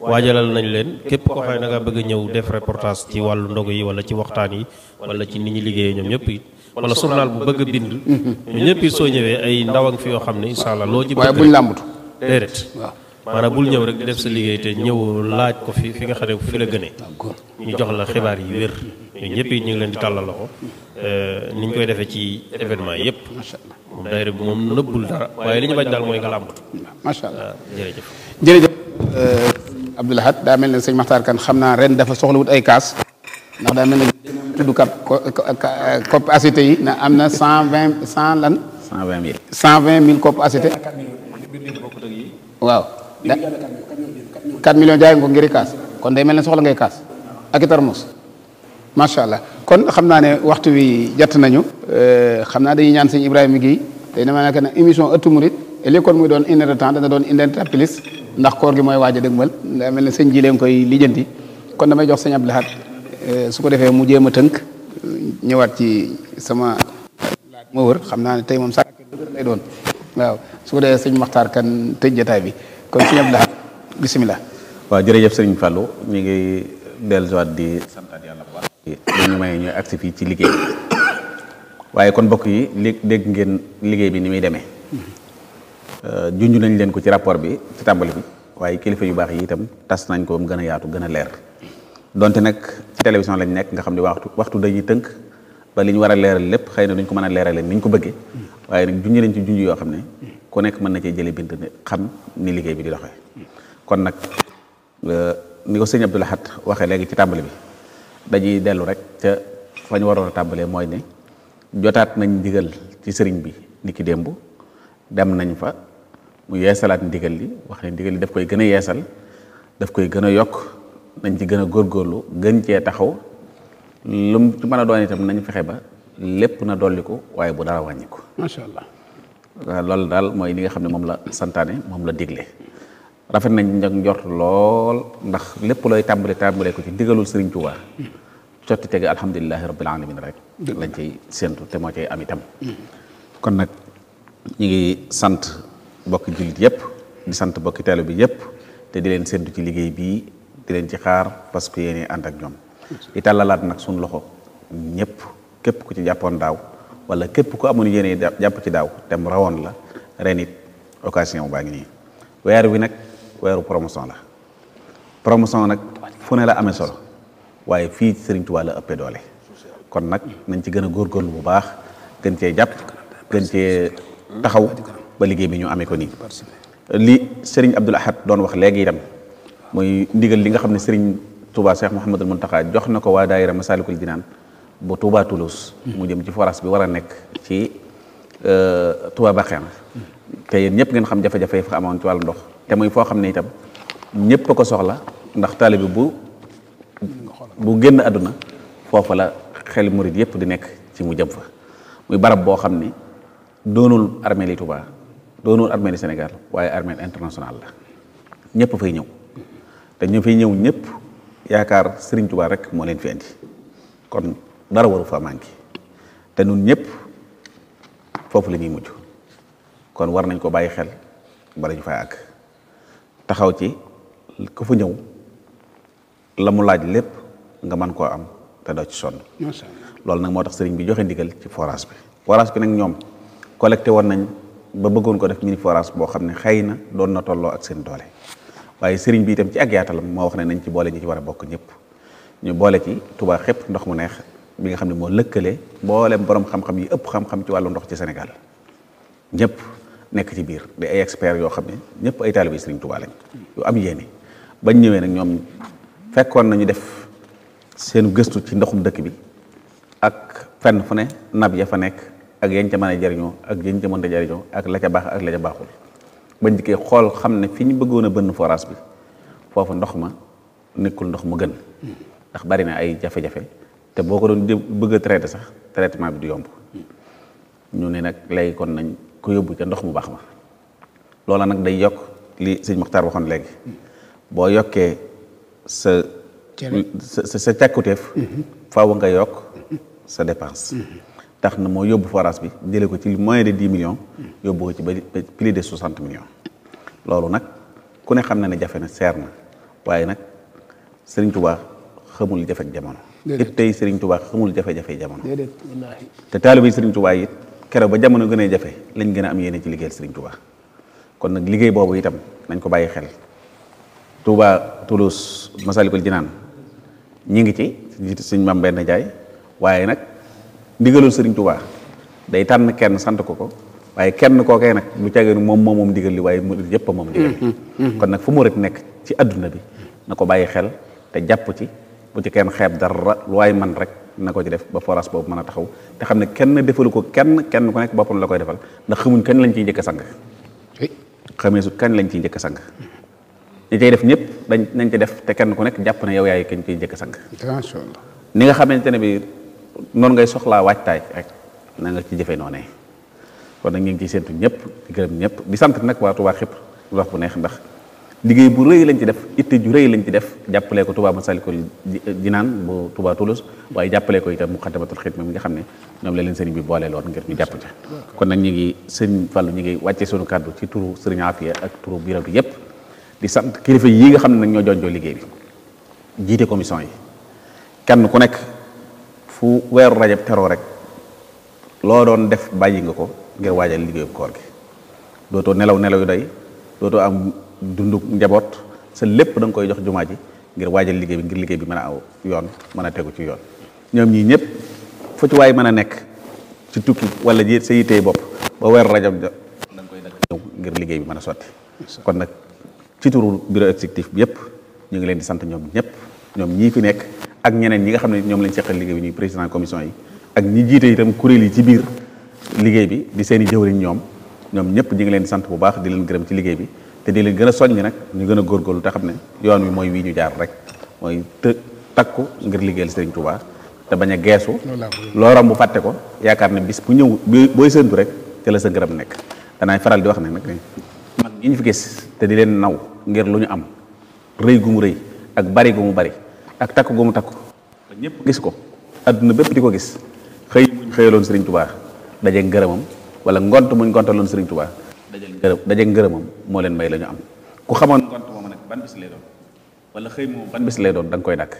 waajalal nañ leen képp koo xam ne da bëgg ñëw def reportage ci wàllu ndogu yi wala ci waxtaan yi wala ci ni ñu liggéeyee ñoom ñëpp it wala journal bu bëgg a bind *laughs* ñoom ñëpp it soo ñëwee ay ndaw a fi yoo xam ne incha allah loo ci bëgg waaye buñ làmbatu déedéet maanaam bul ñëw rek di def sa liggéey te ñëw laaj ko fi fi nga xam ne fi la gënee ñu jox la xibaar yi wér ñun ñëpp yi ñu ngi leen di tàllal loxo euh, ni ñu koy defee ci événement yëpp moom daayira bi moom nëbbul dara waaye li ñu bañ daal mooy nga làmbatu macha allah ah, jërëjëf jërëjëf euh, daa mel ne sëñ Maxtaar kan xam naa ren dafa soxlawut ay kaas ndax daa mel ne tudd kap coppe acité yi na am na cent vingt cent lan cent vingt mille cent vingt mille coppe acité waaw 4 millions jaay nga ko ngiri kaas kon day mel ne soxla ngay kaas ak i tarmos macha allah kon xam naa ne waxtu wi jàtt nañu euh, xam naa dañuy ñaan sëñ Ibrahima gi tey dama nekk na émission ëttu murit léegi kon muy doon une heure dana doon une heure de plus ndax koor gi mooy waaj a dëgmal daa mel ne sëñ ji leen koy lijjanti kon damay jox sëñ Abdou Lahad euh, su ko defee mu jéem a tënk ñëwaat ci sama laaj ma wër xam naa ne tey moom saa lay doon waaw su ko defee sëñ Maxtaar kan tëj jotaay bi kon sëñ Abdou Lahad bisimilah. waa jërëjëf sëriñ Fallou ñu ngi dellusiwaat di santaat yàlla bu baax. may ñooy agsi fii ci liggéey bi waaye kon mbokk yi li dégg ngeen liggéey bi ni muy demee euh, junj nañ leen ko ci rapport bi ci tàmbali bi waaye kilifa yu baax yi itam tas nañ ko gën a yaatu gën a leer donte nag ci télévision lañ nekk nga xam ne waxtu waxtu dañuy tënk ba li ñu war a leeral lépp xëy na duñ ko mën a leeralee ni ñu ko bëggee waaye nag junj nañ ci junj yoo xam ne ku nekk mën na cee jëlee bind xam ni liggéey bi di doxee kon nag euh, ni ko sëñ Abdou Lahad waxee léegi ci tàmbali bi dañuy dellu rek ca fañ waroon a tàmbalee mooy ne jotaat nañ ndigal ci sëriñ bi ni ki démb dem nañ fa mu yeesalaat ndigal li wax ne ndigal li daf koy gën a yeesal daf koy gën a yokk nañ ci gën a góor góorlu gën cee taxaw lu mu mën a doon itam nañ fexe ba lépp na dolli ko waaye bu dara wàññi ko macha allah waaw euh, loolu daal mooy li nga xam ne moom la santaane moom la digle rafet nañ njëg njort lool ndax lépp looy tàmbale tàmbale ko ci digalul Serigne Touba sotti tege alhamdulilahi rabbil alamin rek lañ ciy séentu te moo cay am itam kon nag ñu ngi sant bokki jullit yëpp di sant bokki teelu bi yëpp te di leen séentu ci liggéey bii di leen ci xaar parce que yéen ànd ak ñoom di tàllalaat nag suñ loxo ñëpp képp ku ci jàppoon daaw wala képp ku amoon yéene jàpp ci daaw tem rawoon la ren it occasion baa ngi nii weer wi nag weeru promotion la promotion nag fu ne la amee solo waaye fii Sëriñ Tuubaa la ëppee doole kon nag nañ ci gën a góor góorgóorlu bu baax gën cee jàpp gën cee taxaw ba liggéey bi ñu amee ko nii li Sëriñ Abdul Ahad doon wax léegi itam muy ndigal li nga xam ne Sëriñ Tuubaa Cheikh Mouhamadul taxaa jox na ko waa daayira Masaalikul Jinaan bu Touba Toulouse. mu jëm ci forage bi war a nekk ci euh, Touba Bakhiane te yéen ñëpp ngeen xam jafe-jafe fa amoon ci wàllu ndox te muy foo xam ne tam ñëpp ko soxla ndax taalibe bu bu génn àdduna foofa la xel murit yëpp di nekk ci mu jëm fa muy barab boo xam ni doonul armée li Touba doonul armée Sénégal waaye armée internationale la ñëpp fay ñëw te ñu ñëw ñëpp yaakaar Serigne Touba rek moo leen fi indi dara waru fa manqué te nun ñëpp foofu la ñuy mujj kon war nañ ko bàyyi xel bala ñu fay àgg taxaw ci ku fa ñëw la mu laaj lépp nga man koo am te doo ci sonn loolu nag moo tax sëriñ bi joxe ndigal ci forage bi forage bi nag ñoom collecté woon nañ ba bëggoon ko def mini forage boo xam ne xëy na doon na tolloo ak seen doole waaye sëriñ bi itam ci ak yaatalam moo wax ne nañ ci boole ñi ci war a bokk ñëpp ñu boole ci Tuubaa xépp ndox mu neex bi nga xam ne moo lëkkale mboolem boroom xam-xam yi ëpp xam-xam ci wàllu ndox ci senegal ñëpp nekk ci biir di ay experts yoo xam ne ñëpp ay taalibe Sëriñ Tuubaa lañ yu am yéene bañ ñëwee nag ñoom fekkoon nañu def seen gëstu ci ndoxum dëkk bi ak fenn fu ne nab ya fa nekk ak yañ ca mën a jariñoo ak yañ ca mën a ak la ca ak la baaxul bañ dikkee xool xam ne fi ñu bëggoon a bënn forage bi foofu ndox ma nekkul ndox mu gën ndax bari na ay jafe-jafe te boo ko doon bëgg a traité sax traitement bi du yomb ñu ne nag léegi kon nañ ko yóbbu ca ndox mu baax ma loola nag day yokk li sëñ Moxtaar waxoon léegi boo yokkee sa sa sa càkkutéef mhm. faaw nga yokk sa dépense mhm. tax na moo yóbbu forage bi jëlee ko ci moyen de dix millions yóbbu ko ci ba plus de soixante millions loolu nag ku ne xam na ne jafe na seer na waaye nag Sëriñ Tuubaa xamul jafe ak jamono déedéet tey Serigne Touba xamul jafe-jafe jamono. te taalibe yi Serigne Touba it ba jamono gën a jafe lañ gën a am yéene ci liggéeyal Serigne Touba kon nag liggéey boobu itam nañ ko bàyyi xel. Touba Toulouse Masalikul Jinaan ñi ngi ci jiitu Serigne Mame Mbène Ndiaye waaye nag ndigalul Serigne Touba day tànn kenn sant ko ko. waaye kenn kookee nag lu caagin moom moom moom digal li waaye yëpp moom mm-hmm. Mm-hmm. kon nag fu mu nekk ci adduna bi na ko bàyyi xel te jàpp ci bu ci kenn xeeb dara lu waay man rek na ko ci def ba forage boobu mën a taxaw te xam ne kenn defalu ko kenn kenn ku nekk boppam la koy defal ndax xamuñ kañ lañ ciy njëkk a sang xamee su kañ lañ ciy njëkk a sang ñi cay def ñëpp dañ te kenn ku nekk jàpp ne yow yaay kañ ciy njëkk a sang ni nga xamante ne bi noonu ngay soxlaa waajtaay rek na nga ci jëfee noonee kon nag ñu ngi ciy séntu ñëpp di gërëm ñëpp di sant nag waa Tuubaa xëpp wax bu neex ndax liggéey bu rëy lañ ci def itte ju rëy lañ ci def jàppalee ko Touba Masalikul Jinaan bu Touba Toulouse waaye jàppalee ko itam Muqaddamatul Xidma mi nga xam ne ñoom la leen sëriñ bi boole loon ngir ñu jàpp ca kon nag ñu ngi sëriñ Fallou ñu ngi wàcce sunu kàddu ci turu sëriñ Afia ak turu biram bi yépp di sant kilifa yi nga xam ne nag ñoo jonjoo liggéey bi jiite commission yi kenn ku nekk fu weeru rajab teroo rek loo doon def bàyyi nga ko ngir waajal liggéeyu koor gi dootoo nelaw nelaw yu doy dundu njaboot sa lépp da koy jox jumaa ji ngir waajal liggéey bi ngir liggéey bi mën a aw yoon mën a tegu ci yoon ñoom ñii ñëpp fu ci waay mën a nekk ci tukki wala ji sa yitey bopp ba weer rajo jo da nga koy nag ñëw ngir liggéey bi mën a sotti kon nag ci turu bureau exécutif bi yëpp ñu ngi leen di sant ñoom ñëpp ñoom ñii fi nekk ak ñeneen ñi nga xam ne ñoom lañ seqal liggéey bi ñuy président commission yi ak ñi jiite itam kuréel yi ci biir liggéey bi di seen i ñoom ñoom ñëpp ñu ngi leen sant bu baax di leen gërëm ci liggéey bi te di leen gën a soññ nag ñu gën a góorgóorlu te xam ne yoon wi mooy wii ñu jaar rek mooy të takku ngir liggéeyal Serigne Touba te bañ a geesu loo fàtte ko yaakaar ne bis bu ñëw booy séntu rek te la sa ngërëm nekk danaay faral di wax ne nag mag ñi fi gis te di leen naw ngir lu ñu am rëy gu mu rëy ak bari gu mu bari ak takku gu mu takku ba gis ko adduna bépp di ko gis xëy muñ xëyaloon Serigne Touba daje ngërëmam wala ngont muñ ngontaloon Serigne Touba dajal ngërëm dajal ngërëmam moo leen may la ñu am ku xamoon ngont moom nag ban bis lay doon wala xëy moom ban bis doon da koy dàkk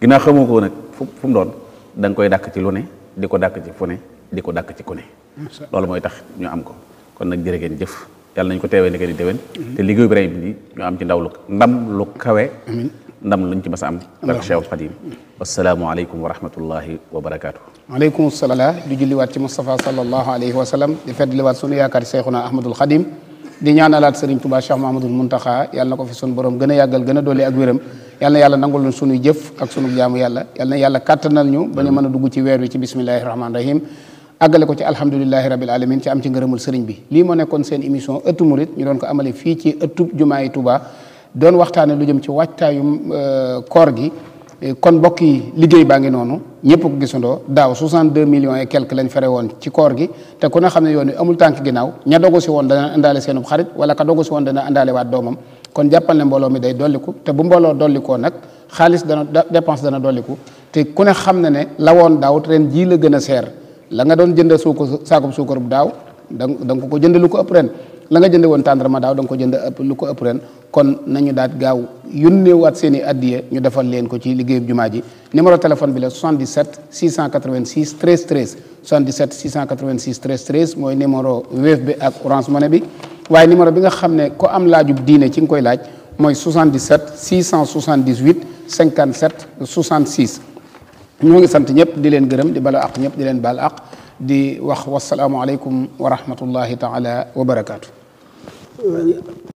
ginnaaw xamoo ko nag fu fu doon da koy dàkk ci lu ne di ko dàkk ci fu ne di ko dàkk ci ku ne loolu mooy tax ñu am ko kon nag jërë ngeen jëf yàlla nañu ko teewee ndeke di déwén te liggéeyu Ibrahima bi ñu am ci ndaw lu ndam lu kawe ndam luñ ci mas a am barke Cheikhul Xadim wasalaamualeykum wa rahmatullahi wa barakaatu aleykum salaam di julliwaat ci Moustapha sallallahu alayhi wa sallam di feddliwaat sunu yaakaar Cheikhuna Ahmadul Xadim di ñaanalaat Serigne Touba Cheikh Mahamadul Muntaxa yàlla na ko fi sunu borom gën a yàggal gën a doole ak wéram yàlla na yàlla nangul ñu sunuy jëf ak sunu jaamu yàlla yàlla na yàlla kàttanal ñu ba ñu a dugg ci weer wi ci bismillahi rahmaani rahim àggale ko ci alhamdulilahi rabil alamin ci am ci ngërëmul sëriñ doon waxtaane lu jëm ci waajtaayu euh, koor gi kon mbokk yi liggéey baa ngi noonu ñëpp ko gisandoo daaw 62 million et quelque lañ fere woon ci koor gi te ku ne xam ne yoon wi amul tànk ginnaaw ña dogu si woon dana indaale seenub xarit wala ka dogu si woon dana indaale waat doomam kon jàppal ne mbooloo mi day dolliku te bu mbooloo dollikoo nag xaalis dana dépense dana dolliku te ku ne xam ne ne woon daaw ren jii la gën a seer la nga doon jënd suukar saakub suukar bu daaw da da nga ko ko ëpp ren la nga jënd woon tàndarma daaw da nga ko jënd ëpp lu ko ëpp ren kon nañu daat gaaw yónneewaat seen i addiya ñu defal leen ko ci liggéeyub jumaa ji numéro téléphone bi la 77 686 13 13 77 686 13 13 mooy numéro Wave bi ak Orange Money bi waaye numéro bi nga xam ne ko am laajub diine ci nga koy laaj mooy 77 678 ñoo ngi sant ñëpp di leen gërëm di bala ak ñëpp di leen baal ak di wax wasalaamualeykum wa rahmatullahi taala wa barakaatu.